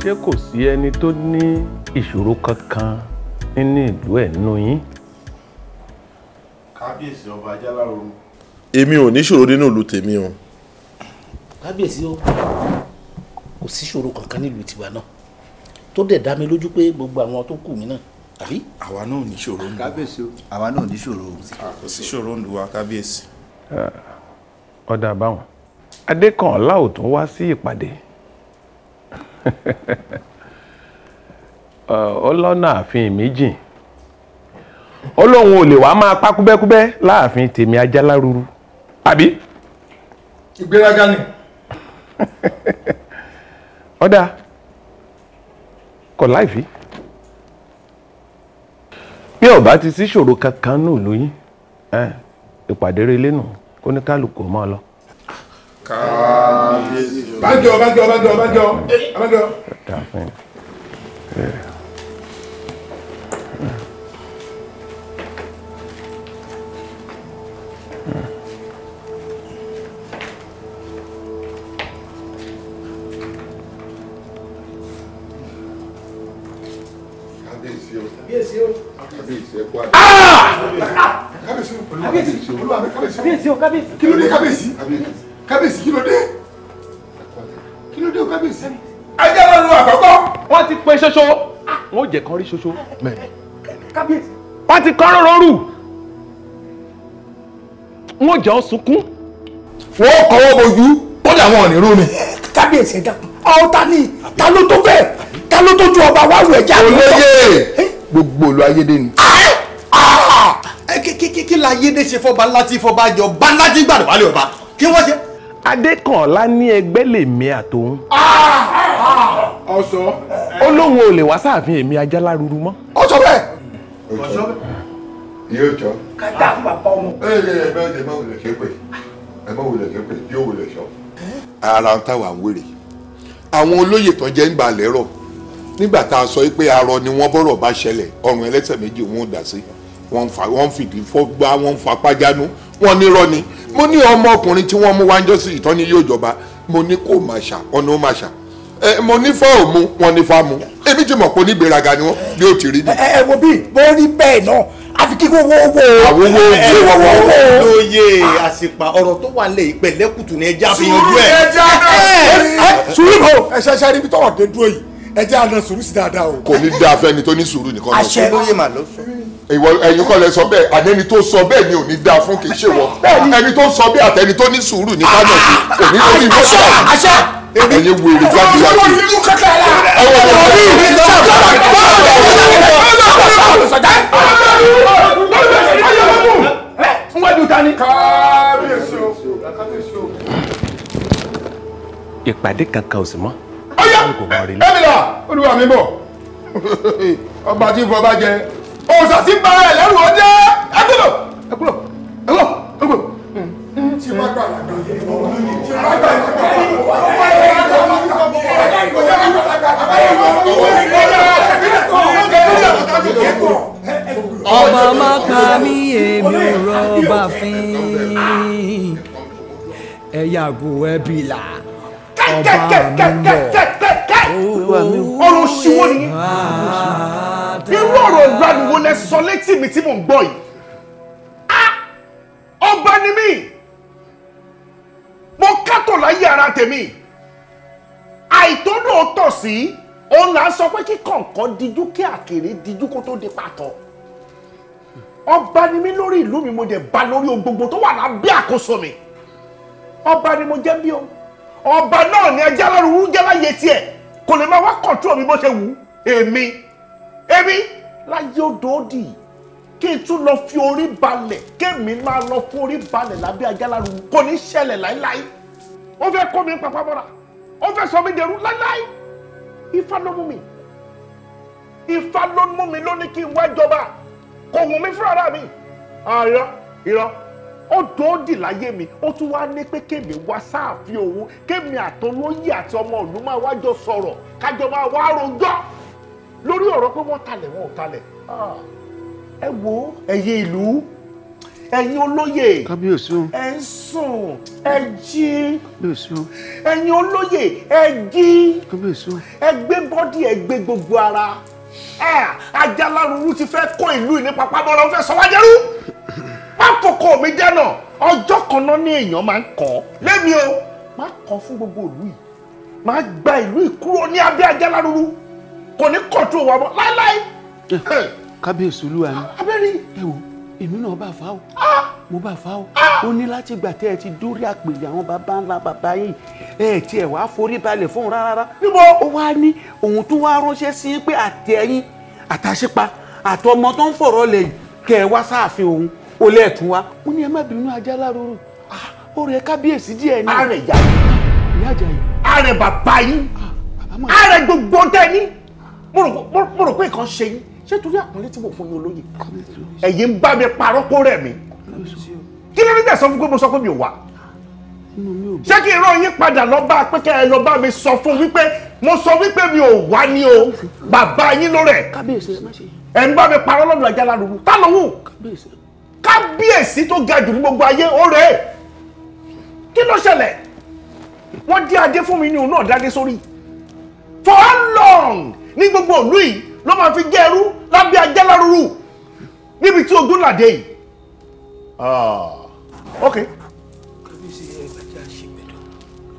ṣé kò sí ẹni tó ní ìṣòro kankan nínú ìlú ẹ̀ nínú yín kábíyèsí ọba ajáláròrò. èmi ò níṣòro nínú ìlú tèmi o. kábíyèsí o kò síṣòro kankan nílùú tiwa náà tó dẹ̀ dá mi lójú pé gbogbo àwọn tó kù mí náà àbí. àwa náà ò níṣòro ń kábíyèsí o àwa náà ò níṣòro o. Ah, kò síṣòro ń lu wa kábíyèsí. ọ̀dà àbáwọn adékànlá ò tún wá sí ìpàdé ọlọ́nà ààfin mi ọlọ́run ò lè wá máa pa kúbẹ́kúbẹ́ láàfin tèmi ajáláruru àbí. ìgbéraga ni. ọ̀dà kọ̀ láìfí. bí ọba ti sí ṣòro kankan nù lóyún ìpàdé relé nù kó ní kálukú ọmọ lọ. kábíyèsí. bájọ bájọ bájọ bájọ bájọ. kábíyèsí o kábíyèsí ẹ kú àdé. Ah! kábíyèsí olúwa kábíyèsí olúwa kábíyèsí kábíyèsí o kábíyèsí kí ló dé kábíyèsí kábíyèsí kí ló dé kí ló dé o kábíyèsí. ajá ló lu àkọ́kọ́. wọ́n ti pe ṣoṣo ah! wọ́n ò jẹ́ kán rí ṣoṣo. kábíyèsí. wọ́n ti kán rọrùn rù wọ́n jẹ́ ọ́ sunkún. wọ́n kọ́ wọ́n bojú kódà wọn ò ní rú mi. kábíyèsí ẹ dákun ọ̀ọ́ta ni ta ló tó bẹ́ẹ̀ ta ló tó ju ọba wàlúù ẹ̀já. olóyè gbogbo ìlú ayédè ni. kí la ayédè ṣe fọba ńlá tí fọba jọ bá ńlá tí gbàdúrà wálé ọba kí wọ́n ṣe. adékànlá ní ẹgbẹ́ lèmi àtòun. ọ̀sọ́. ó lóun ò lè wá sáàfin èmi Ajálárúrú mọ́. ọ̀sọ́ bẹ́ẹ̀. ọ̀sọ́ bẹ́ẹ̀. yóò jọ. kàtà fún bàbá ọmọ. ẹ ẹ ẹ bẹ́ẹ̀ ni ẹ má wulẹ̀ ṣe pé ẹ má wulẹ̀ ṣe pé yóò wulẹ̀ ṣọ. ara táwa ń wèrè àwọn olóyè tó jẹ́ ń gbà lérò nígbà tá a sọ pé arọ ni wọ́n bọ́rọ̀ bá ṣẹlẹ̀ ọrùn ẹlẹ́sẹ̀ méjì wọn ò dá sí wọ́n fìdí fọ́gbá wọ́n fapá jánu wọ́n nírọ́ ni mo ní ọmọkùnrin tí wọ́n mú wájọ́ sí ìtọ́ni yóò jọba mo ní kò máa ṣà ọ̀nà ó máa ṣà ẹ mo ní fọ́ òmu wọn ní fa mu èmi ti mọ̀ pé onígbèraga ni wọ́n bí ó ti rí ni. ẹ wo bí mo rí bẹ́ẹ̀ náà àfi kí wọ́n wọ́ wọ́. àwọn owó ojú wọ́n wọ́ wọ́. lóye àsìpà ọ̀rọ̀ tó wà lẹ́yìn pẹ̀lẹ́kùtù ni ẹja fi yanjú ẹ̀. sùúrù ẹja náà sùúrù ẹ ṣẹṣẹ rí bí tọwọ́ dé dúró yìí ẹ jẹ́ àna sùúrù sí dáadáa o. kò ní dáa fẹ́ni tó ní sùúrù nìkan náà. àṣẹ lóye mà ló fẹ́. ìwọ ẹ̀yin kọ́ lẹ sọ bẹ́ẹ̀ àti ẹni tó sọ bẹ́ẹ̀ ni ò ní dáa fún kì í ṣe wọ ẹni tó sọ bẹ́ẹ̀ àti ẹni tó ní sùúrù ní kánà kò ní lórí ìwọ sọ ẹ̀yin wèrè jáde jáde. ẹ̀wọ̀n ìpàdé kankan ò sí mọ́ kò bá rí náà. ẹ̀mílà olúwa mi bọ̀ ọba tí fọba jẹ òòsà sí bá ẹ lẹ́rù ọjẹ́ ẹ kúrò ẹ kúrò ẹ kúrò ẹ kúrò. tí o bá gbà lágbà yìí tí o bá gbà lágbà yìí o bá yẹ kó o bá yẹ kó o bá yẹ kó o bá yẹ kó o bá yẹ kó o ọba má pa mí èmi ò rọ bàfin ẹ yàgò ẹ bìlà ọba mi bọ̀ ọ̀rọ̀ ṣíwó nìyí irú ọ̀rọ̀ ìgbàlù wo lẹ sọ létí mi tí mò ń gbọ́ yìí ọba ni mí mo kátó láyé ara tèmi àìtọ́nù ọ̀tọ̀ sí òun là ń sọ pé kí kọ̀ǹkan dijú kí àkèrè dijú kó tó di pàtó ọba ni mí lórí ìlú mi mo dẹ̀ ba lórí ohun gbogbo tó wà lábẹ́ àkóso mi ọba ni mo jẹ́ bí o ọba náà ni ẹjẹ́ alárùú jẹ́ láyé tiẹ̀ kò lè máa wá kọ̀tún mi bó ṣe wù ú èmi èmi láyé odòdì kí n tún lọ fi orí balẹ̀ kémi máa lọ fún orí balẹ̀ lábẹ́ ajá alárùú kò ní ṣẹlẹ̀ láíláí ó fẹ́ kó mi papá mọ́ra ó fẹ́ sọ mi dẹrú láíláí ifá ló mú mi ifá ló mú mi ló ní kí n wá jọba kò wù mí fúnra mi àìrọ ìrọ ó dòódì láyé mi ó tún wá ní pé kémi wá sáàfin òun kémi àtọlóyè àti ọmọ ìlú máa wá jọ sọ̀rọ̀ kájọ máa wá rojọ́ lórí ọ̀rọ̀ pé wọ́n talẹ̀ wọn ò talẹ̀ ah, ẹ wo ẹ̀yin ìlú ẹ̀yin olóyè kábíyèsí o ẹ ń sùn ẹ jí kábíyèsí o ẹ̀yin olóyè ẹ jí kábíyèsí o ẹ gbé bọ́dì ẹ gbé gbogbo ara ah, ajá lárúurú ti fẹ́ kó ìlú ìní papá bọ́lá ó fẹ́ sọ wá àfọkọ mi dáná ọjọ́ kan náà ní èèyàn máa ń kọ́ lémi o máa kọ́ fún gbogbo ìlú yìí máa gba ìlú yìí kúrò ní abẹ́ ajá lárúurú kò ní kọ̀tún òwò àbọ̀ láéláé. Eh, kábíyèsí olúwa mi ah, abẹ́rẹ́ ẹ wò èmi náà bá fa o ah. mo bá fa o ah. ó ní láti gbà tẹ́ ẹ ti dórí àpèjì àwọn bàbá ńlá bàbá yìí ẹ ti ẹ̀ wá forí balẹ̀ fún un rárá níbo ó wá ní òun tó wá ránṣẹ́ sí pé àtẹ̀yìn àtàṣípa àtọmọ tó ń fọ̀rọ̀ lẹ́yìn kẹ́ wá sáàfin òun ó lẹ́ẹ̀tún wa mo ní ẹ má bínú ajá láròrò ah, ó rẹ kábíyèsí díẹ̀ ni. ààrẹ ìyá yìí ààrẹ bàbá yìí ah, ààrẹ gbogbo tẹ ní mo rò pé nǹkan ṣe yín ṣé torí àpọ́nlé tí mo fún yín olóyè ẹ̀yin ń bá mi parọ́ kó rẹ̀ mi kí ló ní tẹ̀sán fún pé mo sọ pé mi ò wá ṣé kí n rán yín padà lọ bá pé kẹ́ ẹ lọ bá mi sọ fún wípé mo sọ wípé mi ò wá ní o bàbá yín ló rẹ̀ ẹ̀ ń bá mi parọ́ lọ́dọ̀ ajá lárugún tá ló wù kábíyèsí tó ga jù ní gbogbo ayé ó rẹ̀ ẹ́ kí ló ṣẹlẹ̀ wọ́n dé adé fún mi ní òun náà dáadé sórí for how long ní gbogbo ìlú yìí ló máa fi jẹ́ ẹrú lábẹ́ ajá lárúurú níbi tí ogún làdé yìí ah, ok. kábíyèsí ẹ gbàjá ṣe gbẹdọ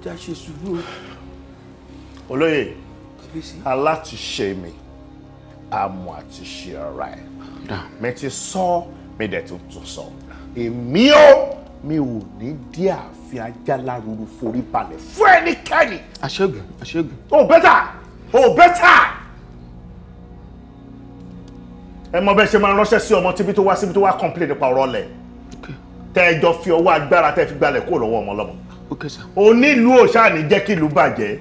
gbàjá ṣe sùúrù o. olóyè aláti ṣe mi àmọ́ àti ṣe ọ̀rá ẹ̀ mẹ́tì sọ. So, mi dẹ̀ tún tún sọ èmi ò mi ò ní dí ààfin ajá lárúurú forí balẹ̀ fún ẹnikẹ́ni. àṣẹ́gun àṣẹ́gun. o bẹ́tà o bẹ́tà ẹ mọ bẹ́ẹ̀ ṣe máa ránṣẹ́ sí ọmọ tíbi tó wá síbi tó wá complain nípa ọ̀rọ̀ ọ̀lẹ̀ tẹ́ ẹ jọ fi ọwọ́ agbára tẹ́ ẹ fi gbalẹ̀ kúrò lọ́wọ́ ọmọ ọlọ́mọ onílù òṣàní jẹ́ kí ìlú bàjẹ́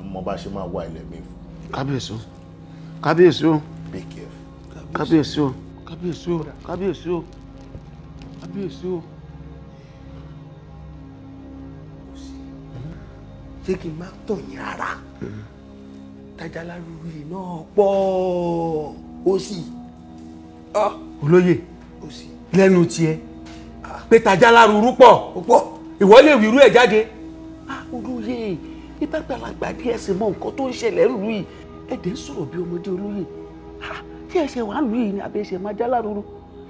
àmọ́ bá ṣe máa wá ilẹ̀ mi fún. kábíyèsí o kábíyèsí o kábíyèsí o kábíyèsí o kábíyèsí o kábíyèsí o. ṣé kí n má tàn yín rárá tájà lárúurú yìí náà pọ̀ ó sì. Ah. olóyè lẹ́nu tiẹ̀ ah. pé tájà lárúurú pọ̀ ìwọ lè wíru ẹ̀ jáde. Ah, olóyè ìbàgbàlagbà díẹ̀ sì mọ nǹkan tó ń ṣẹlẹ̀ rúru yìí ẹ̀dẹ̀ ń sọ̀rọ̀ bí ọmọdé olóyè tí ẹsẹ̀ wàá lù yìí ni àbí ẹsẹ̀ máa já lárúurú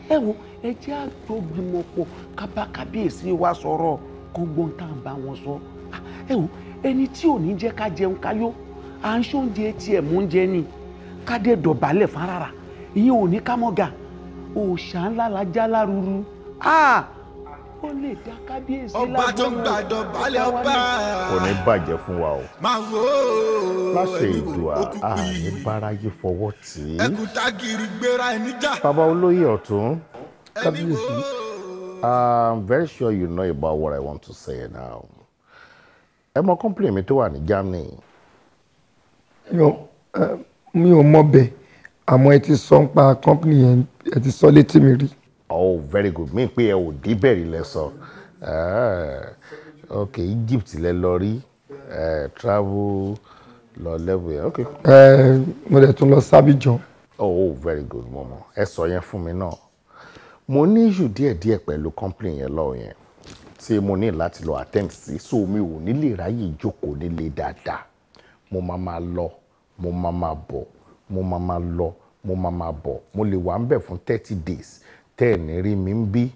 ẹ wo ẹ jẹ́ àjọgbìmọ̀ pọ̀ kábà kábíyèsí wa sọ̀rọ̀ kó gbọ́n tá à ń bá wọn sọ ah, ẹ wo ẹni tí ò ní jẹ́ ká jẹun káyó à ń ṣóúnjẹ tiẹ̀ mú oúnjẹ ni ká dé dọ̀bálẹ̀ fárára ìyẹn ò ní ká mọ́ ga òòṣà ńlá la já lárúurú ah ọba tó ń gbàdọ̀ balẹ̀ ọba kò ní bàjẹ́ fún wa o láṣẹ ìdùà àní báráyé fọwọ́ tì í bàbá olóyè ọ̀tún kábíyèsí i'm very sure you know about what i want to say now ẹ mọ kọ́ńpìlì mi tó wà ní Germany. Eh, mi ò mọ̀ bẹ́ẹ̀ àmọ́ ẹ ti sọ ń pa kọ́ńpìlì yẹn ẹ ti sọ létí mi rí oh very good mi pé ẹ ò dé bẹ̀rẹ̀ lẹ sọ eh, ok Egypt lẹ lọ rí eh, travel lọ lẹ́bù Okay. ok. Eh, ẹ mo dẹ̀ tún lọ sábìjọ. oh very good mọ̀mọ́ ẹ sọ yẹn fún mi náà mo ní issue díẹ̀díẹ̀ pẹ̀lú company yen. lọ́wọ́ yẹn tí mo ní láti lọ attend sí so mi le nílè ráyè jókòó nílé dáadáa mo máa máa lọ mo máa máa bọ̀ mo máa máa lọ mo máa máa bọ̀ mo le wà ń bẹ̀ fún thirty days Ten, ẹ̀ ní rí mi ń bí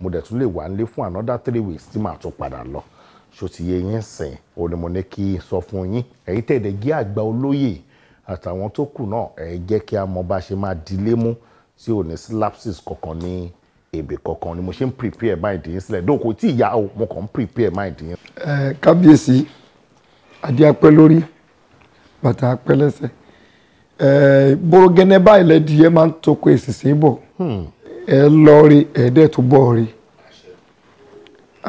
mo dẹ̀ tún lè wà nílé fún another three weeks tí màá tún padà lọ ṣó ti yẹ yín sìn ó ní mo ní kí n sọ fún yín ẹ̀yin tẹ̀ dẹ̀ gé àgbà olóyè àtàwọn tó kù náà ẹ̀ jẹ́ kí a mọ bá ṣe máa dilé mú tí ò ní slapsis kankan ní èbè kankan ni mo ṣe ń prepare mind yín sílẹ̀ dóò kò tí ì yá o mo kàn ń prepare mind yín. ẹ kábíyèsí adé apẹ lórí bàtà apẹ lẹ́sẹ̀ ẹ bọrọgẹnẹ báyìí lẹdí ẹ máa ń tọkọ èsì sí bọ. Hmm ẹ lọ rí ẹ̀ẹ́dẹ̀ tó bọ̀ rí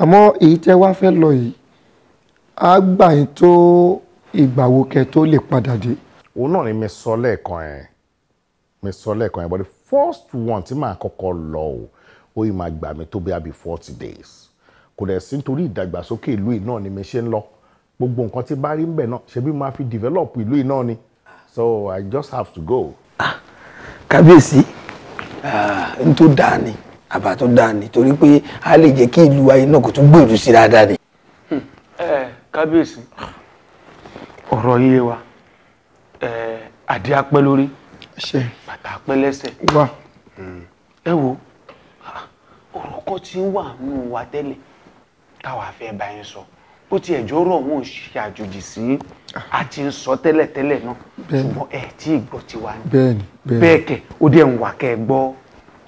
àmọ́ èyí tẹ́ wá fẹ́ lọ yìí á gbà yín tó ìgbàwo kẹ́ tó lè padà dé. òun náà ni mi sọ lẹ́ẹ̀kan ẹ̀ mi sọ lẹ́ẹ̀kan ẹ̀ but the first one tí màá kọ́kọ́ lọ o ó yìí máa gbà mí tó bí àbí forty days kò dẹ̀ sí nítorí ìdàgbàsókè ìlú yìí náà ni mi ṣe ń lọ gbogbo nǹkan tí bá rí ń bẹ̀ náà ṣebí máa fi develop ìlú yìí náà ni so I just have to go. ah kábíyèsí. Si Ah, n tó dáa ni àbá tó dáa ni torí pé a lè jẹ́ kí ìlú ayé náà kò tún gbèrú sí dáadáa ni. Hmm. ẹ kábíyèsí ọ̀rọ̀ yé wa àdé apẹ́ lórí bàtà apẹ́ lẹ́sẹ̀ hmm. ẹ wo ọ̀rọ̀ kan tí ń wà nínú wa tẹ́lẹ̀ táwa fẹ́ bá sọ. So bó ti ẹ̀jọ́ rọ̀ wọn ò ṣe àjòjì sí a ti ń sọ tẹ́lẹ̀tẹ́lẹ̀ náà ṣùgbọ́n ẹ̀ tí ì gbọ́ tiwa ni bẹ́ẹ̀ kẹ̀ ó dẹ̀ ń wà kẹ́ ẹ gbọ́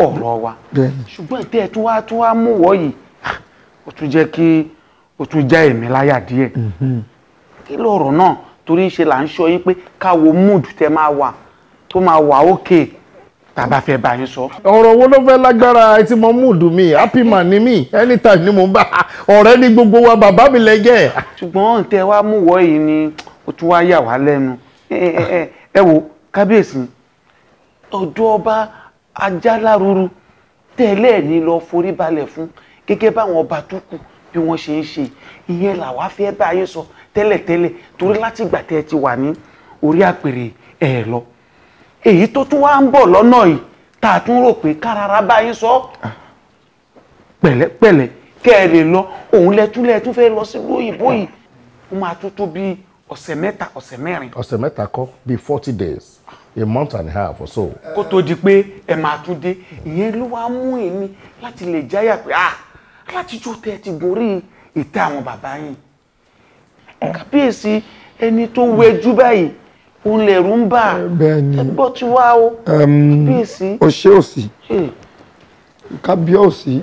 ọ̀rọ̀ wa ṣùgbọ́n ìtẹ́ ẹ̀ tó wá tó wá mú wọ́ yìí ó tún jẹ́ kí ó tún já èmi láyà díẹ̀ mhm. kí lọ̀rọ̀ náà torí ṣe là ń sọ yín pé ká mood tẹ máa wà tó máa wà ókè. Okay bàbá fẹ́ bá yín sọ. ọ̀rọ̀ wo ló fẹ́ lágbára tí mo mú dùn mí happy man ni mí anytime ni mo bá ọ̀rẹ́ ní gbogbo wa bàbá mi lẹ́gẹ̀. ṣùgbọ́n tẹ wá mú wọ yìí ni ó tún wá yà wá lẹ́nu ẹ wo kábíyèsí ọ̀dọ̀ ọba ajáláruru tẹ́lẹ̀ ní lọ forí balẹ̀ fún gẹ́gẹ́ báwọn ọba tó kù bí wọ́n ṣe ń ṣe ìyẹn làwa fẹ́ bá yín sọ tẹ́lẹ̀tẹ́lẹ̀ torí látìgbà tẹ́ ti wà ní orí àpèrè ẹ̀ lọ èyí tó tún wá ń bọ̀ lọ́nà yìí tá a tún rò pé kárara bá yín sọ pẹ̀lẹ́pẹ̀lẹ́ kẹ́ ẹ lè lọ òun lẹ́túnlẹ̀ tún fẹ́ lọ sí lóyìnbó yìí ó máa tún tó bíi ọ̀sẹ̀ mẹ́ta ọ̀sẹ̀ mẹ́rin. ọ̀sẹ̀ mẹ́ta kọ́ bíi forty days a month and a half or so. kó tó di pé ẹ máa tún dé ìyẹn ló wá mú èmi láti lè jáyà pé ah látijọ́ tẹ́ ẹ ti gorí ìtẹ́ àwọn bàbá yìí. kàbíyèsí ẹni tó wẹjú báyìí òun lè rú ń bà eh, ẹgbọ́ ti wá o kábíyèsí. ọṣẹ òsì kábíyèsí.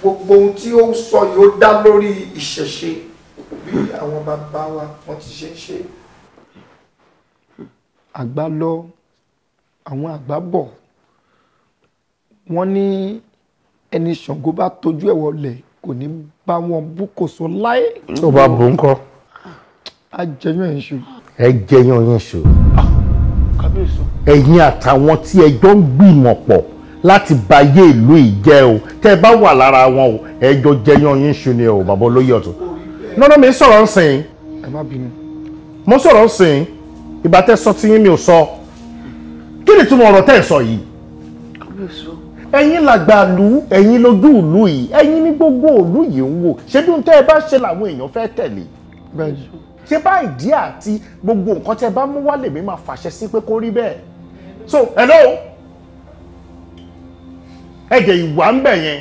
gbogbo ohun tí ó ń sọ yìí ó dá lórí ìṣẹ̀ṣe bí àwọn bàbá wa wọn ti ṣe ń ṣe. àgbà lọ àwọn àgbà bọ̀ wọ́n ní ẹni Ṣàngó bá tọ́jú ẹ̀ wọlé kò ní bá wọn bú kò sọ láé. tó bá bù ń kọ́. a ẹ̀ ń ṣu ẹ jẹyàn yín ṣò. Ah, ẹ̀yin àtàwọn tí ẹ jọ ń gbìmọ̀ pọ̀ láti ba ayé ìlú ìjẹ́ o tẹ́ ẹ bá wà lára wọn o ẹ jọ jẹyàn yín ṣò ni o bàbá olóyè ọ̀tún. nọ́nà mi sọ̀rọ̀ ń sìn. ẹ má bínú. mo sọ̀rọ̀ ń sìn ìgbà tẹ́ sọ tí yín mi ò sọ kí ni túmọ̀ ọ̀rọ̀ tẹ́ ẹ sọ yìí. ẹ̀yin làgbàlú ẹ̀yin lójú ìlú yìí ẹ̀yin ní gbogbo ìlú yìí ń wò ṣé bí ohun tẹ́ ẹ bá ṣe làwọn èèyàn fẹ́ tẹ̀lé ṣé bá ìdí àti gbogbo nǹkan tẹ́ bá mú wá lèmi máa fàṣẹ sí pé kó rí bẹ́ẹ̀ so hello ẹ̀jẹ̀ ìwà ń bẹ̀ yẹn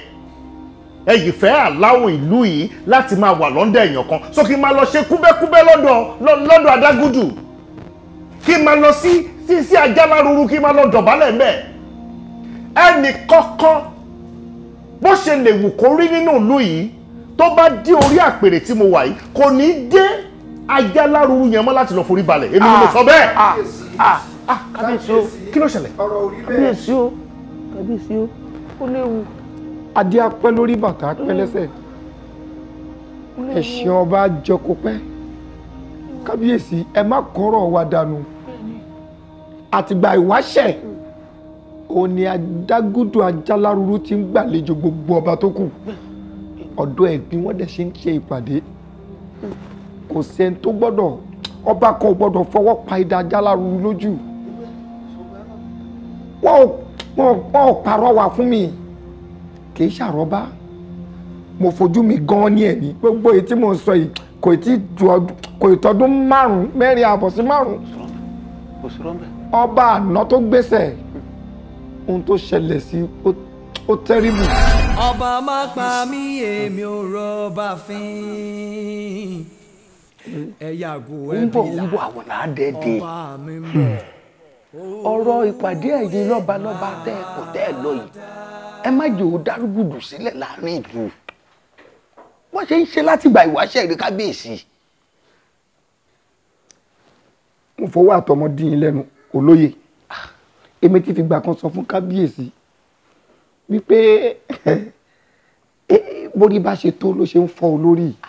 ẹ̀yìn fẹ́ àláwọ̀ ìlú yìí láti máa wà lọ́ndẹ̀ èèyàn kan so kí n máa lọ ṣe kúbẹ́kúbẹ́ lọ́dọ̀ lọ́dọ̀ adágúdù kí n máa lọ sí sí sí ajáláruru kí n máa lọ dọ̀bálẹ̀ ń bẹ̀ ẹnì kọ́kọ́ bó ṣe lè wù kó rí nínú ìlú yìí tó bá dé orí àpèrè tí mo wà yìí kò ní dé ajáláruru yẹn mọ́ láti lọ forí balẹ̀ èmi ni mo ah, sọ bẹ́ẹ̀. Ah, ah, kábíyèsí o kí ló ṣẹlẹ̀ kábíyèsí o kábíyèsí o ó léwu. adé apẹ́ lórí bàtà apẹ́ lẹ́sẹ̀ ẹ̀sìn ọba jọkọ pẹ́ kábíyèsí ẹ má kọ́rọ̀ wa dànù àtìgbà ìwáṣẹ̀ òun ni adágúdù ajáláruru ti ń gbàlejò gbogbo ọba tó kù ọ̀dọ̀ ẹ̀gbin wọ́n dẹ̀ ṣe ń ṣe ìpàdé kò sẹ́ni tó gbọ́dọ̀ ọba kan ò gbọ́dọ̀ fọwọ́ pa ìdájà lárúurú lójú wọ́n ò parọ́ wà fún mi kì í ṣàrọ́bá mo fojú mi gan ní ẹ̀mí gbogbo èyí tí mo ń sọ yìí kò tí kò tọdún márùn-ún mẹ́rin àbọ̀ sí márùn-ún ọba àná tó gbèsè ohun tó ṣẹlẹ̀ sí ó tẹ́rìbù. ọba má pa mí èmi ò rọ́ọ̀bà fín ẹ yàgò ẹ bìlà ń bọ̀ ń bọ̀ àwọn àdẹ́dẹ́ ọ̀rọ̀ ìpàdé ẹ̀yìn lọ́balọ́ba tẹ́ ẹ kò tẹ́ ẹ lọ yìí ẹ má jẹ́ òun dárúgùdù sílẹ̀ láàrin ìlú wọ́n ṣe ń ṣe láti gba ìwáṣẹ̀ rí kábíyèsí. mo fọwọ́ àtọmọ dín in lẹ́nu olóye èmi ti fìgbà kan sọ fún kábíyèsí wípé bórí bá ṣe tó ló ṣe ń fọ́ olórí yìí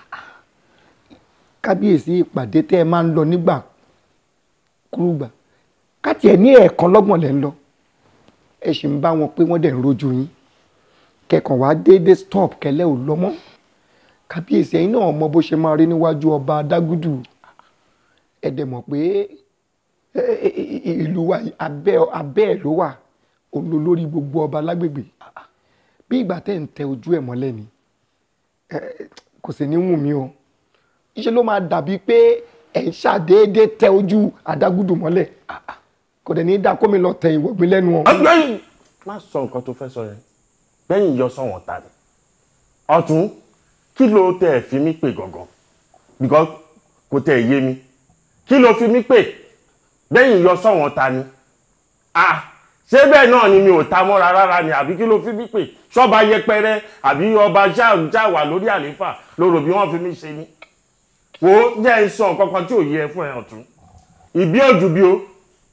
kábíyèsí ìpàdé tẹ́ ẹ máa ń lọ nígbà kúrúgbà káti ẹ̀ ní ẹ̀ẹ̀kan lọ́gbọ̀n lẹ́ ń lọ ẹ sì ń bá wọn pé wọ́n dẹ̀ ń rojú yín kẹkàn wá déédéé stop kẹlẹ́ ò lọ́mọ́ kábíyèsí ẹ̀yin náà mọ bó ṣe máa rí níwájú ọba adágúdù ẹ dẹ̀ mọ̀ pé ìlú wa abẹ́ ẹ̀ ló wà olólórí gbogbo ọba lágbègbè bí ìgbà tẹ̀ ń tẹ ojú ẹ̀ mọ́lẹ̀ ni kò sì ní wù mí o iṣẹ́ ló máa dàbí pé ẹ̀ ń ṣàdéédé tẹ ojú àdágúdù mọ́lẹ̀ kò dẹ̀ ní dákó mi lọ tẹ ìwọ̀gbìn lẹ́nu ọ. ọgbẹ́yìn má sọ nǹkan tó fẹ́ sọ yẹn gbẹ́yìn yọ sọ̀wọ́n ta ni ọ̀tún kí ló tẹ̀ fi mí pè gangan because kò tẹ̀ yé mi kí ló fi mí pè gbẹ́yìn yọ sọ̀wọ́n ta ni ah ṣé bẹ́ẹ̀ náà ni mi ò ta mọ́ra rárá ni àbí kí ló fi mí pè ṣọ́ba yẹpẹrẹ àbí ọba ṣáà wà lórí àlééfà lóru bí wọ́n fi mí ṣe ni wo jẹ́ n sọ nǹkan kan tí ò yẹ fún ẹ ọ̀tún ìbí òjò bí o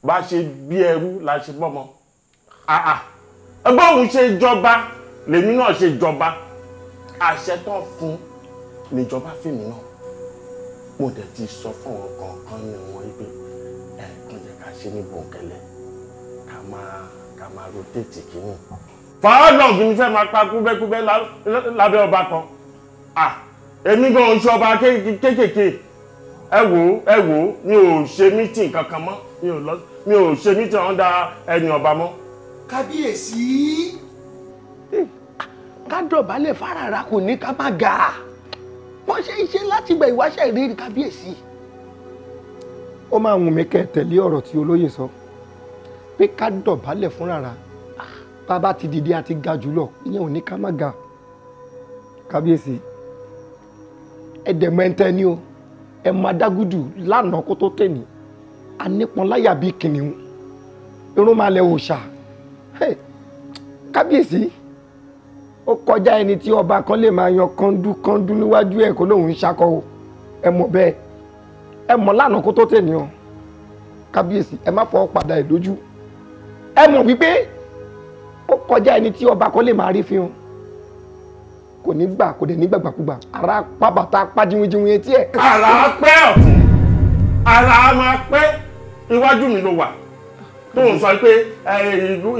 bá ṣe bí ẹrú la ṣe bọ́mọ àà báwo ṣe jọba lèmi náà ṣe jọba àṣẹ tán fún níjọba fèmí náà mo dẹ̀ ti sọ fún wọn kọ̀ọ̀kan ní wọn ibẹ̀ ẹ̀ẹ̀kan jẹ́ ká ṣe ní bòńkẹ́lẹ́ ká máa ká máa rotate kínní. fàánà ògùn fẹ́ máa pa kúbẹ́kúbẹ́ lábẹ́ ọba kan èmi gan oṣù ọba kéékèèké ẹ wò ó ẹ wò ó mi ò ṣe mítìn kankan mọ́ mi ò lọ mi ò ṣe mítìn ọ̀hún da ẹ̀yìn ọba mọ́. kábíyèsí. Eh, ká dọ̀bálẹ̀ fárara kò ní ká má ga wọ́n ṣe iṣẹ́ láti gbẹ̀ ìwáṣẹ̀ rírí kábíyèsí. ó máa wùn mí kẹ́ ẹ tẹ̀lé ọ̀rọ̀ tí olóyè sọ pé ká dọ̀bálẹ̀ fúnrara bàbá ti dìde àti ga jùlọ ìyẹn ò ní ká má ga kábíyèsí ẹ̀dẹ̀mẹ́ntẹ́ ni o ẹ̀ máa dágùdù lánàá kó tó tẹ̀lé anípọn láyà bíi kìnìún irun máa lẹ òòṣà kábíyèsí ó kọjá ẹni tí ọba kan lè máa yan kọ́ńdúkọ́ńdú níwájú ẹ̀ kó lóun ń ṣakọ o ẹ mọ̀ bẹ́ẹ̀ ẹ mọ̀ lánàá kó tó tẹ̀lé o kábíyèsí ẹ má fọwọ́ padà ẹ̀ lójú ẹ mọ̀ wípé ó kọjá ẹni tí ọba kan lè máa rí fi hàn kò ní gbà kò dẹ̀ ní gbàgbàkúgbà ara pa bàtà pa jiwinjiwin etí ẹ̀. ara pẹ́ ọ̀tún ara máa pẹ́ iwájú mi ló wà tó ń sọ pé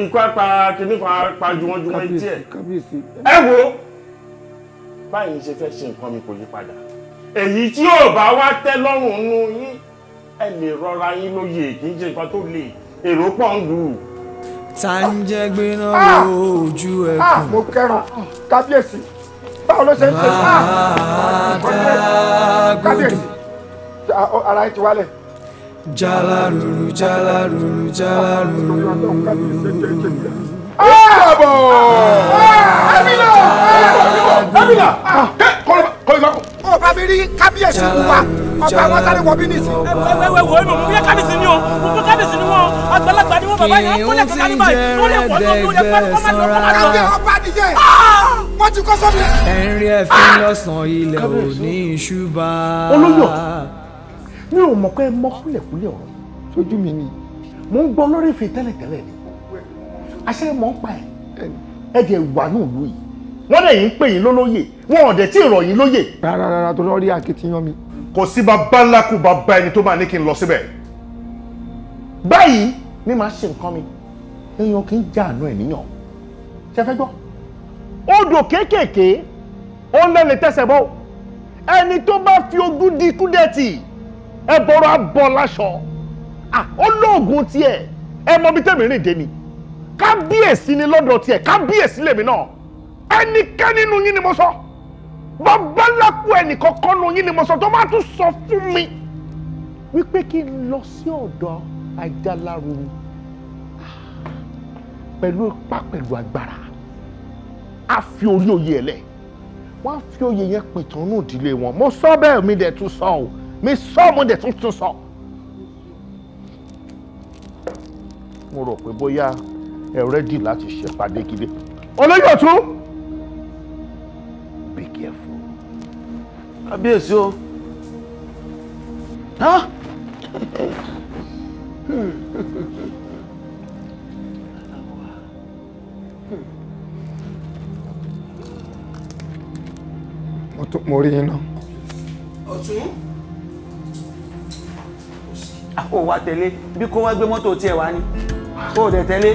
ikú apá kìíní kan apá juwọ́njuwọ́n etí ẹ̀. ẹ wo báyìí ṣe fẹ́ ṣe nǹkan mi kò yí padà èyí tí ò bá wá tẹ́ lọ́rùn nú yín ẹ lè rọra yín lóye kì í ṣe nǹkan tó le èrò pọ̀ ń lù ú ta ń jẹ́ gbiná ojú ah! ẹkùn. Ah! mo kẹ́ràn kábíyèsí báwo ló ṣe ń ṣe kábíyèsí ara ẹ ti wálẹ̀. jalaruru jalaruru jalaruru. ààbọ̀ amina amina kọlọba kọlọba. o bá mi rí kábíyèsí wa ọba wọn sáré wọ bínísì. ẹwẹ ẹwẹ wo ẹmọ mo bí kábíyèsí ni o mo bí kábíyèsí ni wọn àgbàlagbà ni wọn bàbá yẹn kó lè kankan ní báyìí wọn lè pọ tó kó lè pẹ kó má lọ kó má lọ. ẹgbẹ́ ọba nìyẹn ah! wọ́n ti kọ́ sọ́mi. ẹ̀rín ẹ̀fín lọ́sàn-án ilẹ̀ ò ní ìṣúbà. olóyò mi ò mọ̀ pé mọ kúlẹ̀kúlẹ̀ ọ̀rọ̀ sójú mi ni mò ń gbọ́ lórí ìfẹ́ tẹ́lẹ̀tẹ́lẹ̀ ni àṣẹ mọ̀ ń pa ẹ̀ ẹ̀jẹ̀ wà ní òlú yìí wọ́n lẹ́yìn ń pè yín lólóyè wọn ò tí ì yín lóyè. rárá rárá torí ọ rí akitiyan mi kò sí bàbá ńlá kù bàbá ẹni tó máa ní kí n lọ síbẹ̀ báyìí ni màá ṣe nǹkan mi èèyàn kì í jàánú ẹ̀ níyàn ṣe fẹ́ gbọ́ odò kéékèèké ó ń lẹ́lẹ̀ tẹ̀sẹ̀ bọ́ ẹni tó bá fi ogún di kúdẹ̀tì ẹ bọ̀rọ̀ abọ́ láṣọ ó lóògùn tiẹ̀ ẹ mọ bí tẹ̀mí rìn dé ni kábíyèsí ni lọ́dọ̀ tiẹ̀ kábíyèsí lèmi náà ẹnikẹ́ni nínú yín ni mo sọ. So Babalaku ẹnìkan kọ́nu yín ni mo sọ tó bá tún sọ fún mi wípé kí n lọ sí ọ̀dọ̀ Àjàláruru pẹ̀lú ipá pẹ̀lú agbára a fi orí oyè ẹ̀lẹ́ wọ́n á fi oyè yẹn pìtànù ìdílé wọn mo sọ bẹ́ẹ̀ mi dẹ̀ tún sọ o mi sọ mo dẹ̀ tún tún sọ. mo rò pé bóyá ẹ rẹ́dì láti ṣèpàdé gidi olóyè ọ̀tún. kábíyèsí o. mo tún mo rí iná. ọ̀tún. ó wá tẹ̀lé bí kò wá gbé mọ́tò tiẹ̀ wá ni ó dẹ̀ tẹ̀lé.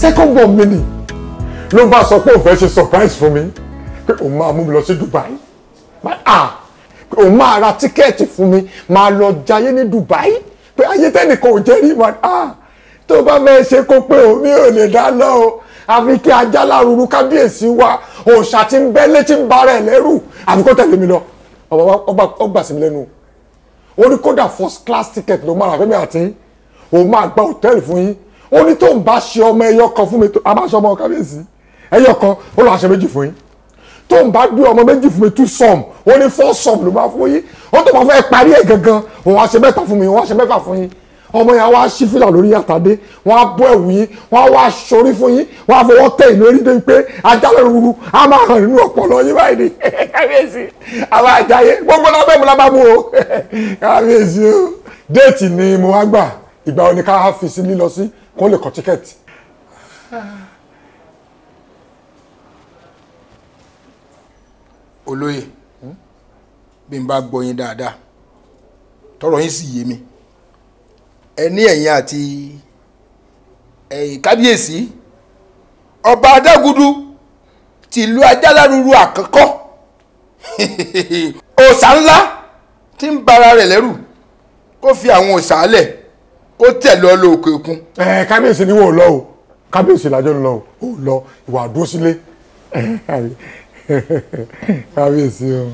second bomb mi ló bá sọ pé òun fẹ́ ṣe surprise fún mi pé òun máa mú mi lọ sí Dubai pé òun máa ra tíkẹ́ẹ̀tì fún mi máa lọ jayé ní Dubai pé ayé tẹ́nìkan ò jẹ́ rí ma tó bá fẹ́ ṣe kó pé òun mi ò lè dá lọ o àfi kí ajá lárúurú kábíyèsí wa òòṣà ti ń bẹ́ létí ń bara ẹ̀ lẹ́rù àfi kó tẹ̀lé mi lọ ọgbà sí mi lẹ́nu ó ní kódà first class ticket ló máa rà fẹ́mi àti òun máa gba hòtẹ́ẹ̀lì fún yín ó ní tó ń bá ṣe ọmọ ẹyọ kan fún mi a máa ṣe ọmọ kábíyèsí ẹyọ kan ó lọ aṣọ méjì fún yín tó ń bá gbé ọmọ méjì fún mi two sum ó ní four sum ló bá fún yín ó tó máa fẹ́ parí ẹ̀ gangan òun aṣọ mẹ́ta fún mi òun aṣọ mẹ́fà fún yín ọmọ yẹn wá sí fìlà lórí àtàdé wọn á bọ́ ẹ̀wù yín wọn á wá sórí fún yín wọn á fọwọ́ tẹ̀ ìlú erídé pé ajálẹ̀ ruru á máa hàn nínú ọpọlọ yín báyìí ni kábíyèsí àwọn àjáyé gbogbo lábẹ́ mi lábàá mú o kábíyèsí o déètì ni mo wá gbà ìgbà òní ká fi sí lílọ sí kó lè kọ́ tíkẹ́ẹ̀tì. olóyè bí n bá gbọ́ yín dáadáa tọrọ yín sì yé mi ẹ ní ẹ̀yin àti ẹ̀yin kábíyèsí ọba adágúdú tìlú ajálárúurú àkọ́kọ́ òòṣà ńlá tí ń bara rẹ̀ lẹ́rù kó fi àwọn òòṣà lẹ̀ kó tẹ̀ lọ lọ òkè òkun. ẹ kábíyèsí ni wọn ò lọ o kábíyèsí làjọ ń lọ o ò lọ ìwà àdúró sílé. Come kábíyèsí you,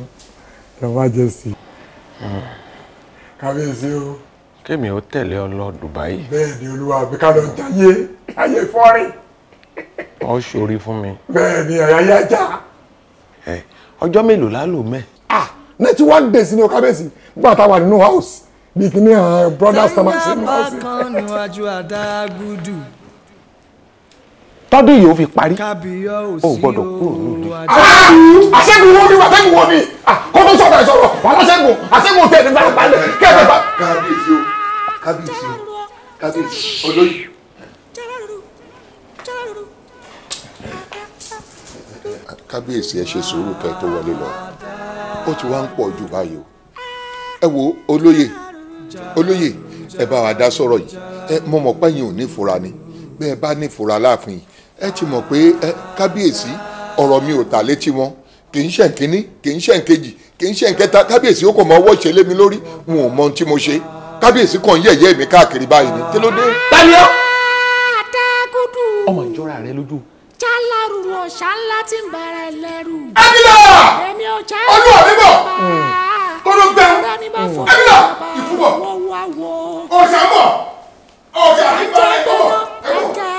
your majesty Come kábíyèsí o. kémi ó tẹ̀lé ọ lọ Dubai. bẹ́ẹ̀ ni olúwa àbí ká lọ jayé ayé fọ́rin. ọ ṣorí fún mi. bẹ́ẹ̀ ni ọ̀yà yá já. ọjọ́ mélòó la lò mẹ́. ah ninety one days ni o kábíyèsí nígbà táwa nínú house bí kìíní eh, brothers tamasi nínú house. sẹ́yìn bá kan níwájú àdágúdù tọ́dún yìí ó fi parí ó gbọ́dọ̀ kúrò ní ìlú. àṣẹ́gun ah! wo ni wà àṣẹ́gun wo ni ah! kó tó sọ̀rọ̀ ẹ̀ sọ̀rọ̀ wà láṣẹ́gun àṣẹ́gun tẹ̀ ní báyìí balẹ̀ kẹ́ẹ̀fẹ̀ bá. kábíyèsí o kábíyèsí o kábíyèsí olóyè. kábíyèsí ẹ ṣe sùúrù kẹ́ tó wọlé lọ ó ti wá ń pọ̀ jù báyìí o ẹ wo olóyè olóyè ẹ bá wa dá sọ̀rọ̀ yìí ẹ mo mọ̀ pé yín ò ní fura ni bẹ́ẹ̀ bá ní fura láàfin yìí ẹ ti mọ̀ pé ẹ kábíyèsí ọ̀rọ̀ mi ò tà létí wọn kì í ṣe nkíní kì í ṣe nkejì kì í ṣe nkẹta kábíyèsí ó kò mọ ọwọ́ ìṣẹ̀lẹ̀ mi lórí n ò mọ ohun tí mo ṣe kábíyèsí kàn yẹ̀yẹ́ mi káàkiri báyìí ni kí ló dé. taniọ́. ọmọ ìjọra rẹ lójú. jálárù ọ̀sà ńlá ti ń bàrà ẹlẹ́rù. ẹ̀mílà olúwa bíbọ̀ kólógbẹ ẹ̀mílà ìfúbọ̀ ọ̀sà bọ̀ ọ̀sà bíbọ̀ ẹ̀kọ́ ẹ̀kọ́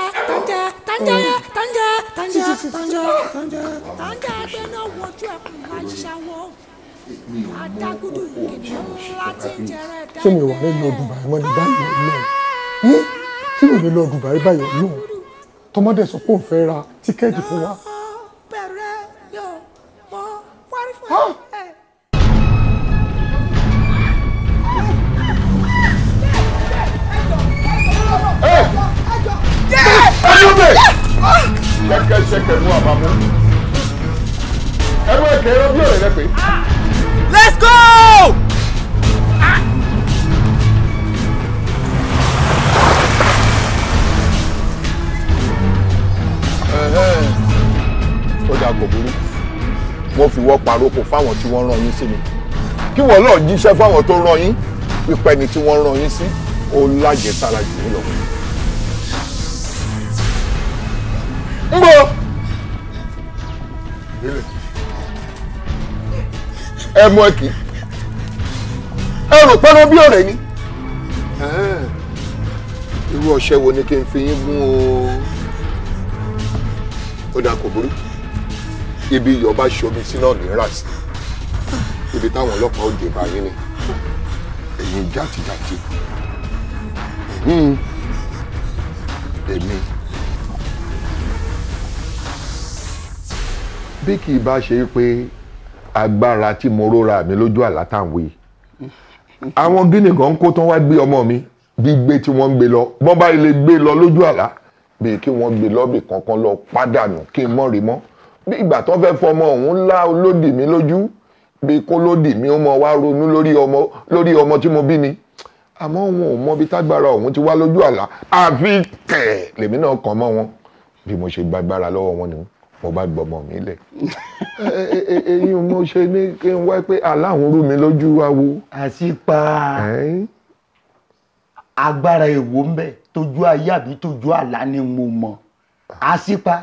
tanja yẹ tanja tanja tanja tanja tanja ẹgbẹ́ náà wọjú ẹkùn máa ṣàwọ́ adágúdú kìnìún láti jẹrẹ dáadáa. ṣé mi wà ní lọ Dubai mọ́ ní báyìí ọlọ́run ṣé mi ò ní lọ Dubai báyìí ọlọ́run hm? tọmọdé sọ pé òun fẹ́ ra tíkẹ́ẹ̀tì fún wa. bẹ̀rẹ̀ yóò mọ wárí fún ẹ. Hey! Ah! let's go. ọjà kò burú wọ́n fi wọ́ paroko fáwọn tí wọ́n rán yín sí mi kí wọ́n lọ́ọ́ jíṣẹ́ fáwọn tó rán yín pípẹ́ni tí wọ́n rán yín sí ó lájẹsára jù ú lọ. ń bọ̀. ẹ mú ẹ kì í ẹ rò pé ló bí ọ̀rẹ́ ni irú ọṣẹ wo ni kí n fi yín gún o ó dà kò burú ibi ìyọba ṣomi sí náà ní rà sí ibi táwọn ọlọ́pàá òde bá yín ni ẹ̀yin jàtijàti hmm. èmi. bí kì í bá ṣe pé agbára tí mo róra mi lójú àlá tá à ń wí àwọn gíní kan kó tán wá gbé ọmọ mi gbígbé tí wọ́n ń gbé lọ bọ́n bá ilé gbé lọ lójú àlá bíi kí wọ́n gbé lọ́bì kankan lọ pádànù kí n mọ̀ rí mọ́ bí ìgbà tó fẹ́ fọmọ òun lá olódì mi lójú bí kó lódì mi ó mọ wá ronú lórí ọmọ lórí ọmọ tí mo bí ni àmọ́ òun ò mọbi tágbára òun ti wá lójú àlá àfi kẹ̀ lèmi náà kàn mọ́ wọn bí mo ṣe gbàgbára lọ́wọ́ wọn nìyẹn mo bá gbọmọ mi lẹ̀ eyín eh, eh, eh, mo ṣe ní kí n wá pé aláwọn rú mi lójú awo. àṣìpa agbára èwo ń bẹ tójú ayé àbí tójú àlá ni mo mọ̀ àṣìpa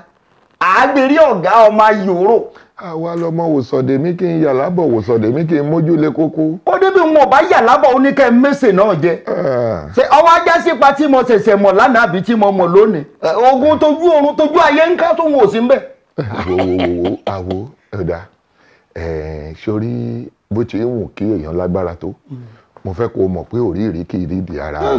àgbèrè ọ̀gá ọmọ yòóró. àwa lọmọ wòsànde mi kí n yàrá bọ̀ wòsànde mi kí n mójú lé kókó. kó débi wọn ò bá yàrá bọ̀ oníkẹ́ mẹ́sẹ̀ náà jẹ. Ah. ṣe ọwọ́ ajá sípa tí mo ṣẹ̀ṣẹ̀ mọ̀ lánàá àbí tí mo mọ̀ lónìí. ogun tójú oorun tójú ayé ń ká tó wọn ò sí ń bẹ̀ wo wo wo wo àwo ẹ̀dá sórí bó ti ń wù kí èèyàn lágbára tó mo fẹ́ kó o mọ̀ pé òríìrí kì í rídìí ara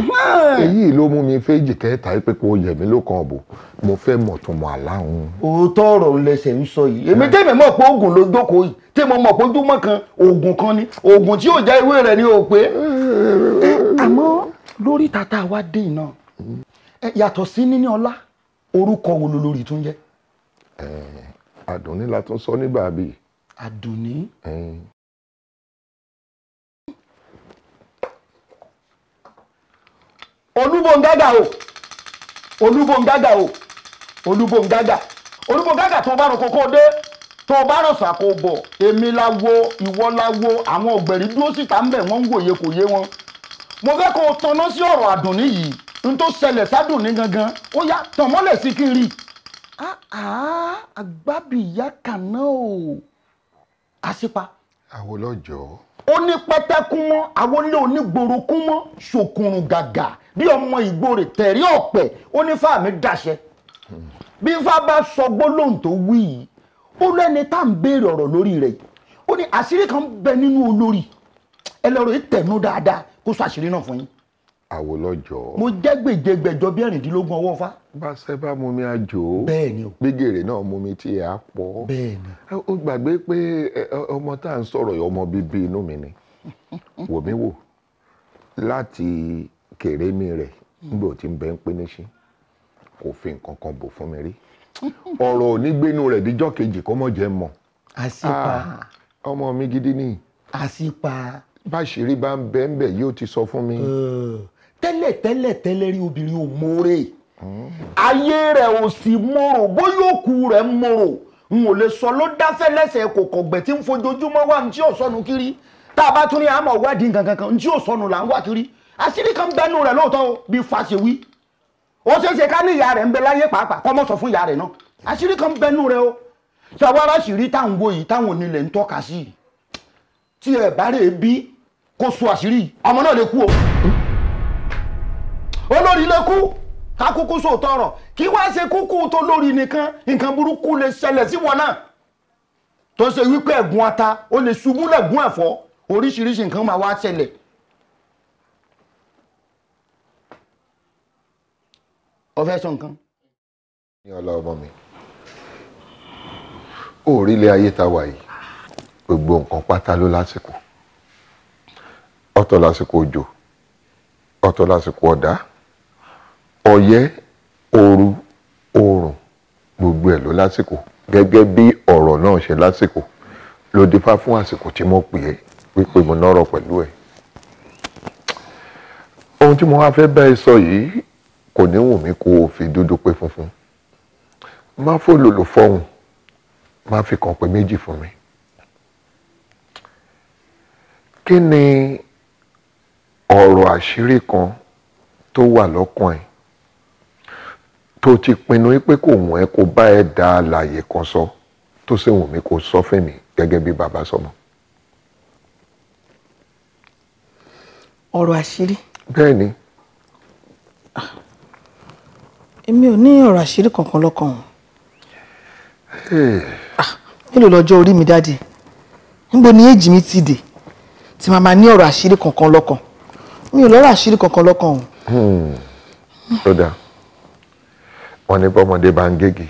èyí ló mú mi fẹ́jì kẹta pé kó o yẹ̀ mí lókan ọ̀bọ̀ mo fẹ́ mọ̀ tó mọ̀ àláhùn. òótọ́ ọ̀rọ̀ lẹsẹ̀ ń sọ yìí èmi tẹ́mi mọ̀ pé oògùn ló dókòó yìí tí mo mọ̀ pé ojúmọ́ kan oògùn kan ni oògùn tí yóò já ewé rẹ̀ ni o pé. àmọ́ lórí tata wa dé iná yàtọ̀ sí níní ọlá orúkọ wo lolórí tún jẹ́ àdùnní eh, la tún sọ nígbà bíi. àdùnní. Eh. olúbongágà o olúbongágà o olúbongágà olúbongágà tó bá rọ kókó dé tó o bá rọ̀sà kò bọ̀ èmi la wo ìwọ la wo àwọn ọ̀gbẹ̀rí dúró síta ń bẹ̀ wọ́n ń wòye kò yé wọn. mo fẹ́ kó o tanná sí ọ̀rọ̀ àdùnní yìí n tó ṣẹlẹ̀ sádùnní gangan ó yá tàn mọ́lẹ̀ sí kí n rí i. Ah, ah, àgbábíyá kàná o àṣepa. àwọn ọlọ́jọ́. ó ní pẹ́tẹ́kún mọ́ àwọlé onígborokún mọ́ ṣòkùnrùn gàgà bí ọmọ ìgbòrè tẹ̀rí ọ̀pẹ̀ ó ní fáàmì dàṣẹ. bí ifá bá sọ gbólóhùn tó wí yìí ó lẹ́ni tá à ń béèrè ọ̀rọ̀ lórí rẹ̀ ó ní àṣírí kan bẹ nínú olórí ẹ lọ́rọ̀ ìtẹ̀nú dáadáa kó sọ àṣírí náà fún yín. àwòlọ́jọ́. mo jẹ́ gbèjègbèjọ bí ẹ̀rìndínlógún ọwọ́ fa báṣẹ́ bá mú mi àjò bẹ́ẹ̀ni o gbégèrè náà mú mi tí ẹ á pọ̀ bẹ́ẹ̀ni ó gbàgbé pé ọmọ tá à ń sọ̀rọ̀ yìí ọmọ bíbí inú mi ni wò mí wò láti kéré mi rẹ̀ nígbà tí ń bẹ ń pín níṣí kò fi nǹkan kan bò fún mi rí ọ̀rọ̀ onígbénu rẹ̀ díjọ́ kejì kó mọ̀ jẹ́ mọ̀ ah, ọmọ mi gidi ni àṣìpa báṣìírí bá ń bẹ́ẹ̀ bẹ́ẹ̀ yóò ti sọ fún mi. tẹ́lẹ̀ tẹ́lẹ̀ tẹ́lẹ̀ rí obìnrin ò ayé rẹ̀ ò sì mòrò bóyá òkú rẹ̀ mòrò n ò lè sọ ló dáfẹ́ lẹ́sẹ̀ kò tí ń fojoojúmọ́ wà ní tí kiri tá a bá tún ní àmọ̀ wádìí nǹkan kankan ní tí là ń wá kiri àṣírí kan bẹnu rẹ̀ lóòótọ́ bí fàṣẹwí ó ṣeé ṣe ká ní ìyá rẹ̀ ń bẹ láyé pàápàá kọ́mọ́ sọ fún ìyá rẹ̀ náà àṣírí kan bẹnu rẹ̀ o ṣàwárà ṣìírí táwọn wo yìí táwọn onílẹ̀ ń tọ́ka sí i tí ẹ bá rè bí kó so àṣírí ọmọ náà lè kú o olórí lè kú ká kúkú sòótọ́ ọ̀rọ̀ kí wá ṣe kúkú tó lórí nìkan nǹkan burúkú lè ṣẹlẹ̀ sí wọn náà tó ṣe wípé ẹ̀gún ata ó lè ṣubú lẹ̀gún ẹ̀fọ́ oríṣiríṣi nǹkan máa wá ṣẹlẹ̀ o fẹ́ sọ nǹkan. ní ọlá ọmọ mi ó ayé ta wà yìí gbogbo nǹkan pátá ló lásìkò ọ̀tọ̀ lásìkò òjò ọ̀tọ̀ lásìkò ọ̀dá ọyẹ́ ooru oòrùn gbogbo ẹ̀ ló lásìkò gẹ́gẹ́ bí ọ̀rọ̀ náà ṣe lásìkò ló dífá fún àsìkò tí mo pè é wípé mo nọ́rọ̀ pẹ̀lú ẹ̀. ohun tí mo wá fẹ́ bá ẹ sọ yìí kò ní wù mí kó o fi dúdú pé funfun má fòlòlò fọhùn má fi kàn pé méjì fún mi. kí ni ọ̀rọ̀ àṣírí kan tó wà lọ́kàn ẹ̀ tó ti pinnu pé kò wọ́n ẹ kó bá ẹ dá àlàyé kan sọ tó sì wù mí kó sọ fẹ́mi gẹ́gẹ́ bí bàbá sọmọ. ọ̀rọ̀ àṣírí. bẹ́ẹ̀ ni. èmi ò ní ọ̀rọ̀ àṣírí kankan lọ́kàn o. Eh. Ah, mélòó lọ́jọ́ orí mi dáàdi níbo ni èjì mi ti dé tí màá máa ní ọ̀rọ̀ àṣírí kankan lọ́kàn mi ò lọ́rọ̀ àṣírí kankan lọ́kàn o. Hmm. ó dáa wọ́n ní bọ́mọdé bá ń gégi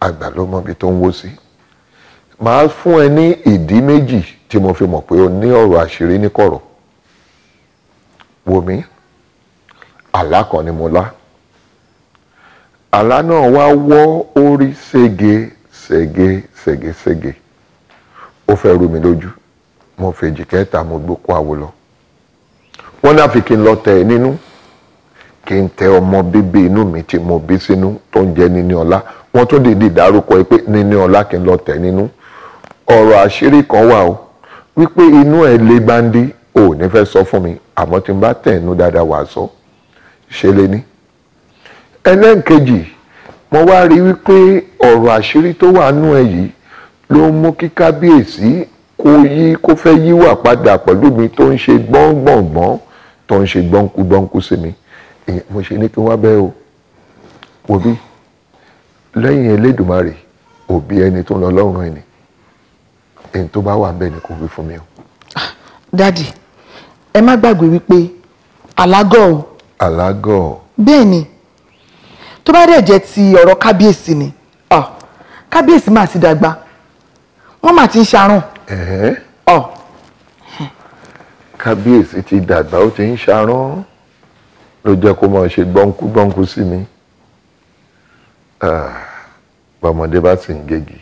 àgbà ló mọ ibi tó ń wó sí màá fún ẹ ní ìdí méjì tí mo fi mọ̀ pé o ní ọ̀rọ̀ àṣírí ní kọ̀rọ̀ wò mí àlá kan ni mo lá àlá náà wá wọ́ orí sége sége sége sége ó fẹ́ rú mi lójú mo fèjì kẹta mo gbókó àwo lọ wọ́n náà fi kí n lọ tẹ̀ ẹ́ nínú kí n tẹ ọmọ bíbí inú mi tí mo bí sínú tó ń jẹ́ níní ọlá wọ́n tún dìde ìdárúkọ pé níní ọlá kí n lọ tẹ̀ nínú ọ̀rọ̀ àṣírí kan wà o wípé inú ẹ̀ lé gbáǹdí ò ní fẹ́ sọ fún mi àmọ́ tí n bá tẹ̀ inú dáadáa wà sọ ṣe lé ní. ẹlẹ́nkejì mo wá rí wípé ọ̀rọ̀ àṣírí tó wà nú ẹ yìí ló mú kí kábíyèsí kó yí kó fẹ́ yíwà padà pẹ̀lú mi tó ń ṣe gbọ́ngbọ̀ngbọ́n tó ń ṣe gbọ́nkú sí mi. Eh, mo ṣe ní kí wọ́n bẹ́ẹ̀ o òbí lẹ́yìn Elédùmarè òbí ẹni tó ń lọ lọ́rùn ẹni ẹni tó bá wà ń bẹ̀ ni kò wí fún mi o. dadi ẹ má gbàgbé wípé alágọ̀ o. alágọ̀. bẹ́ẹ̀ ni tó bá dẹ̀ jẹ́ ti ọ̀rọ̀ kábíyèsí ni kábíyèsí mà ti dàgbà wọ́n mà ti ń ṣarùn. kábíyèsí ti dàgbà ó ti ń ṣarùn ló jẹ́ kó máa ṣe gbọ́nkú gbọ́nkú sí mi bọ́mọdé bá sì ń gégi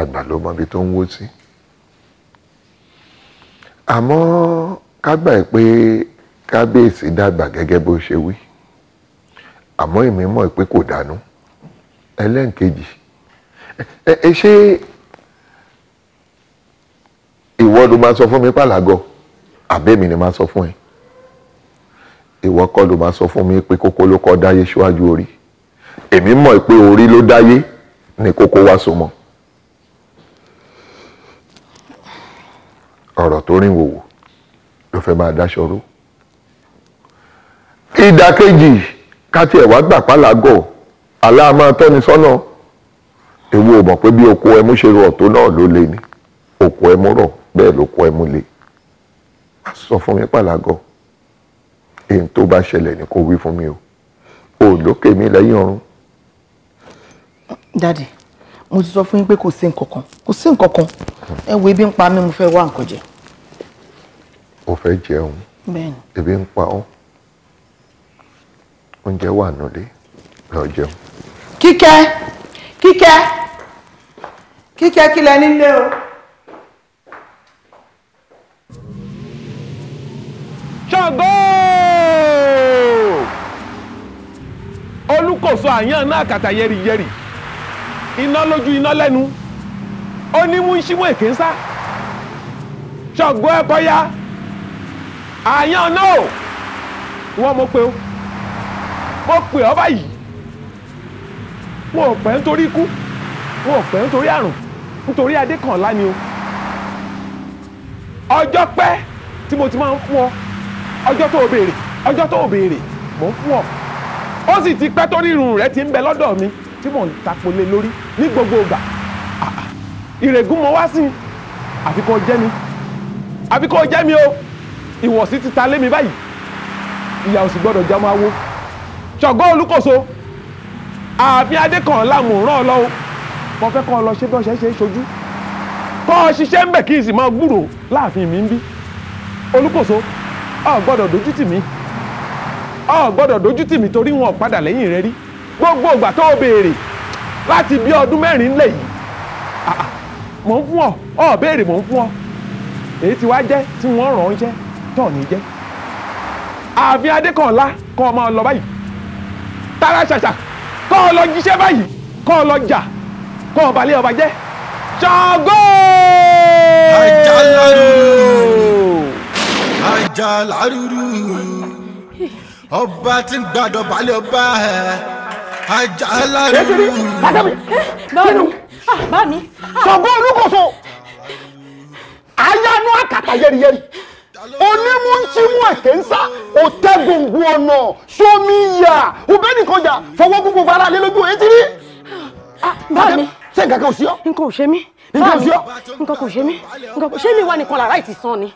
àgbà ló mọbi tó ń wó sí àmọ́ ká gbà pé kábíyèsí dàgbà gẹ́gẹ́ bó ṣe wí àmọ́ èmi mọ̀ pé kò dànù ẹlẹ́ǹkejì ẹ ṣé ìwọ ló máa sọ fún mi pàlàgọ́ àbẹ́mi ni máa sọ fún ẹ ìwọ kọ́ ló máa sọ fún mi pé kókó ló kọ́ dáyé ṣíwájú orí èmi mọ̀ pé orí ló dáyé ni kókó wá so mọ́ ọ̀rọ̀ tó rìn wòwò ló fẹ́ máa dáṣọ ró ìdàkejì káti ẹ̀wá gbà pálágọ̀ aláàmọ́ tọ́ni sọ́nà ewu ò mọ̀ pé bí oko ẹmu ṣe rọ̀ tó náà ló le ni oko ẹmu rọ̀ bẹ́ẹ̀ lóko ẹmu le sọ fún mi pálágọ̀ èyí tó bá ṣẹlẹ̀ ni kò wí fún mi o ò lókè mi lẹ́yìn ọ̀run. dadi mo ti sọ fún yín pé kò sí nǹkan kan kò sí nǹkan kan ẹ wo ebi ń pa mí mo fẹ́ wá nǹkan jẹ. o fẹ́ jẹun ebi ń pa ọ́ oúnjẹ wà nílé lọ jẹun. kíkẹ́ kíkẹ́ kíkẹ́ kílẹ̀ nílé o. ṣàgbọ́n. òfò àyàn náà kàtà yẹ̀rìyẹ̀rì iná lójú iná lẹ́nu ó ní mú síwọ̀n èké ń sá ẹ bọ́yá àyàn náà wọ́n mo pe ó mo pe ọ́ báyìí mo ò pẹ́ nítorí ikú mo ò pẹ́ nítorí àrùn nítorí adé ni o ọjọ́ pẹ́ tí mo ti máa ń fún ó sì ti pẹ́ torí irun rẹ̀ ti ń bẹ lọ́dọ̀ mi tí mò ń tapo lé lórí ní gbogbo ìgbà ah, ah. ìrègùn mo wá sí i àfi kò jẹ́ mi àfi kò jẹ́ mi o ìwọ̀sí ti ta lé mi báyìí ìyá òsì gbọ́dọ̀ já máa wo ṣọ̀gbọ́n olúkòso ààfin adékan làmùrán ọlọ́wọ́ mo fẹ́ kọ́ ọ lọ ṣé bí wọ́n ṣe ń ṣe é ṣojú kọ́ ọ ṣiṣẹ́ ń bẹ̀ kí n sì máa gbúrò láàfin mi ń bí olúkòso o gbọ́dọ̀ dojú tì ọ gbọ́dọ̀ dojú tì mí torí wọn padà lẹ́yìn rẹ rí gbogbo ìgbà tó o béèrè láti bí ọdún mẹ́rin lè yìí mò ń fún ọ ọ béèrè mò ń fún ọ èyí ti wá jẹ́ tí wọ́n ràn án jẹ́ tọ̀ ní jẹ́ ààfin adékànlá kọ́ ọ máa lọ báyìí tara ṣàṣà kọ́ ọ lọ jíṣẹ́ báyìí kọ́ ọ lọ jà kọ́ ọ balẹ̀ ọba jẹ́ Ṣàngó. ajá lárúurú ajá lárúurú ọba tí ń gbàdọ̀ balẹ̀ ọba ẹ̀ ajá alárùú. báàmí báàmí. sọ̀gbọ́n olúkòso ayanu akata yẹ́rìyẹ́rì onímú ń tí mú ẹ̀kẹ́ ń sá òtẹ́ gbòǹgbò ọ̀nà sómi yà òbẹ́ nìkan jà fọwọ́ kúkú fara lé lójú etí rí. Ah, báàmí ṣé nǹkan kan ò sí ọ. nǹkan ò ṣe mí nǹkan ṣe nǹkan kò ṣe mí nǹkan kò ṣe mí wà nìkan làrá ìtìsán ni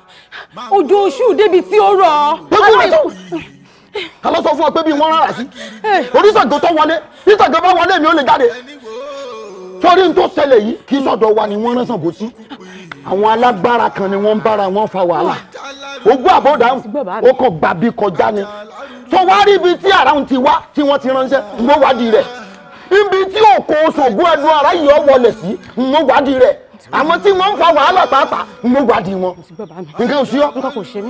ojú oṣù débi tí ó rọ. gbogbo ìwé tó a lọ sọ fún ọ pé bí wọ́n rárá sí oníṣàgò tó wọlé oníṣàgò bá wọlé mi ò lè jáde torí n tó ṣẹlẹ̀ yìí kì í sọ̀dọ̀ wa ni wọ́n rán Ṣàngó sí àwọn alágbára kan ni wọ́n ń bára wọn fa wàhálà ogún àbọ̀dá ó kàn gbàbí kọjá ni tó wá rí ibi tí àrà ń ti wá tí wọ́n ti ránṣẹ́ ló wádìí rẹ̀ ibi tí òkò ṣògùn ẹnu ara yìí ọ wọlé sí ló wádìí rẹ̀ àwọn tí wọ́n ń fa wàhálà pàápàá ló wádìí wọn nǹkan ò sí ọ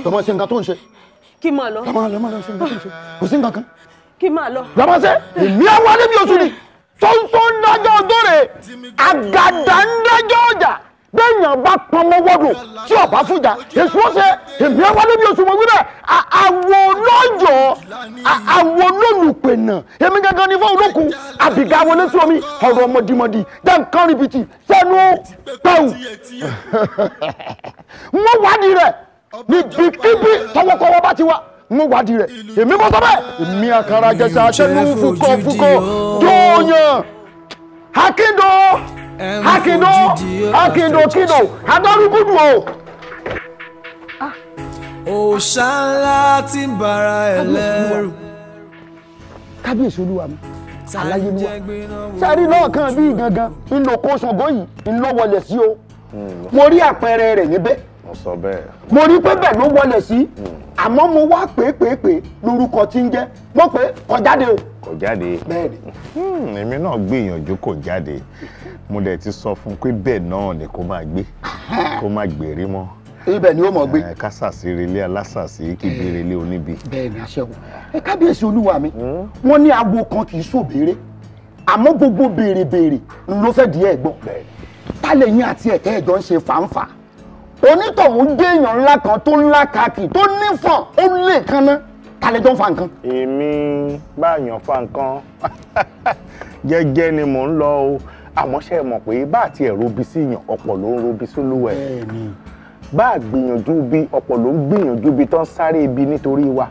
tọmọ ṣe nǹkan tó ń ṣe kí máa lọ. máa lọ máa lọ ṣe nǹkan ṣe kò sí nǹkan kan. kí máa lọ. bàbá ṣe èmi àwọn alẹ́ mi oṣù ni sọ́nsọ́ ń dájọ́ ọjọ́ rẹ̀ àgàdà ń dájọ́ ọjà bẹ́ẹ̀yàn bá pamọ́ wọ́dù tí ọba fújà èsù ọ̀sẹ̀ èmi àwọn alẹ́ mi oṣù mọ̀ wíwẹ̀ àwọ̀ lọ́jọ́ àwọ̀ lọ́lùpẹ̀nà èmi gangan ni fún olókùn àbìgá wọlé sí omi ọ̀rọ̀ mọ̀dìmọ̀dì jẹ́ǹkan rìbìtì sẹ́nu pẹ́ù wọ́n wádìí rẹ̀ níbikíbi tọwọ́kọ́wọ́ bá ti wá mú wádìí rẹ̀ èmi mọ́ sọ́bẹ̀ èmi àkàrà jẹ̀sà àṣẹnu fúkọ́ fúkọ́ dóòyàn akíndo akíndo akíndo kíndo adọ́rùkúdù o. òòṣà ńlá ti ń bara ẹ̀ kábíyèsí olúwa mi aláyélúwa sẹ́rí lọ́ọ̀kan bíi gangan ńlọ kó sango yìí ńlọ wọlé sí o mo rí àpẹẹrẹ rẹ̀ níbẹ̀ mo sọ bẹ́ẹ̀. mo rí pé bẹ́ẹ̀ ló wọlé sí hmm. àmọ́ mo wá pèépèépè lórúkọ tí ń jẹ́ mo pé kò jáde o. kò jáde bẹ́ẹ̀ni. Hmm, èmi náà gbìyànjú kò jáde mo dẹ̀ ti sọ fún un pé bẹ́ẹ̀ náà ni kó máa gbé kó máa gbèrí mọ́ ibẹ̀ ni ó mọ̀ gbé. Eh, kásàsí relé alásàsí kíbi relé oníbi. bẹ́ẹ̀ni aṣẹ́wó ẹ kábíyèsí olúwa mi hmm? wọ́n ní aago kan kì í ṣòbéèrè àmọ́ gbogbo béèrè béèrè ló fẹ́ di ẹ̀ gbọ́ ta lè àti ẹ̀kẹ́ ẹ̀jọ́ ń ṣe fàǹfà onítọ̀hún jẹ́ èèyàn ńlá kan tó ńlá kàkì tó nífọ̀n ó lè kanná kálẹ̀ tó ń fa nǹkan. èmi báyàn fa nǹkan jẹ́jẹ́ ni mò ń lọ o àmọ́ ṣe mọ̀ pé bá àti ẹ̀rọ obi sí yàn ọ̀pọ̀ ló ń robi sólúwẹ̀ bá a gbìyànjú bí ọ̀pọ̀ ló ń gbìyànjú bí tó ń sáré ibi nítorí wa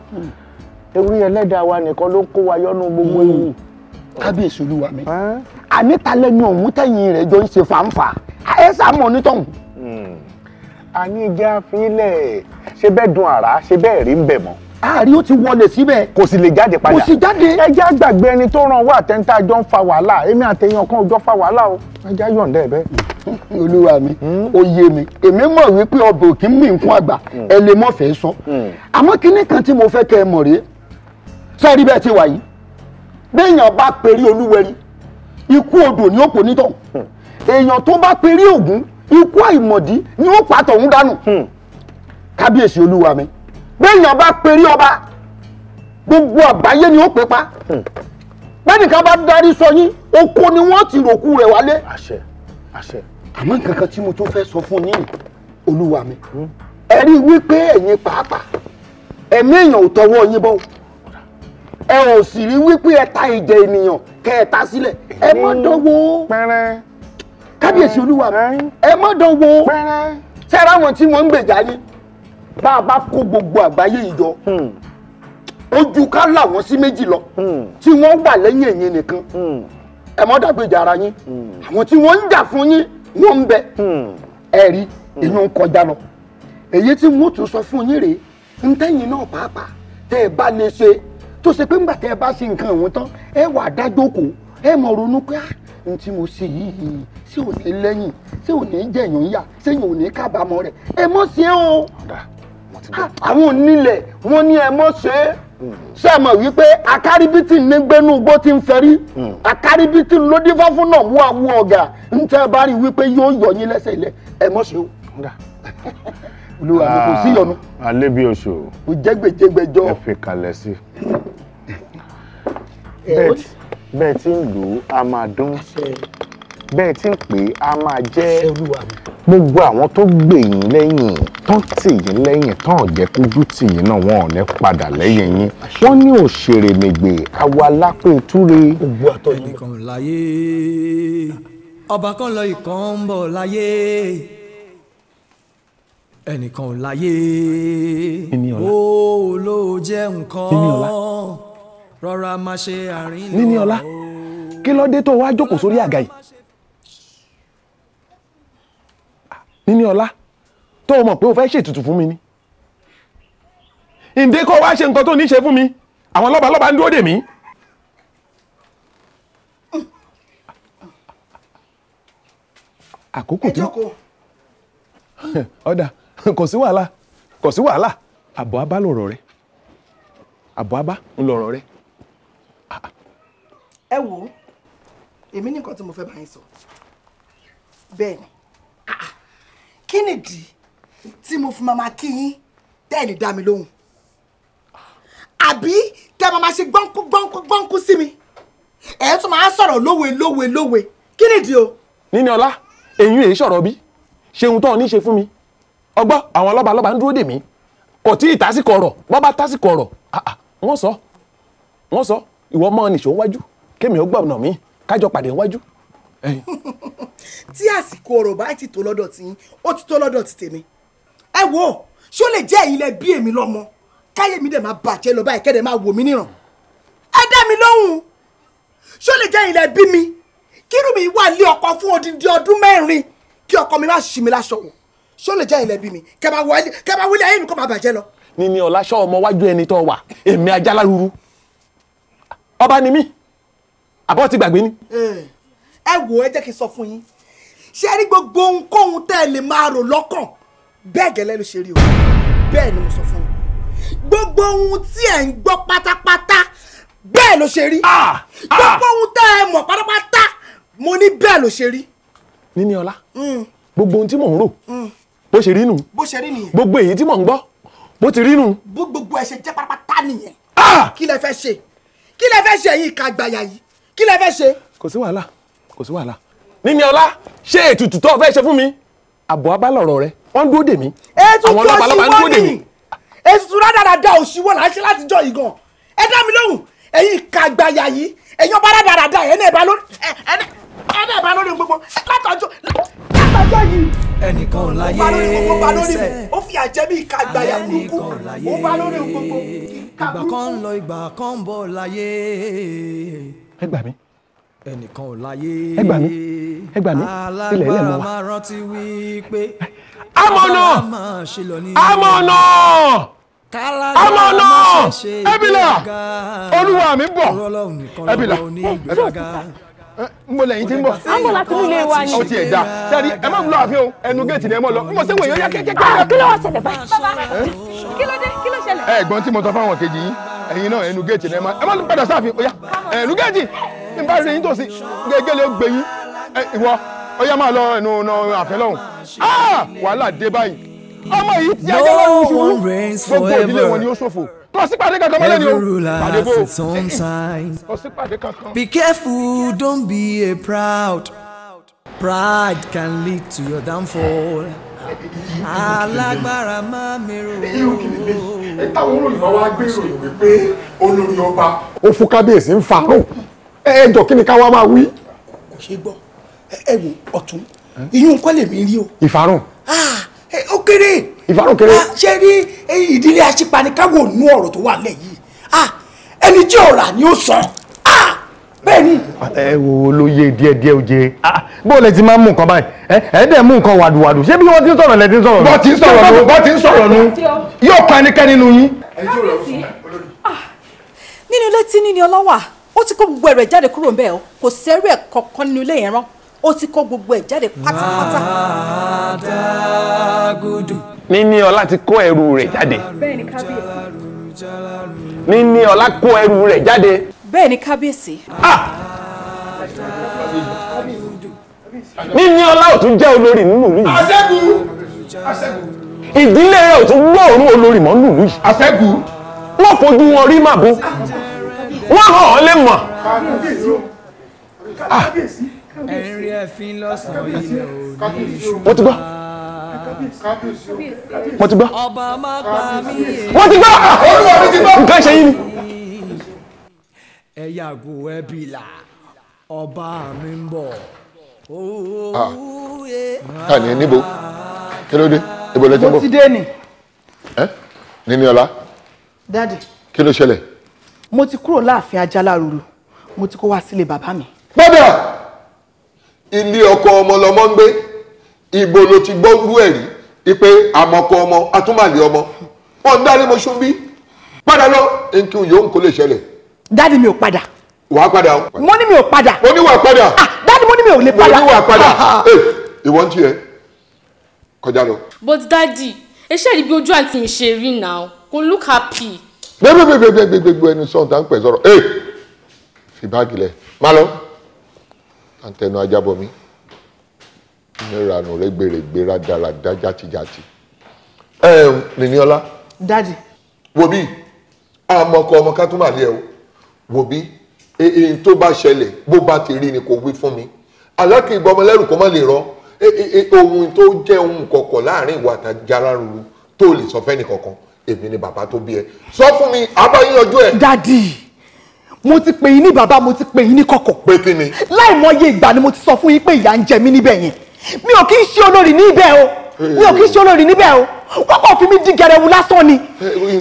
ewúrẹ́ mm. ẹlẹ́dàá wa nìkan ló ń kó wa yọ́nú gbogbo yìí. Hmm. kábíyèsí olúwa mi àníta lẹ́nu ọ̀hún tẹ̀yìn rẹ̀ jọ ń ṣe fàǹfà ẹ̀ sá mọ̀ onítọ̀hún àníjà filẹ̀ ṣe bẹ́ẹ̀ dun àrá ṣe bẹ́ẹ̀ rí ń bẹ̀ mọ́. àárí ó ti wọlé síbẹ̀. kò sì lè jáde padà kò sì jáde. ẹ jẹ́ àgbàgbé ẹni tó ràn wá àtẹ́ńtà jọ ń fa wàhálà èmi àtẹ̀yàn kan ò jọ fa wàhálà o ẹ jẹ́ àyọ̀ǹda ẹ̀ bẹ́ẹ̀. olúwa mi hmm? ó yé mi èmi mọ̀ wípé ọbẹ̀ òkì ń mì fún àgbà hmm. ẹ lè mọ̀ fẹ́ sọ hmm. àmọ́ kinní kan tí mo fẹ́ kẹ́ ẹ mọ̀ rèé sẹ́ẹ̀rí bẹ́ẹ̀ ti wà yìí béèyàn bá perí olúwẹ̀rí ikú odò ni ó nítọ̀ èèyàn tó bá perí ògún ikú àìmọ̀dí ni ó pàtó òun dànù hmm. kábíyèsí olúwa mi béèyàn bá perí ọba gbogbo àgbáyé ni ó pè pa hmm. bẹ́nìkan bá darí sọ yín oko ni wọ́n ti ròkú rẹ̀ wálé àṣẹ àṣẹ àmọ́ nǹkan kan tí mo tó fẹ́ sọ fún yín olúwa mi hmm. ẹ rí i wípé ẹ̀yin pàápàá ẹ̀mí èèyàn ò tọwọ́ yín bọ́ ẹ ò sì rí wípé ẹ ta ìjẹ ènìyàn kẹ ẹ ta sílẹ̀ ẹ mọ́ dánwò kábíyèsí olúwa ẹ mọ́ dán wo sẹ́ra wọn tí wọ́n ń gbèjà yín bá a bá kó gbogbo àgbáyé ìjọ hmm. ojú ká làwọn sí méjì lọ hmm. tí wọ́n wà lẹ́yìn ẹ̀yin nìkan hmm. ẹ mọ́ dàgbèjà ara yín àwọn tí wọ́n ń jà fún yín wọ́n ń bẹ ẹ rí èyí ń kọjá lọ èyí tí mo tún sọ fún yín rèé ń tẹ́yìn náà pàápàá tẹ́ ẹ bá lè ṣe tó ṣe pé ńgbà tẹ́ ẹ bá ṣe nǹkan ọ̀hún tán ẹ wà dájókòó ẹ mọ̀ ronú pé ah n tí mo ṣe yìí sí ò ní lẹ́yìn sí ò ní jẹ̀yàn yà sẹ́yìn ò ní kábàámọ̀ rẹ̀ ẹ mọ̀ sí ẹ o àwọn onílẹ̀ wọ́n ní ẹ mọ̀ ṣe é hmm. ṣé ẹ mọ̀ wípé akáribítì nígbẹ́nu igbó ti ń fẹ́rí hmm. akáribítì lódífá fún náà wú àwú ọ̀gá ń tẹ́ ẹ bá rí wípé yóò yọ yín lẹ́sẹ̀ ilẹ̀ ẹ mọ̀ ṣe o olùwà mi kò sí yọnu. Ah, alẹ́ bí oṣù. o jẹ́gbẹ̀jẹ́gbẹ̀jọ. ẹ fi kalẹ̀ sí bẹ́ẹ̀ tí ń lò ó a máa dún bẹ́ẹ̀ tí ń pè é a máa jẹ́ gbogbo àwọn tó gbè yín lẹ́yìn tó ń tì yín lẹ́yìn tó ń jẹ́ kójú tì yín náà wọn ò ní padà lẹ́yìn yín wọ́n ní òṣèré mègbè àwa lápè túre. ògùn àtọ́jú kan láyé ọba kan lọ ìkan ń bọ̀ láyé ẹnìkan ò láyé ó ló jẹ́ nǹkan rọra máa ṣe àárín lọ. níní ọlá kí ló dé tó wá jókòó sórí àga yìí níní ọlá tó mọ̀ pé o fẹ́ ṣètùtù fún mi ni ǹdẹ́ kó o wá ṣe nǹkan tó ní ṣe fún mi àwọn lọ́balọ́ba ń dúró dè mí. àkókò tí ọ̀dà kò sí wàhálà kò sí wàhálà àbọ̀ abá lọ̀rọ̀ rẹ àbọ̀ abá ń lọ̀rọ̀ rẹ ẹ wò ó èmi ní nǹkan tí mo fẹ́ bá yín sọ bẹ́ẹ̀ ni ah, ah. kí nìdí tí mo fi máa kí yín tẹ́ ẹ̀ ní dá mi lóhùn àbí tẹ́ ẹ máa ṣe gbọ́nkú gbọ́nkú gbọ́nkú sí mi ẹ̀ tún máa sọ̀rọ̀ lówe lówe lówe kí nìdí o. níní ọlá èyí èyí sọ̀rọ̀ bí ṣeun tó ọ ṣe fún mi ọgbọ́ àwọn ọlọ́ba ọlọ́ba ń dúró dè mí kò tí ì tásìkò ọ̀rọ̀ bọ́ bá tásìkò ọ̀rọ̀ ah, wọ́n sọ wọ́n sọ ìwọ mọ́ ọ nìṣó wájú kémi ó gbà ọ̀nà mi kájọ pàdé iwájú. tí àsìkò ọ̀rọ̀ bá ti tó lọ́dọ̀ tí ó ti tó lọ́dọ̀ ti tèmi ẹ wo ṣé ó lè jẹ́ èyí lẹ bí èmi lọ́mọ káyé mi dẹ̀ máa bàjẹ́ lọ báyìí kẹ́dẹ̀ máa wò mí níran ẹ dá mi lóhùn ṣé ó lè jẹ́ èyí lẹ bí mi kírun mi wà lé ọkọ fún odindi ọdún mẹ́rin kí ọkọ mi má ṣì mí láṣọ wò ṣé ó lè jẹ́ èyí lẹ bí mi kẹ́ máa wọlé ayé mi kó máa bàjẹ́ lọ. níní ọ̀la ṣọ́ ọmọ wájú ẹni tó wà èmi ajá láruru ọba ni mí àbọ̀ ti gbàgbé ni. ẹ wò ẹ jẹ́ kí n sọ fún yín ṣé ẹ rí gbogbo ohunkóhun tẹ́ ẹ lè máa rò lọ́kàn bẹ́ẹ̀ gẹ́lẹ́ ló ṣe rí o bẹ́ẹ̀ ni mo sọ fún yín gbogbo ohun tí ẹ̀ ń gbọ́ pátápátá bẹ́ẹ̀ ló ṣe rí ah, ah. gbogbo ohun tẹ́ ẹ mọ̀ pátápátá mo ní bẹ́ẹ̀ ló ṣe rí. níní ọlá hmm. gbogbo ohun tí mò ń rò hmm. bó ṣe rí nù bó ṣe rí nìyẹn gbogbo èyí tí mò ń gbọ́ bó ti rí nù. bó gbogbo ẹ̀ ṣe jẹ́ pátápátá nìyẹn ah! kí lẹ fẹ́ ṣe kí lẹ fẹ́ ṣe yìí ká gbàyà yìí kí lẹ fẹ́ ṣe. kò sí wàhálà kò sí wàhálà. níní ọlá ṣé ètùtù tó o fẹ́ ṣe fún mi. àbọ̀ abálọ̀rọ̀ rẹ wọ́n ń dúró dè mí. ètùtù òṣìwọ́ ni ètùtù rádaràda òṣìwọ́ là ń ṣe látijọ́ yìí gan. ẹ dá mi lóhùn ẹ̀yin kàgbàyà yìí ẹ̀yin ọba rádaràda ẹ̀ náà bá lórí gbogbo látọjọ́ látọjọ́ yìí. ẹnìkan ò láyé ẹsẹ̀ ó fi àjẹmí ìkàgbàyà burúkú ó bá lórí gbogbo. ìgbà kan ń lọ ìgbà kan ń bọ̀ láyé ẹ gbà mí ẹnìkan ò láyé ẹ gbà mí ẹ gbà mí ilẹ̀ ilẹ̀ mọ̀ wá. amọ̀nà amọ̀nà amọ̀nà ẹbílà olúwa mi bọ̀ ẹbílà mo lẹ́yìn tí ń bọ̀. àmọ́ láti inú ilé wa ni. ó ti ẹ̀ da sẹ́ni ẹ má wúlò àfihàn ẹnu géètì ni ẹ mọ̀ lọ. mo ṣe wòye ó yá kékeré. kí ló wá ṣẹlẹ̀ báyìí. kí ló dé kí ló ẹ̀gbọ́n tí mo sọ fáwọn kejì yín ẹ̀yin náà ẹnu géètì lẹ́ẹ̀ ẹ má lọ padà sáàfin ọ̀yà ẹnu géètì ní bá rí yín tòsí gẹ́gẹ́lẹ́ gbé yín ìwọ ọ̀yà máa lọ ẹnu ọ̀nà àfẹ́ lọ́hùn ah! wàhálà dé báyìí ọmọ yìí tí ajá lọ́rùn ṣubú gbogbo ìdílé wọn ni ó ṣòfò kò sí pàdé kankan mọ́lẹ́ o pàdé bò kò sí pàdé kankan. Be careful, don't be a proud. Pride can lead to your downfall alágbára má mi rò ó. táwọn olóyìnbó wa gbé ìròyìn wípé olórí ọba. ó fún kábíyèsí ń farò ẹ jọ kí ni ká wá máa wí. kò ṣe gbọ́ ẹ wò ọ̀tún iyún kọ́ lèmi rí o. ìfarùn. ó kéré. ìfarùn kéré. ṣé rí ìdílé aṣípanikáwò nú ọ̀rọ̀ tó wà lẹ́yìn ẹni tí ọ̀rà ni ó sọ bẹ́ẹ̀ni. ẹ wo ló yé díẹ̀ díẹ̀ ó jẹ ah, bó lẹ ti máa ń mú nǹkan báyìí ẹ dẹ̀ mú nǹkan wàdùwàdù ṣé bí wọ́n ti ń sọ̀rọ̀ lẹ ti ń sọ̀rọ̀ nù. bọ́ ti ń sọ̀rọ̀ nù bọ́ ti ń sọ̀rọ̀ nù yóò pa ẹnikẹ́ni nínú yín. Ah, nínú ilé tí ní ni ọlọ́wà ó ti kó gbogbo ẹ̀rọ ẹ̀ jáde kúrò ńbẹ̀ o kò sẹ́rù ẹ̀ kankan nínú ilé yẹn rán ó ti kó gbogbo ẹ̀ jáde pátápátá. níní ọlá ti kó ẹrù rẹ̀ jáde níní ọlá kó ẹrù rẹ̀ jáde bẹ́ẹ̀ ni kábíyèsí. Ah! níní ọlá ò tún jẹ́ olórí nínú ìlú yìí. ìdílé rẹ̀ ò tún gbóòórùn olórí mọ́ nínú ìlú yìí. wọ́n fojú wọn rí màbo wọ́n hàn án lè mọ̀. Ah! mo ti gbọ́ mo ti gbọ́ mo ti gbọ́ nǹkan ṣe yín ni ẹ yàgò ẹ bìlà ọba mi ń bọ̀. káàní ah. ah, ẹ níbo kí ló dé ibo ló jẹ́ bọ̀. mo ti dé ni. ẹ níní ọlá. dadi. kí ló ṣẹlẹ̀. mo ti kúrò láàfin Ajalaruru mo ti kó wá sílé bàbá mi. padà ilé ọkọ ọmọ lọmọ ń gbé ibo ló ti gbọ́ rú ẹ̀rí ipe àmọ̀kọ ọmọ atúmọ̀lé ọmọ wọn dárí mo ṣubí padà lọ nkí yòó nkó lè ṣẹlẹ̀ dáàdi mi ò padà. wàá padà o. mo mi ò padà. mo ní wàá padà. ah dáàdi mo ní mi ò lè padà. mo ní wàá padà. Ah, ah. Eh, ìwọ ń tiẹ̀ kọjá lọ. but dáàdi ẹ ṣe rí bí ojú àǹtí mi ṣe rí now kò look happy. gbẹgbẹgbẹgbẹgbẹgbẹ ẹnu sọ̀n tá ń pẹ̀ sọ̀rọ̀ ẹ eh, fi báàgì lẹ̀ má lọ à ń tẹnu ajá bọ mí nírànú rẹ gbèrègbè rádaràdá játijàti ẹ nìyọlá. dáàdi. wo bí àmọkọ ọmọ ká tún mà lé ẹ o wò bí èyí tó bá ṣẹlẹ̀ bó bá ti rí ni kò wí fún mi alákì ìbọmọlẹ́rù kò má lè rọ ohun tó jẹ́ ohun kọ̀kọ̀ láàrin ìwà àtàjára ruru tó lè sọ fẹ́ni kankan èmi ni bàbá tó bí ẹ sọ fún mi abáyíyanjú ẹ. dadi mo ti pè yín ní bàbá mo ti pè yín ní kọ̀kọ̀. pé kí ni. láìmọye ìgbà ni mo ti sọ fún yín pé ìyà ń jẹ mí níbẹ̀ yẹn mi ò kí ń ṣe olórí níbẹ̀ o mi ò kí ń ṣe olórí níbẹ̀ o wọ́n fi mi di gẹrẹwu lásán ni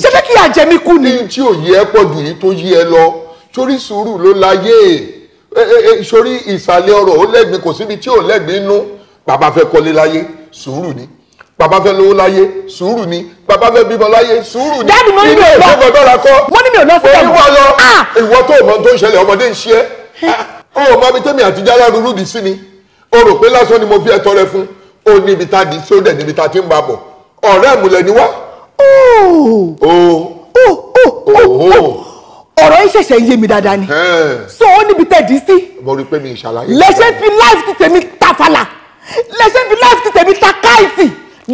ṣé fẹ́ kí ìyà jẹ mí kú ni. ní tí ò yẹ pọ̀ jù yìí tó yí ẹ lọ torí sùúrù ló láyé sórí ìsàlẹ̀ ọ̀rọ̀ ó lẹ́gbin kò síbi tí ò lẹ́gbin nú bàbá fẹ́ kọ́lé láyé sùúrù ni bàbá fẹ́ lówó láyé sùúrù ni bàbá fẹ́ bímọ láyé sùúrù ni ilé ìfowópamọ́ dọ́ra kọ́ mo ní mi ò lọ sí ẹ̀wọ̀n oníwà lọ ah! ìwọ tó mọ tó ń ṣẹlẹ̀ ọmọdé ń ṣe ẹ́ ọ ah, mọ mi tẹ́mi àtijọ́ alárùrù dì sí ni o rò pé lásán ni mo fi ẹ̀tọ́ rẹ fún o níbi ta di tí ó dẹ̀ níbi ta ti ń ba bọ̀ ọ̀rẹ́ ìmùlẹ̀ ni wá. Oh! Oh! Oh! ọ̀rọ̀ yìí ṣẹ̀ṣẹ̀ yé mi dáadáa ni so ó níbi tẹ̀dí sí lẹ́sẹ̀ fi láìsí ti tèmi tafàlà lẹ́sẹ̀ fi láìsí ti tèmi takáìsì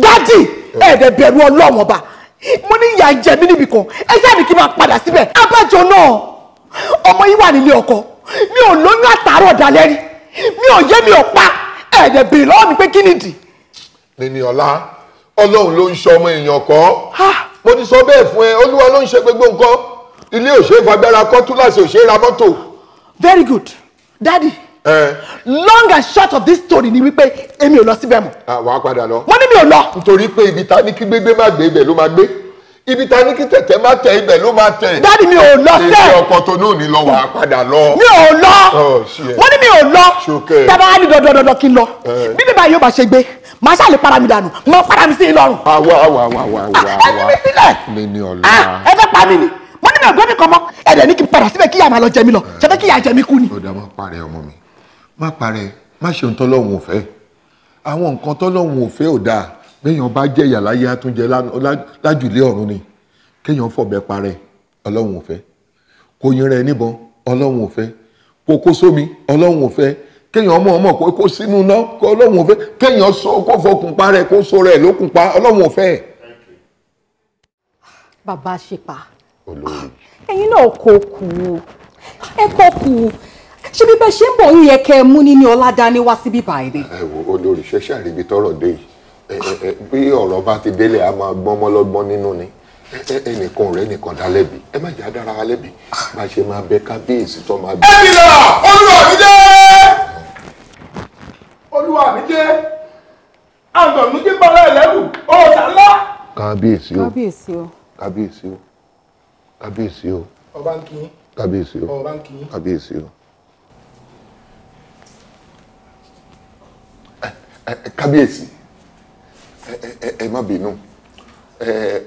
dájì ẹ̀ẹ́dẹ̀ bẹ̀rù ọlọ́wọ̀n ọba mo ní ìyà ń jẹ mí níbì kan ẹṣẹ́ mi kí n máa padà síbẹ̀ abájọ náà ọmọ yìí wà nílé ọkọ mi ò lóyún àtàárọ̀ dalẹ́ rí mi ò yé mi ò pa ẹ̀ẹ́dẹ̀ bèrè lọ́wọ́ mi pé kí nìdí. nínú ọlá ọlọ́run ló ń ṣe ọmọ èèyàn kọ́ mo ti sọ bẹ́ẹ̀ fún ẹ olúwa ló ń ṣe gbogbo nǹkan ilé òṣèré fagbára kọ́ túláṣì òṣèré ra mọ́tò. very good daddy. Eh. long and short of this story ni wípé èmi ò lọ síbẹ̀ mọ́. àwa padà lọ. wọ́n ní mi ò lọ. nítorí pé ibi ta ni kí gbégbé má gbé ibẹ̀ ló máa gbé ibi ta ní kí tẹ̀tẹ̀ má tẹ ibẹ̀ ló má tẹ. dáàdi mi ò lọ sẹ́. èmi ọkọ tó náà ní lọ wà á padà lọ. mi ò lọ oh, wọ́n ní mi ò lọ tábà ní dandandandan kí n lọ bí bíbá yóò bá ṣe gbé màá ṣàlè para mi dànù màá para mi sí i lọ́rùn. àwa àwa àwa àwa àwa ah, ẹni mi sílẹ̀ ah, ẹ fẹ́ pa mí ni wọ́n ní mi ò gómìn kan mọ́ ẹ̀rẹ̀ ní kí n padà síbẹ̀ kíyà máa lọ jẹ mi lọ ṣẹbẹ́ kíyà jẹ mi kú ni. ọ̀dà má parẹ́ ọmọ mi má parẹ́ má ṣe ohun tọ́lọ́hún ò fẹ́ àwọn nǹkan tọ́lọ́hún ò fẹ́ ò dáa béèyàn bá jẹ́ ìyà láyé àtúnjẹ lájùlé ọ̀run ni kéèyàn fọ̀bẹ parẹ́ ọlọ́hún ò fẹ́ kò yin rẹ̀ níbọn ọlọ́hún ò fẹ́ kò kó sómi ọlọ́hún ò fẹ́ kéèyàn ọmọ ọmọ kó kó sínú iná kó ọlọ́hún ò kéèyàn sọ kó fọkùn parẹ́ kó so rẹ̀ lókùn pa ọlọ́hún ò fẹ́. bàbá ṣèpà olórí. ẹ̀yin náà kò kù ẹ kò kù ṣé bí bẹ́ẹ̀ ṣe ń bọ̀ yín yẹ kẹ́ ẹ mú níní ọlá dání wá síbí báyìí. ẹ wo olórí ṣẹṣẹ àríbi tọrọ dé yìí bí ọ̀rọ̀ bá ti délé a máa gbọ́n mọ́lọ́gbọ́n nínú ni ẹnìkan rẹ nìkan dá lẹ́bi ẹ má jẹ́ adára wa lẹ́bi bá a ṣe máa bẹ kábíyèsí tó máa bẹ. ẹbí lọ olúwa mi dé olúwa mi dé àgbọ̀nù kí bọ́lá ẹ̀lẹ́rù ọ̀ọ́dà ńlá. kábíyèsí o kábíyèsí o kábíyèsí o kábíyèsí o. ọba ń kí. kábíyèsí o. ọba ń kí. kábíyèsí o. kábíyèsí ẹ má bínú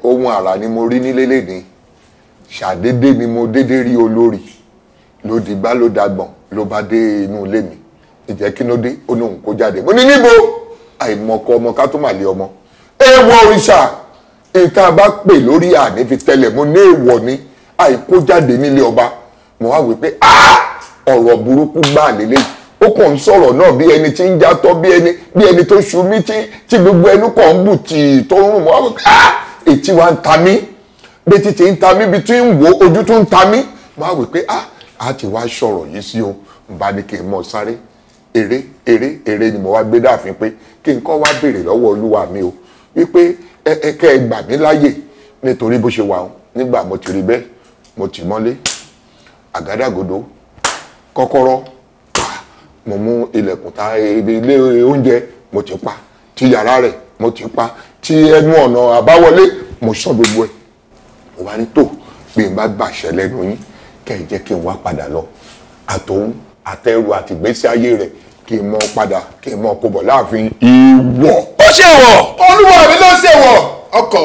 ohun àrà ni mo rí nílé lẹ́ni ṣàdédé ni mo dédé rí olórí ló dìgbà ló dàgbọ̀n ló bá dé inú ilé mi ìjẹ́ kí ló dé ó ní òun kó jáde mo ní níbo àìmọ̀kọ ọmọ ká tó mà lé ọmọ ẹ wọ òrìṣà nǹkan a bá pè lórí àní fi tẹ́lẹ̀ mo ní èèwọ̀ ni àìkó jáde nílé ọba mo wá wí pé ọ̀rọ̀ burúkú gbáà lélẹ́yìí ó kàn ń sọ̀rọ̀ náà bí ẹni tí ń jatọ́ bí ẹni bí ẹni tó ṣumí tí tí gbogbo ẹnu kàn ń bù tì í tó ń rùn mọ́ àwọn ah ètí wa ń ta mí bẹ́tí tí ń ta mí bí tí ń wo ojú tó ń ta mí máa wí pé a ti wá sọ̀rọ̀ yìí sí o bá ní kí n mọ̀ sáré eré eré eré ni mo wá gbé dáàfin pé kí n kọ́ wá béèrè lọ́wọ́ olúwa mi o wípé ẹ̀kẹ́ ẹ gbà mí láàyè nítorí bó ṣe wà ó nígbà mo ti rí bẹ́ẹ̀ mo ti mọ́lé àgádágodo kọ́kọ́rọ́ mo mú ilẹ̀kùn ta ilé oúnjẹ mo ti pa ti yàrá rẹ̀ mo ti pa ti ẹnu ọ̀nà àbáwọlé mo sọ gbogbo ẹ̀ mo wá ní tò bí n bá bàṣẹ lẹ́nu yín kẹ́ ẹ jẹ́ kí n wá padà lọ àtòun àtẹrù àtìgbésí ayé rẹ̀ kí n mọ́ padà kí n mọ́ kó bọ̀ láàfin ìwọ. E ló ṣe wọ̀. olúwa mi ló ṣe wọ̀ ọkọ.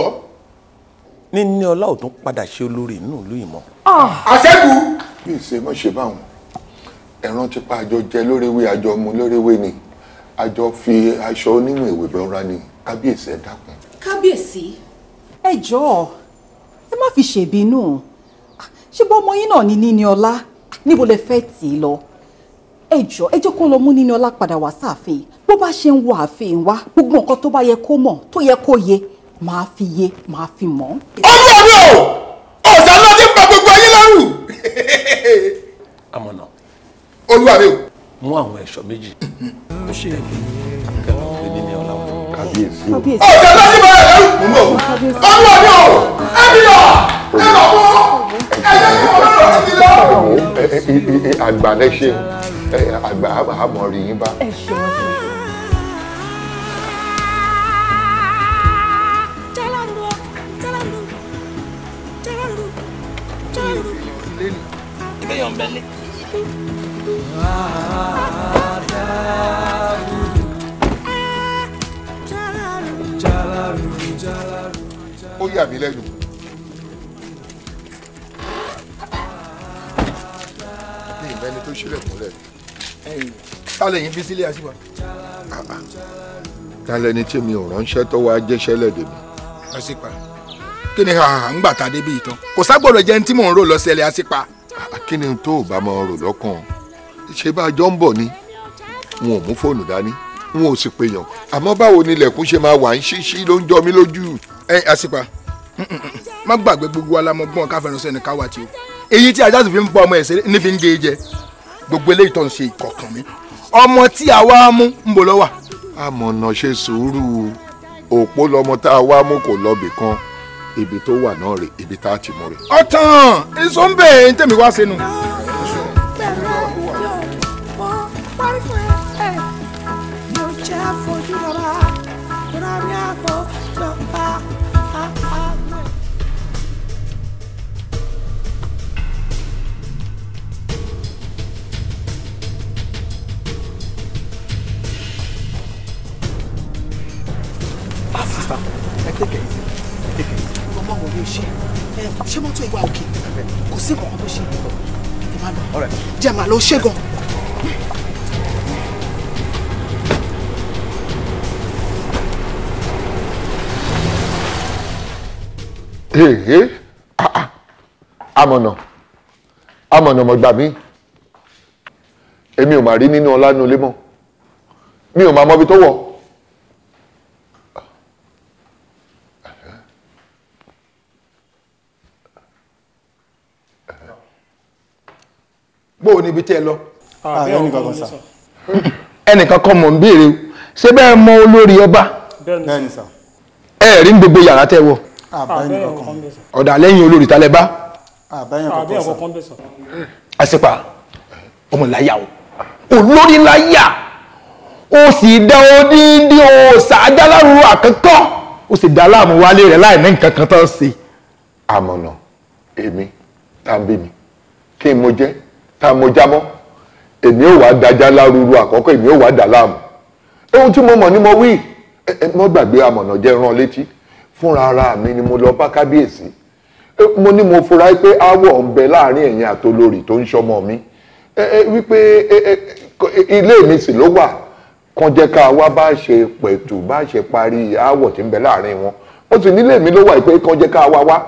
níní ọlá ò tún padà ṣe olórí inú ìlú ìmọ̀. Ah. àṣẹ́gun. bí ìṣe mọ̀ ṣe báwọn ẹ̀ràn ti pa àjọ jẹ lórewé àjọ mu lórewé ni àjọ fi aṣọ onímọ̀ ìwé rọra ni kábíyèsí ẹ dákun. kábíyèsí ẹ jọ̀ọ́ ẹ má fi ṣèbínú ah, ṣé bọ́ ọmọ yín náà ní níní ọlá níbo lẹ fẹ́ tì í lọ ẹ jọ ẹ jẹ́ kó lọ mú níní ọlá padà wá sáàfin bó bá ṣe ń wọ àfin wá gbogbo nǹkan tó bá yẹ kó mọ̀ tó yẹ kó yé máa fi yé máa fi mọ̀. ọmọ mi ò ọ̀sán náà ti pa gbogbo ayé lọ́rùn. amọ̀nà olúwa mi ò. mú àwọn ẹ̀ṣọ́ méjì kó tẹ̀lé àbíkẹ́ lọ́ọ́ pé níní ọlá w kábíyèsí o. ọ̀sẹ̀ lọ́sí bá ẹ̀rọ ìkùnú ọdún ọdún o ẹbí lọ ẹ lọ fún ẹjẹ kí wọn lọ sí lọ. àgbà lẹ ṣe àgbà àmọ́ rí yín bá. ẹ ṣeun ṣe. Beyond belly. ó yà mí lẹ́nu. ní ìmẹ́ni tó ṣílẹ̀ múlẹ̀. tálẹ̀ yín bí sílé àṣìwà. Ah, ah. tálẹ̀ ni tí mi ò ránṣẹ́ tó wá jẹ́ṣẹ́ lẹ́dẹ̀ mi. àṣìpa kí ni ń gbà tá a débi ìtàn kò ságbọ̀dọ̀ jẹ́ ní tí mò ń rò lọ́sẹ̀lẹ̀ àṣìpa. Ah, kí ni tó o bá máa rò lọ́kàn ṣé bá a jọ ń bọ̀ ni wọn ò mú fóònù dání n ò sì pèèyàn àmọ́ báwo ni ilẹ̀kùn ṣe máa wà ń ṣíṣí ló ń jọ mí lójú. ẹ àṣìpà má gbàgbé gbogbo alámọgbọ́n káfẹ́ránṣẹ́ ni káwá tí o èyí tí ajá sì fi ń bọ ọmọ ẹ̀sẹ̀ ní ń gé e jẹ gbogbo eléyìí tó ń ṣe ìkọ̀kan mi ọmọ tí a wá mú ń bò lọ́wà. àmọ̀nà ṣe sùúrù òpó lọmọ tá a wá mú kò lọ́bì kan ibi tó wà náà rè ibi tá a ti mú rè. ọ̀tàn èso ń bẹ̀ ẹ̀ ń tẹ̀mí wá sínú. take it take it. ọmọ wo ló ṣe ẹ ṣé mọ́tò ìwà òkè kò sí nǹkan tó ṣe tètè máa lọ jẹ́ màá lọ ṣẹ́gun. èèyàn amọ̀nà amọ̀nà mọ̀gbà mi èmi ò mà rí nínú ọlá nulẹ̀ mọ́ mi ò mà mọ́bi tó wọ̀. bó o níbi tẹ́ ẹ lọ. Ah, ah, ẹnìkan kan mọ̀ ń béèrè o ṣé bẹ́ẹ̀ mọ olórí ọba ẹ rí ń gbogbo yàrá tẹ́ wọ ah, ọ̀dà lẹ́yìn olórí talẹ̀ bá àṣepa ọmọ láyà o olórí láyà o sì dá odindi òòsà ajálárúurú àkọ́kọ́ o sì dá láàmú wálé rẹ̀ láì ní nǹkan kan tó ń ṣe àmọ̀nà èmi tàbí mi kí n mo jẹ́ tá a mọjá mọ́ èmi ò wá dájá lárúurú àkọ́kọ́ èmi ò wá dà láàmú ohun tí mo mọ̀ ni mo wí mo gbàgbé amọ̀nà jẹ́ rán létí fúnra ara mi ni mo lọ bá kábíyèsí mo ni mo fura pe aáwọ̀ ń bẹ láàrin ẹ̀yin àtolórí tó ń ṣọmọ mi wípé ilé mi sì ló wà kan jẹ́ ká wá bá ṣe pẹ̀tù bá ṣe parí aáwọ̀ tí ń bẹ láàrin o ó sì nílé mi ló wà pé kan jẹ́ ká wá wá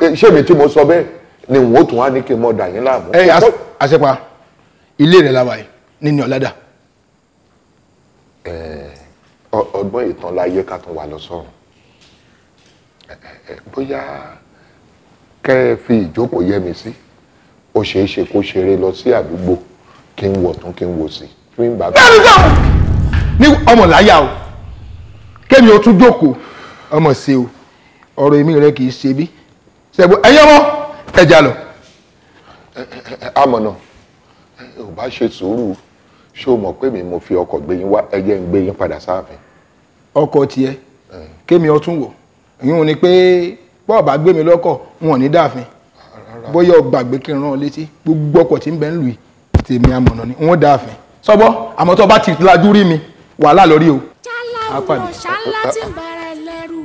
ṣé mi tí mo sọ bẹ́ẹ̀ ni n ó tún wá ní kí n mọ̀ dà yín láàmú àṣepa ilé rẹ̀ la wà yìí nínú ọ̀làdà. ọgbọ́n ìtàn láyé ká tún wà lọ sọ́run bóyá kẹ́ ẹ fi ìjókòó yẹ mi sí ó ṣeé ṣe kó ṣeré lọ sí àdúgbò kí n wọ̀ tún kí n wò sí fún ìgbà. bẹ́ẹ̀ o kémi o tún jókòó ọmọ ṣe o ọ̀rọ̀ èmi rẹ kì í ṣe bí ṣẹ́gun ẹ̀yẹ́ mọ́ ẹ̀jà lọ amọ̀nà ò bá ṣe sùúrù ṣé o mọ̀ pé mi mo fi ọkọ̀ gbé yín wá ẹjẹ́ ń gbé yín padà sáàfin. ọkọ̀ tiẹ̀ kémi ọtún wò ìyún ni pé bọ́ọ̀ bá gbé mi lọ́kọ̀ wọn ò ní dáàfin bóyá o gbàgbé kí n rán ọ létí gbogbo ọkọ̀ tí ń bẹ ń lù yìí tèmi amọ̀nà ni wọn dáàfin sọ́bọ́ àmọ́ tó bá ti lajú rí mi wàhálà lórí o. ṣálá wo ṣálá ti bẹ̀rẹ̀ lẹ́rù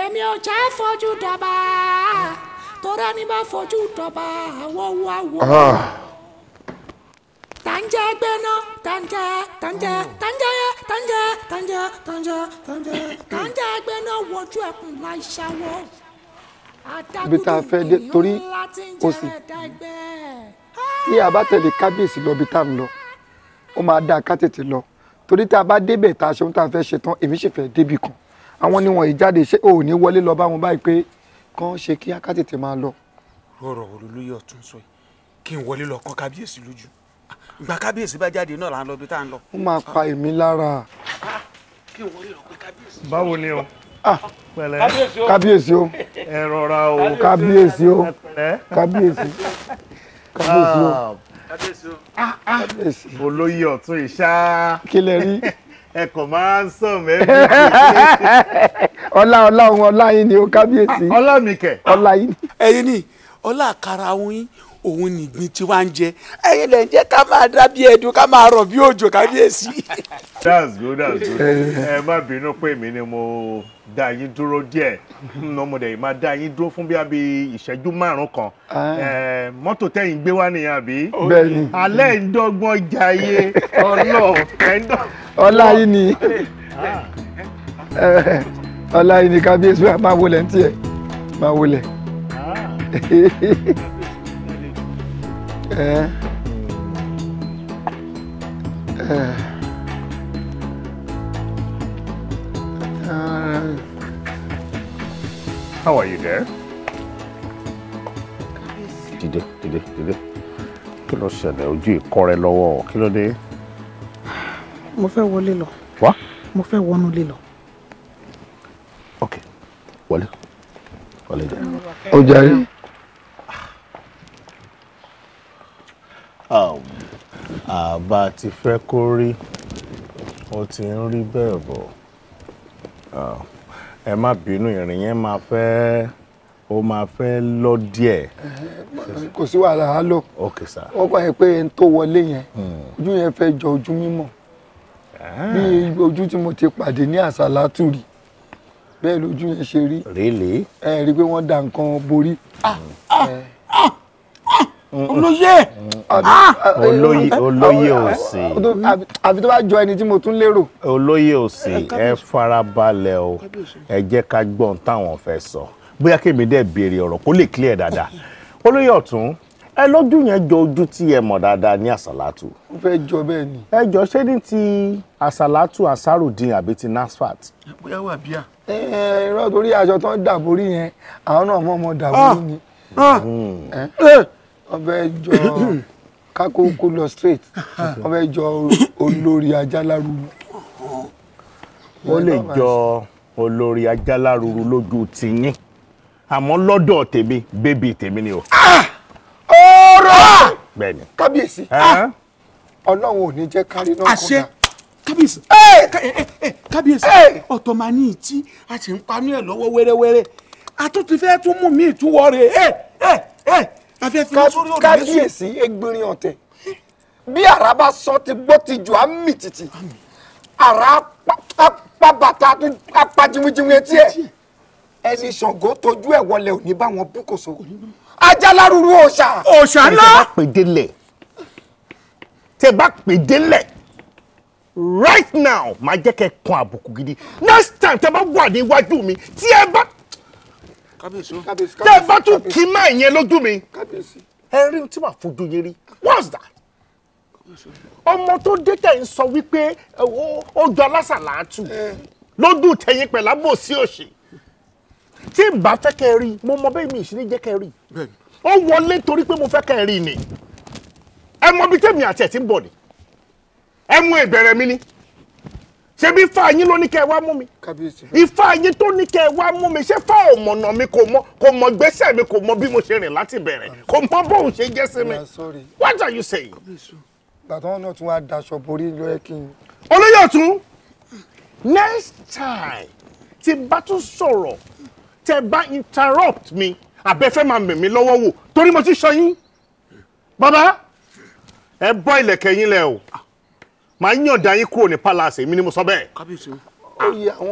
èmi ò jẹ́ fojú dábàá tọ́ra ní bá fojú tọba àwọ̀ wo àwọ̀ tàǹjà gbẹ́ná tàǹjà tàǹjà tàǹjà tàǹjà tàǹjà tàǹjà tàǹjà tàǹjà gbẹ́ná wojú ẹkùn láì ṣàwọ̀ ibi tá a fẹ́ dé torí kò sí tí a bá tẹ̀lé kábíyèsí lọ ibi tá a ń lọ ó máa dáa ká tètè lọ torí tá a bá débẹ̀ tá a ṣe ohun tá a fẹ́ ṣe tán èmi sì fẹ́ débi kan àwọn ni wọ́n yìí jáde ṣé o ò wọlé lọ bá wọn báyìí pé kán ṣe kí aká tètè máa lọ. rọrọ òru ló yọ ọtún sọ yìí kí n wọlé lọ kán kábíyèsí lójú ìgbà kábíyèsí bá jáde náà là ń lọ bí tá à ń lọ. ó máa pa èmi lára. kí n wọlé lọ báwo ni o. Ah, pẹ̀lẹ́ kábíyèsí o. ẹ rọra o. kábíyèsí o. kábíyèsí. o. kábíyèsí o. Ah, ah. olóyè ọ̀tún ìṣá. kí rí ẹ kò máa ń sàn mẹ́bí. ọlá ọlá òun ọlá yín ni ó kábíyèsí. Ah, ọlá mi kẹ. ọlá yín ni. ni ọlá àkàrà òun yín òun nìgbín tí wàá ń jẹ ẹ̀yin lẹ ń jẹ ká máa dá bí ẹdun ká máa rọ̀ bí òjò kábíyèsí. that's good that's good ẹ má bínú pé èmi ni mo dá yín dúró díẹ̀ nọmọdé máa dá yín dúró fún bí abí ìṣẹ́jú márùn kan ah. mọ́tò tẹ̀yìn gbé wá nìyẹn àbí alẹ́ ń dọ́gbọ́n jayé ọlọ ọlá yìí ni ọlá yìí ni kábíyèsí máa wọlé ń tiẹ̀ máa wọlé. Ah. ẹ ẹ how are you there. dìde dìde dìde kí ló ṣẹlẹ̀ ojú ìkọ́rẹ́ lọ́wọ́ kí ló dé. mo fẹ́ wọlé lọ. wá. mo fẹ́ wọnú lé lọ. ok wọlé wọlé dẹ. ó jẹ́ rí. Um, àbá ti fẹ́ kó rí ó ti ń rí bẹ́ẹ̀ bọ̀ um, ẹ má bínú ìrìn yẹn máa fẹ́ ó máa fẹ́ lọ díẹ̀. kò sí wàhálà á lò wọ́n gbà yẹn pé n tó wọlé yẹn hmm. ojú yẹn fẹ́ jọ ojú mímọ́ ah. bí ojú tí mo ti pàdé ní àsálátù rí bẹ́ẹ̀ lójú yẹn ṣe rí. rèlè. ẹ rí i pé wọ́n da nǹkan borí. ah ah ah. Ah! olóyè olóyè olóyè òsè àfi tó bá jọ ẹni tí mo tún lérò. olóyè òsè ẹ farabalẹ̀ o ẹ jẹ́ ká gbọ́n táwọn fẹ́ sọ bóyá kémi dẹ̀ béèrè ọ̀rọ̀ kó lè clear dáadáa olóyè ọ̀tún ẹ lójú yẹn jọ ojú tí ẹ mọ̀ dáadáa ní àsàlátù. ó fẹ́ jọ bẹ́ẹ̀ ni. ẹ jọ ṣé ní ti àsàlátù àsáròdin àbí ti nasfat. bóyá wà bíà. ẹ ẹ irọ́ torí aṣọ tó ń dàbórí yẹn àwọn náà mọ̀ ọmọ dàbórí ah! ni. Ah! Hmm. Eh! wọ́n fẹ́ jọ kákókó lọ straight wọ́n fẹ́ jọ olórí ajálárúurú. wọ́n lè jọ olórí ajálárúurú lójú tìyín àmọ́ lọ́dọ̀ tèmi bébì tèmi ni o. Ah! ọ̀rọ̀ ah! bẹ́ẹ̀ni. kábíyèsí ah! ọlọ́run ò ní jẹ́ kárí náà kọ́dà. kábíyèsí kábíyèsí ọ̀tọ̀ máa ní ìtí a sì ń pa ẹ̀ lọ́wọ́ wẹ́rẹ́wẹ́rẹ́ a tún ti fẹ́ tún mú mi ìtúwọ́ rẹ̀ ẹ̀ ẹ̀ ẹ̀ kábíyèsí egbirin ọ̀tẹ̀ bí àrá bá sọ ti gbọ́ ti jù á mì tìtì àrá apá bàtà apá jìnwìjìnwì etí ẹ̀ ẹni ṣàngó tójú ẹ̀ wọlé òní bá wọn bú kòso ajálárúurú òòṣà. òòṣà ńlá. tẹ bá pè délẹ̀ tẹ bá pè délẹ̀ right now máa jẹ́ kẹ́ kan àbùkù gidi next time tẹ bá wà níwájú mi tí ẹ bá kábíyèsí kábíyèsí. tẹ́ ẹ bá tún kí máa yẹn lójú mi ẹ rí tí màá fojú yẹn rí what's that. ọmọ tó dé tẹ̀ ń sọ wípé ó jọ alásà láàtù lójú tẹ̀yìn pẹ̀lú àbòsí òṣì tí n bá fẹ́ kẹ́ rí mo mọ bẹ́ẹ̀ mi ìṣirí jẹ́ kẹ́ rí ó wọlé torí pé mo fẹ́ kẹ́ rí ni ẹ mọ bí tèmi àti ẹ̀ ti ń bọ̀ ni ẹ mú ìbẹ̀rẹ̀ mi ni ṣebí ifá yín ló ní kẹ́ wá mú mi ifá yín tó ní kẹ́ wá mú mi ṣé fá ọmọnà mi kò mọ kò mọ gbésẹ̀ mi kò mọ bí mo ṣe rìn láti bẹ̀rẹ̀ ah, kò mọ bóun ṣe jẹ́ sí mi ah, what are you saying. bàtà náà tún wá daṣọ borí lórí kí n. olóyè ọ̀tún next time tí bá tún sọ̀rọ̀ tẹ́ bá interrupt mi àbẹ́fẹ́ máa mẹ̀ mí lọ́wọ́ wò torí mo ti sọ yín bàbá ẹ bọ́ ilẹ̀kẹ̀ yín lẹ o màá yànda yín kúrò ní palace èmi ni mo sọ bẹ́ẹ̀.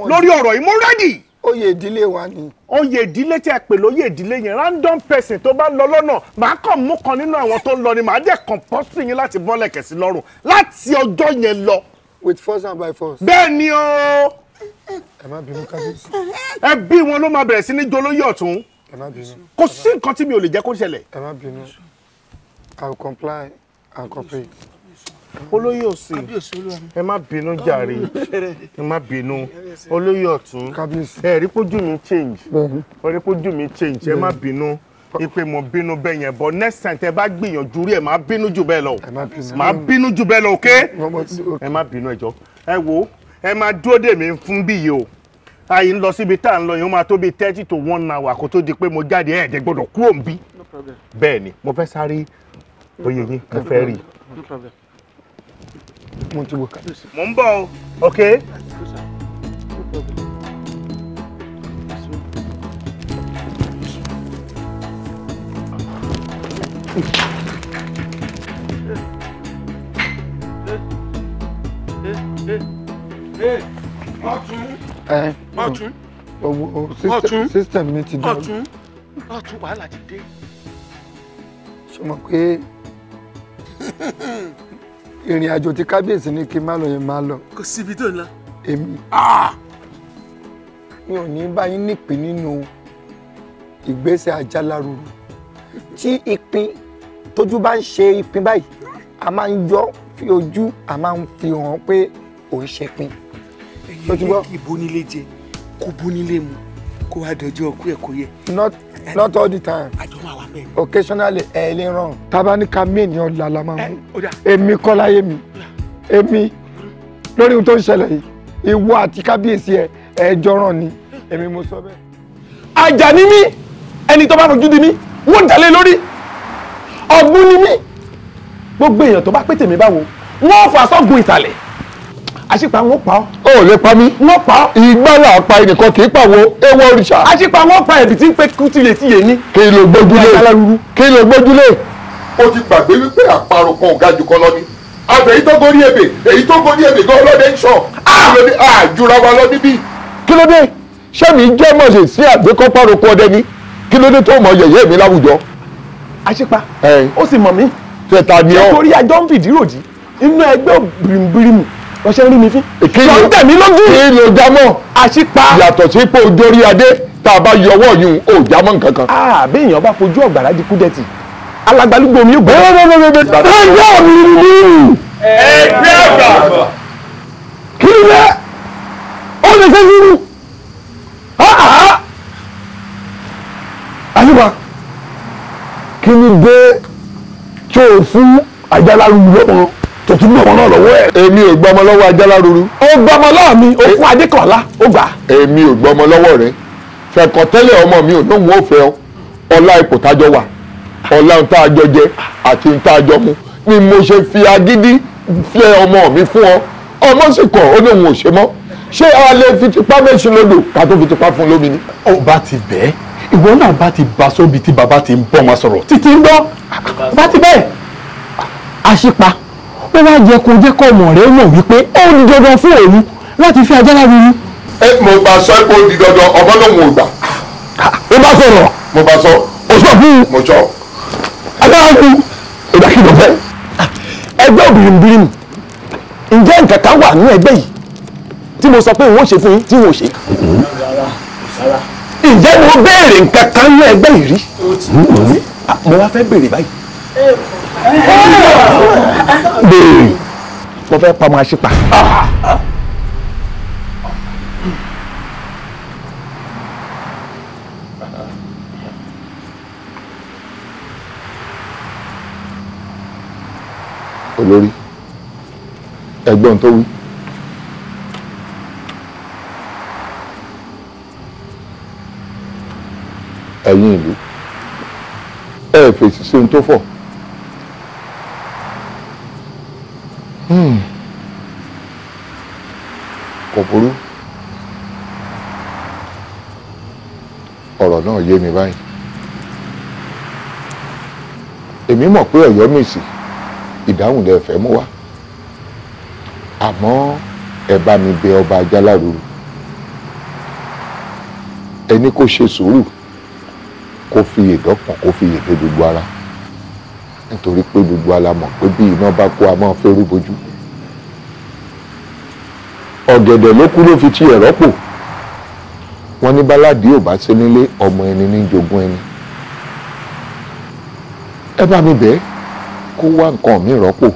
lórí ọ̀rọ̀ yìí mo rẹ́dì. oyè ìdílé wa ni. oyè ìdílé tí a pè lóyè ìdílé yẹn random person tó bá lọ lọ́nà màá kàn mú kan nínú àwọn tó ń lọ ni màá dẹ̀ compulsory yín láti bọ́lẹ̀ kẹ̀sí lọ́rùn láti ọjọ́ yẹn lọ. with force and by force. bẹ́ẹ̀ ni o. ẹ má bínú kábíyèsí. ẹbí wọn ló máa bẹ̀rẹ̀ sí ní jolóyè ọ̀tún. ẹ má bínú. kò sí nǹkan tí mi ò lè jẹ́ kó ṣẹlẹ̀. ẹ má bínú. I will comply and cooperate olóyè òsè ẹ má bínú jàre ẹ má bínú olóyè ọ̀tún ẹ rí pójú mi change ẹ rí pójú mi change ẹ má bínú ipe mo bínú bẹ́ẹ̀ yẹn bọ́ next time tẹ bá gbìyànjú rí ẹ má bínú jù bẹ́ẹ̀ lọ má bínú jù bẹ́ẹ̀ lọ ok ẹ má bínú ẹ jọ ẹ wo ẹ má dúró dè mí fún bí yìí o ayi ń lọ síbi tá à ń lọ yìí ó máa tó bíi thirty to one hour kó tó di pé mo jáde ẹ̀ẹ́dẹ̀ gbọ́dọ̀ kúrò ń bí bẹ́ẹ̀ ni mo fẹ́ sáré oyè yín mo fẹ́ rí i mo ti okay. Hey, mo hey, bọ̀ o. ok. ọtún ọtún system mi ti dán. ọtún ọtún wàhálà ti dé. ṣé o ìrìn àjò ti kábíyèsí ní kí n má lọ yẹn má lọ. kò síbi tó ń lọ. èmi ah! mi ò ní bá yín nípìn nínú ìgbésẹ̀ àjáláruru tí ìpín tójú bá ń ṣe ìpín báyìí a máa ń yọ fi ojú a máa ń fi hàn pé ò ń ṣẹpin. ẹyin ní kí ìbónilé jẹ kó bónilé mu kó wá dọjọ́ ọkú ẹ kó yẹ. not not all the time occasionally ẹ lè ràn tábà ní ká mí ènìyàn là la máa mú èmi kọ́ láyé mi èmi lórí ohun tó ń ṣẹlẹ̀ yìí ìwọ àti kábíyèsí ẹ ẹ jọràn ni èmi mo sọ bẹ́ẹ̀. àjà ni mí ẹni tó bá fojú di mí wọ́n dalẹ̀ lórí ọ̀gbun ni mí gbogbo èèyàn tó bá pé tèmi báwo wọ́n fà sọ́gun ìsàlẹ̀ àṣìpà wọn pa ọ. ó lè pa mí. wọ́n pa ọ. ìgbà là pa ẹnìkan kì í pàwọ ewé òrìṣà. àṣìpà wọn pa ẹbí tí ń pé kú tìyẹ tìyẹ ní. kí ló gbójúlé kí ló gbójúlé. ó ti gbàgbé wípé àparò kan ò ga jù kan lọ ni àbẹ̀ èyí tó gorí ebè èyí tó gorí ebè gan ọlọ́dẹ ń sọ àjùra ah! ah! wa lọ níbí. kí ló dé ṣé mi jẹ́ mọ̀ṣẹ̀ sí àgbékọ́ párokò ọdẹ ni kí ló dé tó mọ yẹ̀yẹ́ mi láwùjọ. àṣepa ó sì mọ̀ mí. tẹ̀ta ni ọ́ nítorí àjọ ń fìdí ròjì inú ẹgbẹ́ bìrìmùbìrìmù wọ́n ṣe ń rí mi fín. èkéyìí wọ́n tẹ̀mí lójú. kí ló jámọ́. àṣìpa. yàtọ̀ sí pé ojórí adé tá a bá yọwọ́ yún ó jámọ́ nǹkan kan. a ah, bí èèyàn bá fojú ọ̀gbàrá di kúdẹ́tì alagbalúgbò mi ò gbọ́. ẹgbẹ́ mi ni. ẹgbẹ́ àgbà. kí ni bẹ́ẹ̀ ó lè ṣe sínú. àṣìpa kí ni dé tó fún àjálá rú lọ́wọ́ tó tún gbọmọ náà lọ́wọ́ ẹ̀. èmi ò gbọmọ lọ́wọ́ ruru. ó gbọmọ lọ́wọ́ mi ó fún Adékọ̀ọ́lá ó gbà. èmi ò gbọmọ lọ́wọ́ rẹ fẹ̀kọ̀ tẹ́lẹ̀ ọmọ mi ò lóun ò fẹ́ ọ ọlá ipò tájọ wà ọlá ń tájọ jẹ àti ń tájọ mu ni mo ṣe fi agídí fẹ́ ọmọ mi fún ọ ọmọ sì kọ̀ ó lóun ò ṣe mọ́ ṣé a lè fi tipa méṣù lódò ká tó fi tipa fún lómi ni. ó bá ti bẹ́ẹ̀ ìwọ náà bá ti bá sóbi tí bàbá ti ń bọ́ wọn sọ̀rọ̀ títí ń gbọ́ bá ti bẹ́ẹ̀ àṣìpa ó wá jẹ kó jẹ́ kó ọmọ rẹ̀ mọ̀ wípé ó di dandan fún òun láti fi ajá lábẹ́ ẹ mo bá sọ pé ó di dandan ọmọ náà mo gbà. ó bá sọ̀rọ̀. mo bá sọ. o sọ fún mi. mo sọ. aláàbò ìdákìlọ̀ fẹ́. ẹgbẹ́ obìnrin bírin ǹjẹ́ nǹkan kan wà ní ẹgbẹ́ yìí tí mo sọ pé òun ò ṣe fún yín tí òun ò ṣe. ǹjẹ́ mo béèrè nǹkan kan ní ẹgbẹ́ yìí rí. Ah, mo wá fẹ́ béèrè báyìí béèrè mo fẹ́ pa ọmọ aṣípa. olórí ẹ̀gbọ́n tó wí. ẹ̀yin ìlú ẹ fèsì sí ohun tó fọ̀. Hmm. kò burú ọ̀rọ̀ náà yé mi báyìí èmi mọ̀ pé ọ̀yọ́ mèsì ìdáhùn lẹ fẹ́ mú wá àmọ́ ẹ bá mi bẹ ọba ajáláruru ẹni kó ṣe sùúrù kó fi èdọ́kàn kó fi èdè gbogbo ara nítorí pé gbogbo alamọ̀ pé bí iná bá kó a máa fẹ́rú bojú ọ̀gẹ̀dẹ̀ ló kú ló fi tiẹ̀ rọ́pò wọ́n ní báládì ò bá sí nílé ọmọ ẹni ní jogún ẹni ẹ bá mi bẹ́ẹ̀ kó wá nǹkan mi rọ́pò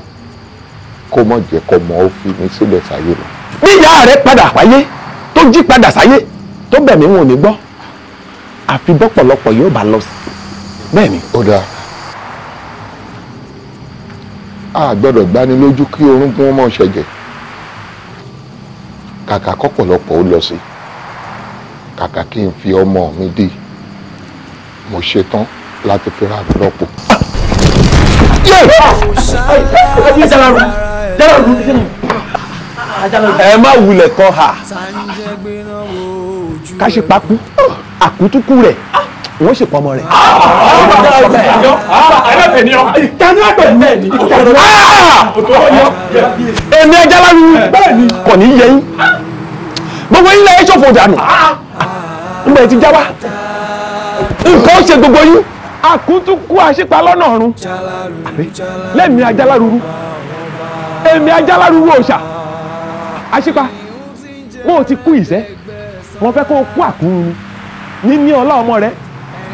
kó mọ̀ jẹ́ kọ́ mọ́ ó fi mi sílẹ̀ sáyé lọ. bí rẹ padà wáyé tó jí padà sáyé tó bẹ̀ mí wọn ò ní gbọ́ àfi bọ́pọ̀lọpọ̀ yóò bá lọ sí bẹ́ẹ̀ ni. ó dáa a gbọ́dọ̀ gbani lójú kí orúnkún wọn mọ̀ ṣẹ̀jẹ̀ kàkà kọ́pọ̀lọpọ̀ ó lọ sí kàkà kí n fi ọmọ mi dì mo ṣetán láti fi ra àbúrọ̀pò. ẹ má wulẹ̀ kọ́ ha ká ṣe pakú àkútúkú rẹ̀ wọ́n sì pọ̀ ọmọ rẹ̀. èmi ẹja láwùú kò ní yẹ yín gbogbo yín lẹ́yìn ṣòfò dànù nígbà tí jáwá nǹkan ó ṣe gbogbo yín àkútúkú àṣípa lọ́nà ọ̀run lẹ́mìí ajálárúurú èmi ajálárúurú òòṣà àṣípa bó ti kú ìṣẹ́ wọn fẹ́ kó o kú àkúrú níní ọlá ọmọ rẹ̀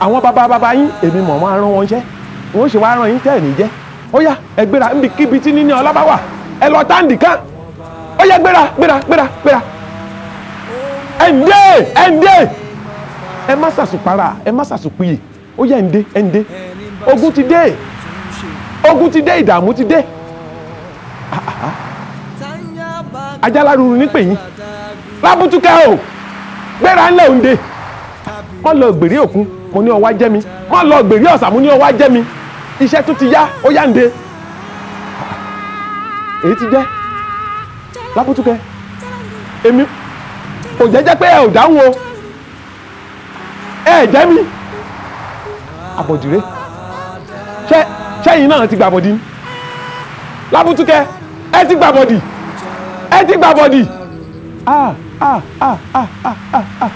àwọn bàbá bàbá yín èmi mọ̀ wọ́n rán wọn jẹ́ wọ́n ṣe wá rán yín tẹ́ ẹ̀ ní jẹ́ ó yá ẹ gbéra níbi kíbi tí níní ọlá bá wà ẹ lọ táǹdì kan ó yá gbéra gbéra gbéra gbéra ẹ ń dé ẹ ń dé ẹ má sàṣùpara ẹ má sàṣùpìyè ó yá ẹ ń dé ẹ ń ogun ti dé ogun ti dé ìdààmú ti dé ajáláruru nípè yín lábùtúkẹ́ o gbéra ńlẹ̀ òǹde wọ́n lọ gbèrè òkun mo ní ọwá jẹ́ mi má lọ gbèrè ọ̀sà mo ní ọwá jẹ́ mi iṣẹ́ tó ti yá ó yáǹde èyí ti jẹ́ lápútúkẹ́ èmi kò jẹ́jẹ́ pé ẹ ò dáhùn o ẹ jẹ́ mi àbọ̀dìrẹ́ ṣé ṣẹ́yìn náà ti gbàbọ̀dì ni lápútúkẹ́ ẹ ti gbàbọ̀dì ẹ ti gbàbọ̀dì ah ah ah ah ah ah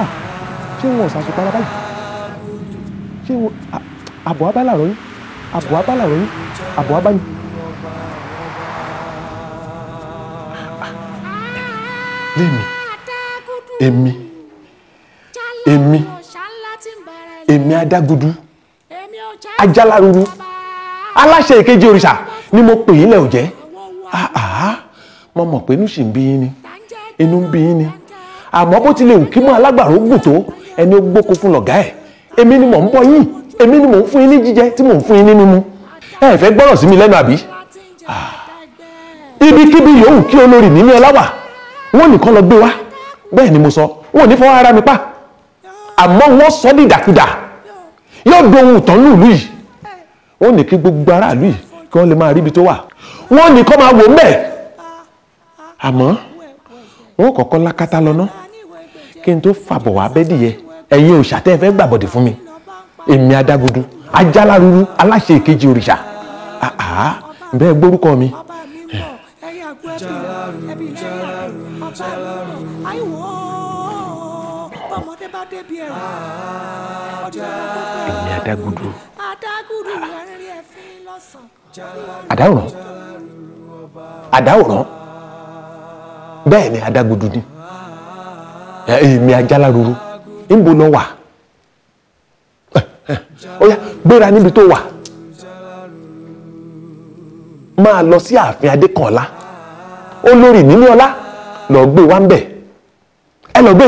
ah ṣé wọn ò sàṣùpá lábáyìí ṣé wo àbọ̀ abala rọ̀ yín àbọ̀ abala rọ̀ yín àbọ̀ abáyín. lémi èmi èmi èmi adágudu ajáláruru aláṣẹ ìkejì òrìṣà ni mo pè yín lẹ ò jẹ́ mo mọ̀ pé inú sì ń bí yín ni inú ń bí yín ni àmọ́ bó tilẹ̀ wù kí mọ́ alágbàro gùn tó ẹni ó gbóko fún lọ̀gá ẹ̀ èmi ni mò ń bọ yín èmi ni mò ń fún yín ní jíjẹ tí mò ń fún yín ní mímu ẹ fẹ́ gbọ́rọ̀ sí mi lẹ́nu àbí. ibikíbi yòówù kí olórí nínú ẹ láwà wọn nìkan lọ gbé wá bẹ́ẹ̀ ni mo sọ wọn ò ní fọwọ́ ara mi pa àmọ́ wọ́n sọ ní ìdàkudà yóò dohun ìtàn lùlù yìí wọ́n ní kí gbogbo aráàlú yìí kí wọ́n lè máa rí ibi tó wà wọ́n ní kọ́ máa wò ń bẹ̀ àmọ́ wọ́n kọ́kọ́ lákátá lọ́nà kí n tó fàbọ̀ wá bẹ́dìyẹ ẹ̀yin òòṣà tẹ́ ẹ fẹ́ gbàbọ̀dẹ̀ fún mi èmi adágudu ajálárúurú aláṣẹ ìkejì òrìṣà àhá bẹ́ẹ̀ gbórúkọ mi. èmi adágudu àdáwòrán àdáwòrán bẹ́ẹ̀ ni adágudu ni èmi ajálárúurú. ń bo náà wà ó gbéra níbi tó wà máa lọ sí ààfin adékànlá lórí nínú ọlá lọ gbé wá ń bẹ ẹ lọ gbé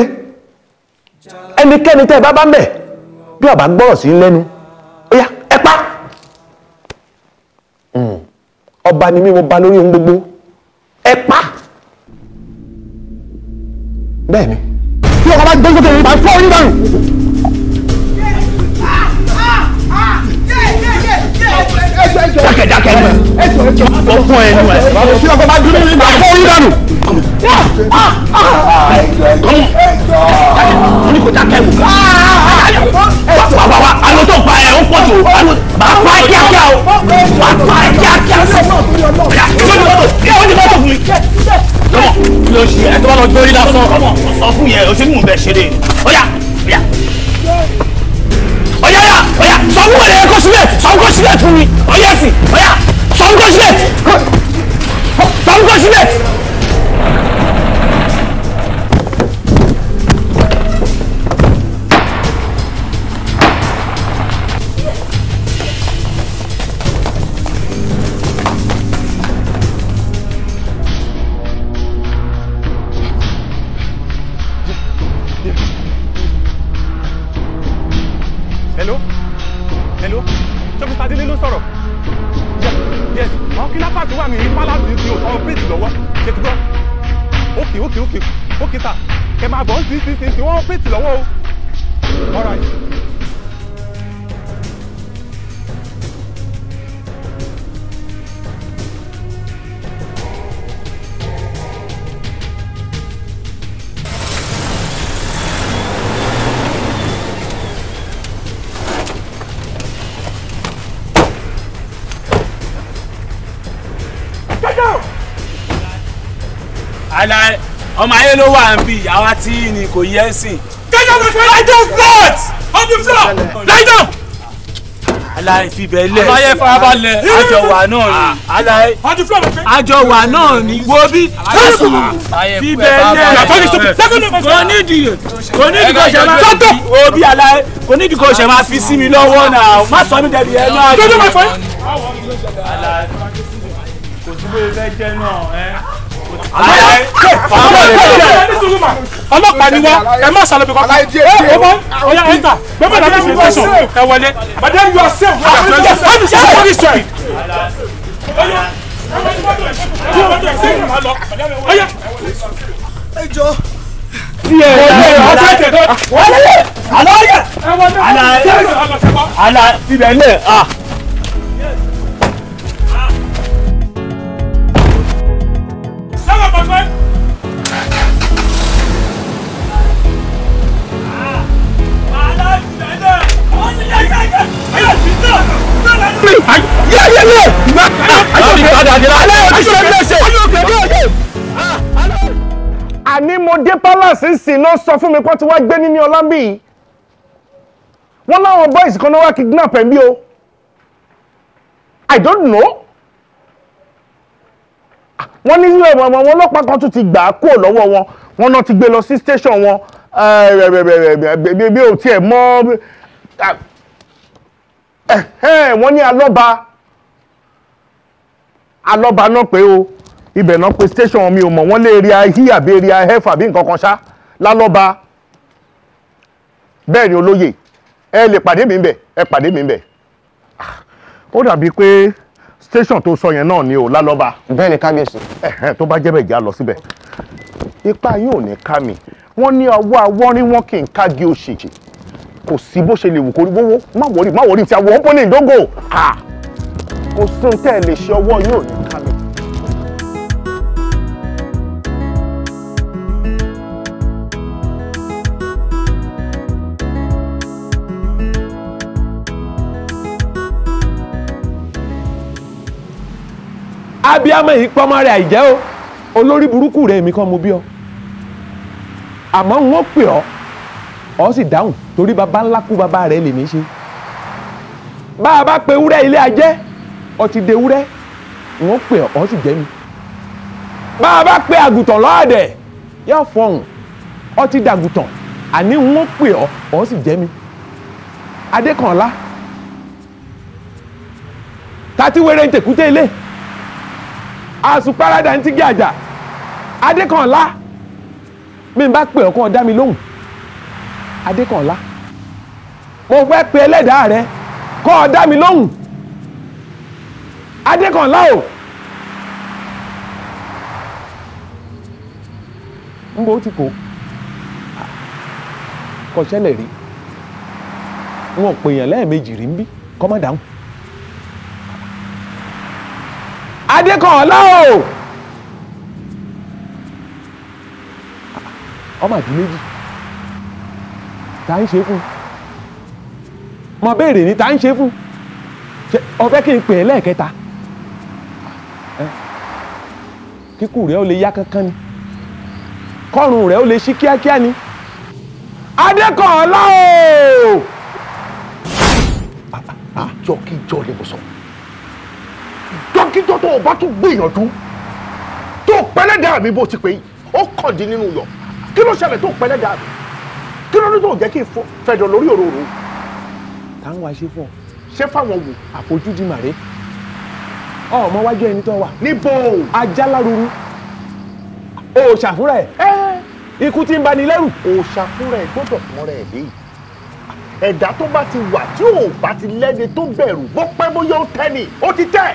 ẹnikẹ́ni tẹ́ ẹ bá bá ń bẹ bí ọba gbọ́rọ̀ sí lẹ́nu ó ẹ pa hmm. ọba ni mí mo ba lórí ohun gbogbo ẹ pa bẹ́ẹ̀ ni. Dangote ni màá fọ́ ọ nígbà rùn. dákẹ́ dákẹ́ ni mo fún ẹ nù ẹ. kí lọ́kọ̀ bá dúró ní màá fọ́ ọ nígbà rùn. kọ́mù dákẹ́ mo ní kò dákẹ́ mo wà wà wà àlọ tó pa ẹ̀ ń pọ̀ tó àlọ mà á pa ẹ̀ kíákíá o mà á pa ẹ̀ kíákíá o. ìjọba ìjọba tó yẹ wọ́n ti bá tó fún mi. lọ́mọ mi ò ṣe ẹ̀ tó bá lọ gbórí lásán sọ fún yẹn òṣèlú mò ń bẹ ṣeré ọ̀yà ọ̀yà ọ̀yà ọ̀yà sọ fún wẹ̀rẹ̀ ẹ̀ kó sílẹ̀ sọ fún kó sílẹ̀ fún mi ọ̀yà sì ọ̀yà sọ fún kó sílẹ̀ sọ fún kó sílẹ̀. profit lọ́wọ́ o. ọmọ ayé ló wà ń bí àwa tí ni kò yẹ sìn. get down my lie down flat on the floor lie down. alaye fibẹ lẹ alaye farabalẹ̀ àjọ wà náà ni alaye ah. àjọ wà náà ni wo bí fibẹ lẹ kò ní di kò ní di kò ṣe máa fi wo bí alaye kò ní di kò ṣe máa fi sí mi lọ́wọ́ náà má sọ mi dẹbi ẹ náà. get down my kò sí bóyá ẹ náà ọlọ́pàá ni wá ẹ má sàlọ̀ bìkọ́ ẹ ọmọ ọyá ẹ̀ńtà bẹ́ẹ̀ náà fi tẹ̀sán ẹ wọlé. madam you are safe. ọmọ ṣe é very sorry. ẹ jọ ala ala ibẹ lẹ ah alẹ́ àní mo dé palace nsìn náà sọ fún mi pé tí wọ́n gbé ní ní ọlámbì yìí wọ́n láwọn boys kan náà wá kidnap ẹ̀ bí o i don't know wọ́n ní yíyọ ọmọ wọn ọlọ́pàá kan tún ti gbà á kúrò lọ́wọ́ wọn wọn náà ti gbé lọ sí station wọn bí o tiẹ̀ mọ́ wọ́n ní alọ́ba. alọba náà pé o ibẹ̀ náà pé station mi ò mọ̀ wọ́n lé area he àbí area f àbí nǹkan kan ṣá lálọ́ba bẹ́ẹ̀ ni olóye ẹ lè pàdé mi bẹ̀ ẹ pàdé mi bẹ̀ ah, ó dàbí pé station tó sọ yẹn náà ni o lálọ́ba. bẹ́ẹ̀ ni kábíyèsí. ẹ̀hẹ́n tó bá jẹ́ bẹ́ẹ̀ lọ síbẹ̀ ipa yóò ní ká mi wọ́n ní ọwọ́ awọ́rí wọn kì í kági òṣèjì kò sí bó ṣe lè wù kó rí wọ́wọ́ má wọrí má wọrí tí a wọ́n bó lè dógò. kò sí tẹ́ ẹ lè ṣe ọwọ́ yóò ní ká mi. yìí pọmọ rẹ àìjẹ́ o olórí burúkú rẹ èmi kọ́ mo bí ọ àmọ́ wọ́n pè ọ́ ọ sì dáhùn torí baba ńlá kú baba rẹ̀ lè ní í ṣe bá a bá pe ewúrẹ́ ilé ajẹ́ ọtí dewúrẹ́ wọ́n pè ọ́ sì jẹ́ mi bá a bá pe àgùntàn lọ́ọ̀dẹ̀ yóò fọhùn ọtí dàgùntàn àní wọ́n pè ọ́ ọ́ sì jẹ́ mi adékànlá tàti wẹ́rẹ́ ń tẹ̀kútẹ́ ilé àsùpárádà ń tígí àjà adékànlá mi bá pè ọkàn dá mi lóhùn adékànlá mo fẹ́ pe ẹlẹ́dàá rẹ kọ́ ọ dá mi lóhùn adékànlá o ń bọ́ ti kò kò ṣẹlẹ̀ rí wọn pèèyàn lẹ́ẹ̀mejì rí ń bí kọ́mọ́ dáhùn adékànlá o ọmọ àti méjì tá ń ṣe fún mo béèrè ní tá ń ṣe fún ọbẹ̀ kí n pè é lẹ́ẹ̀kẹta. kíkù rẹ̀ ó lè yá kankan ni kọ́rùn rẹ̀ ó lè ṣí kíákíá ni adékọ̀ọ́lá o. ìjọkíjọ lè mọ̀ sọ ìjọkíjọ tó o bá tún gbìyànjú tó o pẹ́lẹ́dà mi bó o ti pè é ó kàn dín nínú yọ kí ló ṣẹlẹ̀ tó o pẹ́lẹ́dà mi kí ló dé tó o jẹ́ kí n fẹ́dọ̀ lórí òróró. táwọn aṣẹ́fọ̀ ṣé fáwọn wò àfojúdi màrè ọmọ wájú ẹni tó wà. níbo ajáláruru òòṣà fúnra ẹ ikú tí ń bani lẹ́rù. òòṣà fúnra ẹ gbọ́dọ̀ mọ́ra ẹ̀ léyìí ẹ̀dá tó bá ti wà tí ò bá ti lẹ́ni tó bẹ̀rù bó pẹ́ bóyá ó tẹ́ ni ó ti tẹ́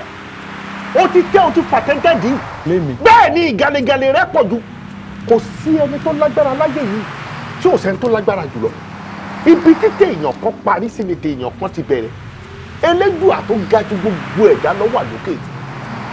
ó ti tẹ́ ó ti fàtẹ́tẹ́ dì í bẹ́ẹ̀ ni ìgalegale rẹ pọ̀ ju kò sí ẹni tó lágbára láyé yìí tí ò sẹ́ni tó lágbára jùlọ ibi títẹ̀ èèyàn kan parí sí ni tẹ̀ èèyàn kan ti bẹ̀rẹ̀ elédùà tó ga ju gbogbo ẹ̀dá lọ wà lókè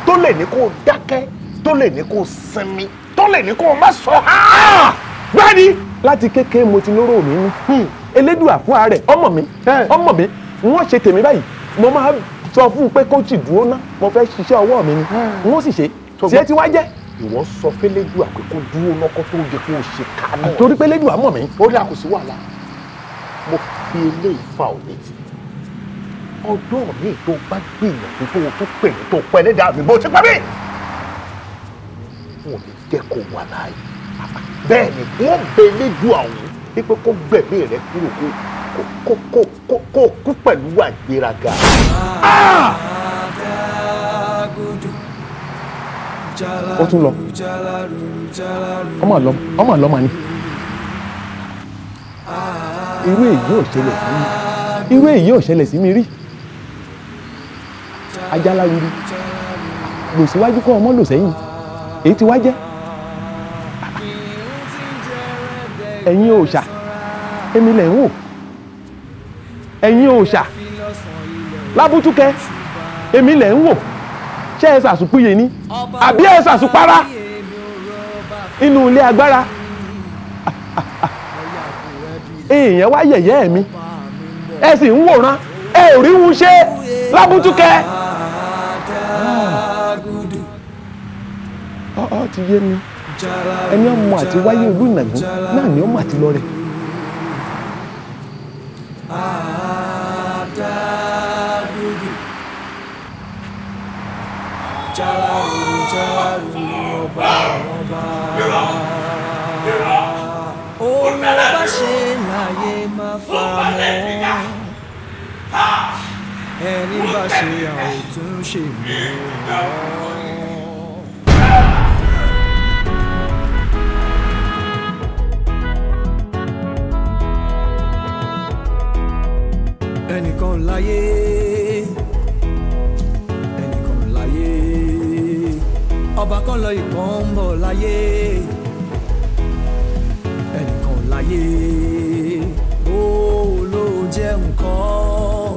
tó lè ní kó dákẹ́ tó lè ní kó sinmi tó lè ní kó má sọ ha bẹ́ẹ̀ni láti kékeré mo ti lóró mi nù elédùà fún ààrẹ ọmọ mi ọmọ mi wọ́n ṣe tèmi báyìí mo máa sọ fún un pé kó tì dúró ná mo fẹ́ ṣiṣẹ́ ọwọ́ mi ni wọ́n sì ṣe tiẹ́ ti wá jẹ́ ìwọ sọ fẹlẹdùn àkókò dúró lọkọ tó yẹ kó o ṣe ká náà. torí pé lẹdùn àmọ mi. ó dà kò wàhálà mo fi eléyìí fa òní tì ọdún mi tó bá gbìyànjú tó o tún pè mí tó pẹ́ lédè àmì bó ṣe pa mí. wọn ò ní jẹ́ kó wà láàyè bẹ́ẹ̀ ni wọ́n bẹ lójú àwọn wípé kó gbẹ̀mí rẹ kúrò kó kó kó kó kú pẹ̀lú àgbéraga. ó tún lọ ọmọ àlọ ọmọ àlọ màá ní irú èyí ò ṣẹlẹ̀ sí mi irú èyí ò ṣẹlẹ̀ sí mi rí ajáláwiri lò síwájú kọ́ ọmọ lò sẹ́yìn èyí ti wá jẹ́ ẹ̀yin òòṣà èmi lẹ̀ ń wò ẹ̀yin òòṣà lábútúkẹ́ èmi lẹ̀ ń wò ṣé ẹ ṣàṣùpúyè ni àbí ẹ ṣàṣùpárá inú ilé agbára èèyàn wá yẹ̀yẹ́ mi ẹ sì ń wòran ẹ ò rí wọn ṣe lábútúkẹ́. àti yémi ẹni ọmọ àti wáyé olú ìnàgún náà ni ọmọ àti lọ rẹ. Jalaru, bá ṣe láyé ṣe àwòtúnṣe mọ́. ẹnìkan láyé ẹnìkan láyé ọba kan lọ ìkan ń bọ̀ láyé ẹnìkan láyé ó ló jẹ́ nǹkan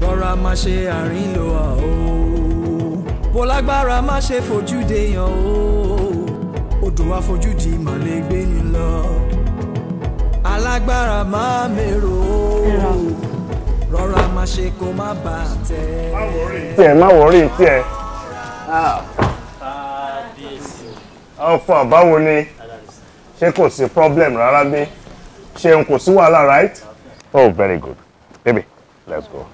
rọra máa ṣe àárín lò á o bó lágbára má ṣe fojú de yàn o odò àfojúdi mà lè gbé ni lọ alágbára má mèrò o rọra máa ṣe kó má bà á tẹ́. má wọrí tiẹ̀ má wọrí tiẹ̀. Ah, ọkọ àbáwo ni ṣé kò sí problem rárá bí ṣé n kò sí wàhálà right. oh very good baby let's go.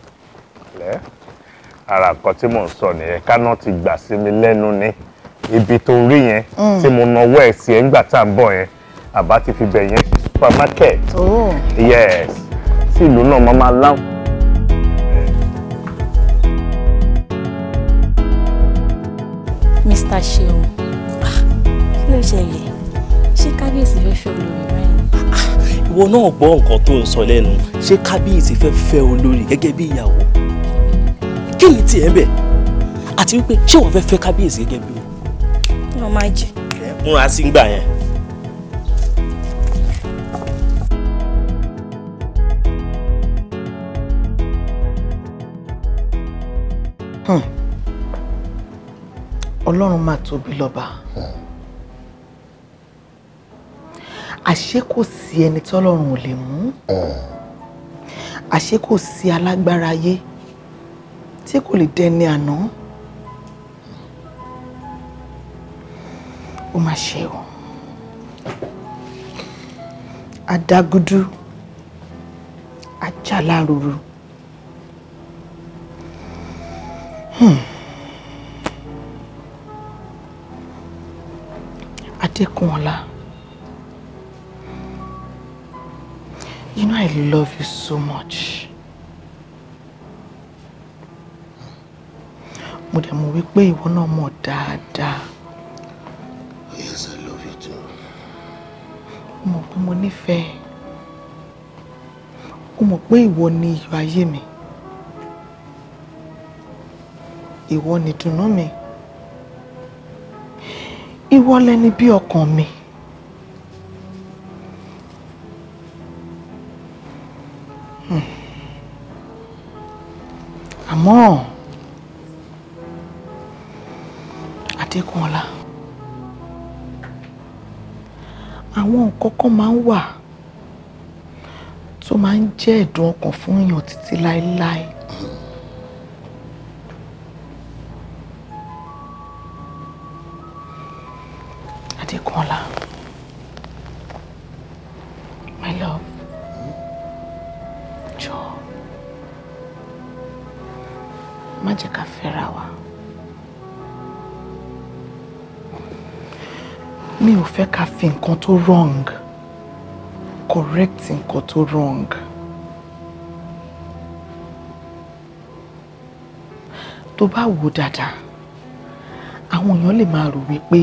Yeah ara nǹkan tí mò ń sọ nìyẹn káná ti gbà sí mi lẹ́nu ní ibi tó rí yẹn mm. tí mo nawọ́ ẹ̀ sí ẹ̀ ńgbà tá à ń bọ̀ yẹn àbá ti fi bẹ̀ yẹn supermarket oh. yes sí ìlú náà máa máa láwọn. Mr. Ṣeun ah, kí ló ṣẹlẹ̀ ṣé kábíyèsí fẹ́ fẹ́ olórí rẹ̀ ìwọ náà gbọ́ nǹkan tó ń sọ lẹ́nu ṣé kábíyèsí fẹ́ fẹ́ olórí gẹ́gẹ́ bí ìyàwó kí ni tiẹ̀ bẹ̀ àti wípé ṣé wọ́n fẹ́ fẹ́ kábíyèsí gẹ́gẹ́ bí o. wọ́n máa jẹ. múra sí gbà yẹn. Hmm ọlọ́run máa tóbi lọ́ba àṣé kò sí ẹni tọ́lọ́run ò lè mú àṣé kò sí alágbára ayé tí kò lè dẹni àná ó máa ṣe o adágúdú ajáláruru. Hmm. Adekunla. You know I love you so much. Mo dẹ̀ mọ̀ wípé ìwọ náà mọ̀ dáadáa. Yes, I love you too. Mo mọ̀ pé mo nífẹ̀ẹ́. Mo mọ̀ pé ìwọ ni iyọ̀ ayé mi. Ìwọ ni ìdùnnú mi ìwọ lẹni bí ọkàn mi. Hmm. àmọ́ Adékúnọlá àwọn nǹkan kan máa ń wà tó máa ń jẹ́ ẹ̀dùn ọkàn fún èèyàn títí láéláé nǹkan tó wrong correct nǹkan tó wrong. tó bá wò dáadáa àwọn èèyàn lè máa rò wípé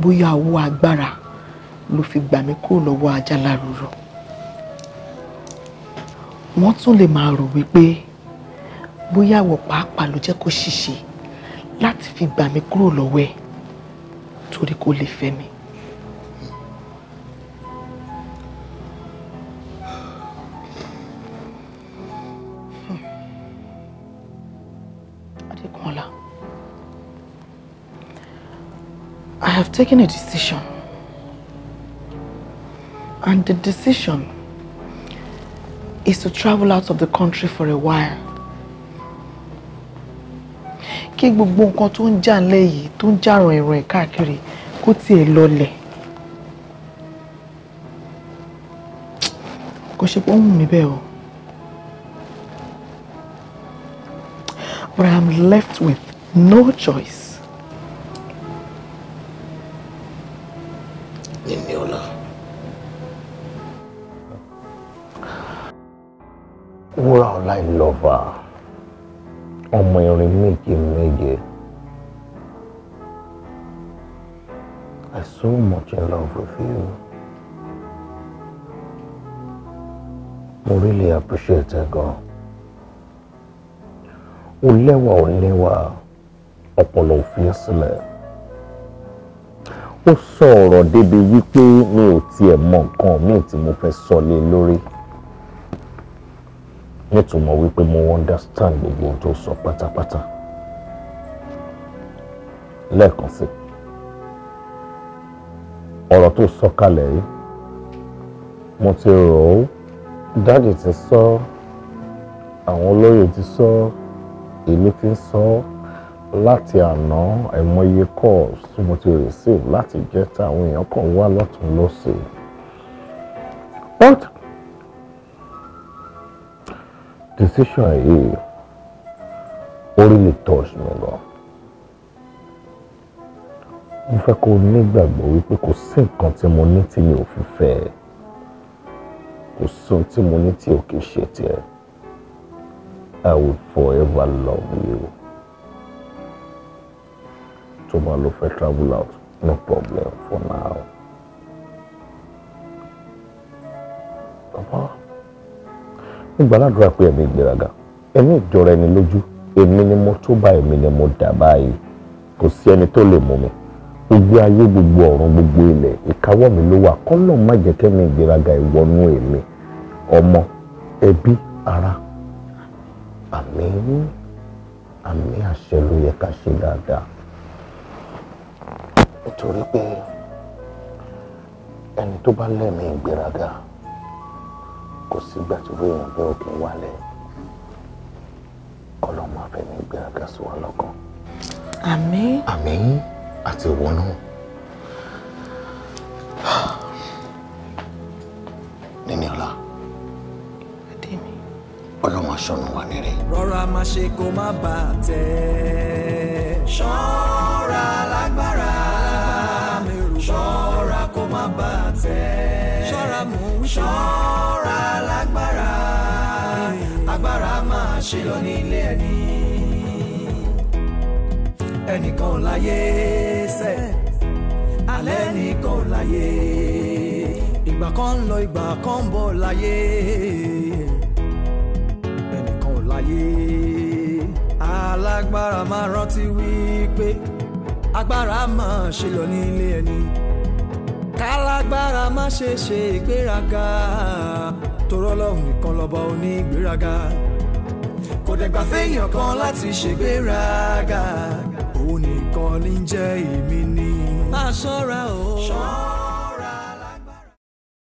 bóyá owó agbára ló fi gbà mí kúrò lọ́wọ́ ajá lárúurú wọ́n tún lè máa rò wípé bóyá àwọ̀ pàápàá ló jẹ́ kó ṣìṣe láti fi gbà mí kúrò lọ́wọ́ ẹ̀ torí kò lè fẹ́ mi. taken a decision. And the decision is to travel out of the country for a while. Kí gbogbo nǹkan tó ń jà ńlẹ̀ yìí tó ń jà ràn-ìràn káàkiri kó tiẹ̀ lọlẹ̀. Kò ṣe pé ó wù mí bẹ́ẹ̀ o. But I am left with no choice. you. Mo really appreciate that, gan. O lẹ́wà o lẹ́wà ọpọlọ òfin sílẹ̀. Ó sọ ọ̀rọ̀ débi wípé mi ò tiẹ̀ mọ nǹkan míì tí mo fẹ́ sọ lé lórí. Nítumọ̀ wípé mo understand gbogbo ohun tó sọ pátápátá. Lẹ́ẹ̀kan sí i ọ̀rọ̀ tó sọ kalẹ̀ yìí mo ti rò ó dáàdì ti sọ àwọn olóyè ti sọ èmi ti sọ láti àná àìmọye calls tí mo ti receive láti jẹ́ tí àwọn èèyàn kan wá lọ́tún lọ́sẹ̀ but decision yìí ó rí lè touch mi mo fẹ́ kó o nígbàgbọ́ wípé kò sí nǹkan tí mo ní tí mi ò fi fẹ́ ẹ kò sí ohun tí mo ní tí ò kìí ṣe tiẹ̀ I will forever love you tó bá lọ fẹ́ travel out no problem for now. Bàbá mo gbàdúrà pé ẹ̀mí ìgbéraga ẹ̀mí ìjọra ẹni lójú èmi ni mo tó bá èmi ni mo dà báyìí kò sí ẹni tó lè mú mi gbogbo ayé gbogbo ọ̀run gbogbo ilẹ̀ ìkáwọ́ mi ló wà kọ́lọ̀ má jẹ́ kẹ́mi ìgbéraga ìwọ́nú èmi ọmọ ẹbí ara àmín àmín àṣẹ ló yẹ ká ṣe dáadáa nítorí pé ẹni tó bá lẹ́mí ìgbéraga kò sígbà tó bẹ́ẹ̀ yàn bẹ́ẹ̀ òkè wálẹ̀ ọlọ́mọ afẹ́mi ìgbéraga sí wa lọ́kàn. àmín. àmín àti ìwọ náà níní ọlá ọlọ́run aṣọ́nu wà máa ṣe kó má bà tẹ̀. ṣọ́ra lágbára ṣọ́ra kó má bà tẹ̀. ṣọ́ra mò ń ṣọ́ra lágbára agbára máa ṣe lọ nílé ẹni ẹnìkan láyé sẹ́ alẹ́ nìkan láyé ìgbà kan ń lọ ìgbà kan ń bọ̀ láyé ẹnìkan láyé alágbára máa rántí wípé agbára máa ṣe lọ nílé ẹni kálágbára má ṣe ṣe ìgbéraga torọ́ lọ́hùn nìkan lọ́ba onígbéraga kò dẹ̀gbà fẹ́yàn kan láti ṣègbéraga ìwọ ni jẹ́ èmi ni. máa ṣọ́ra o. ṣọ́ra.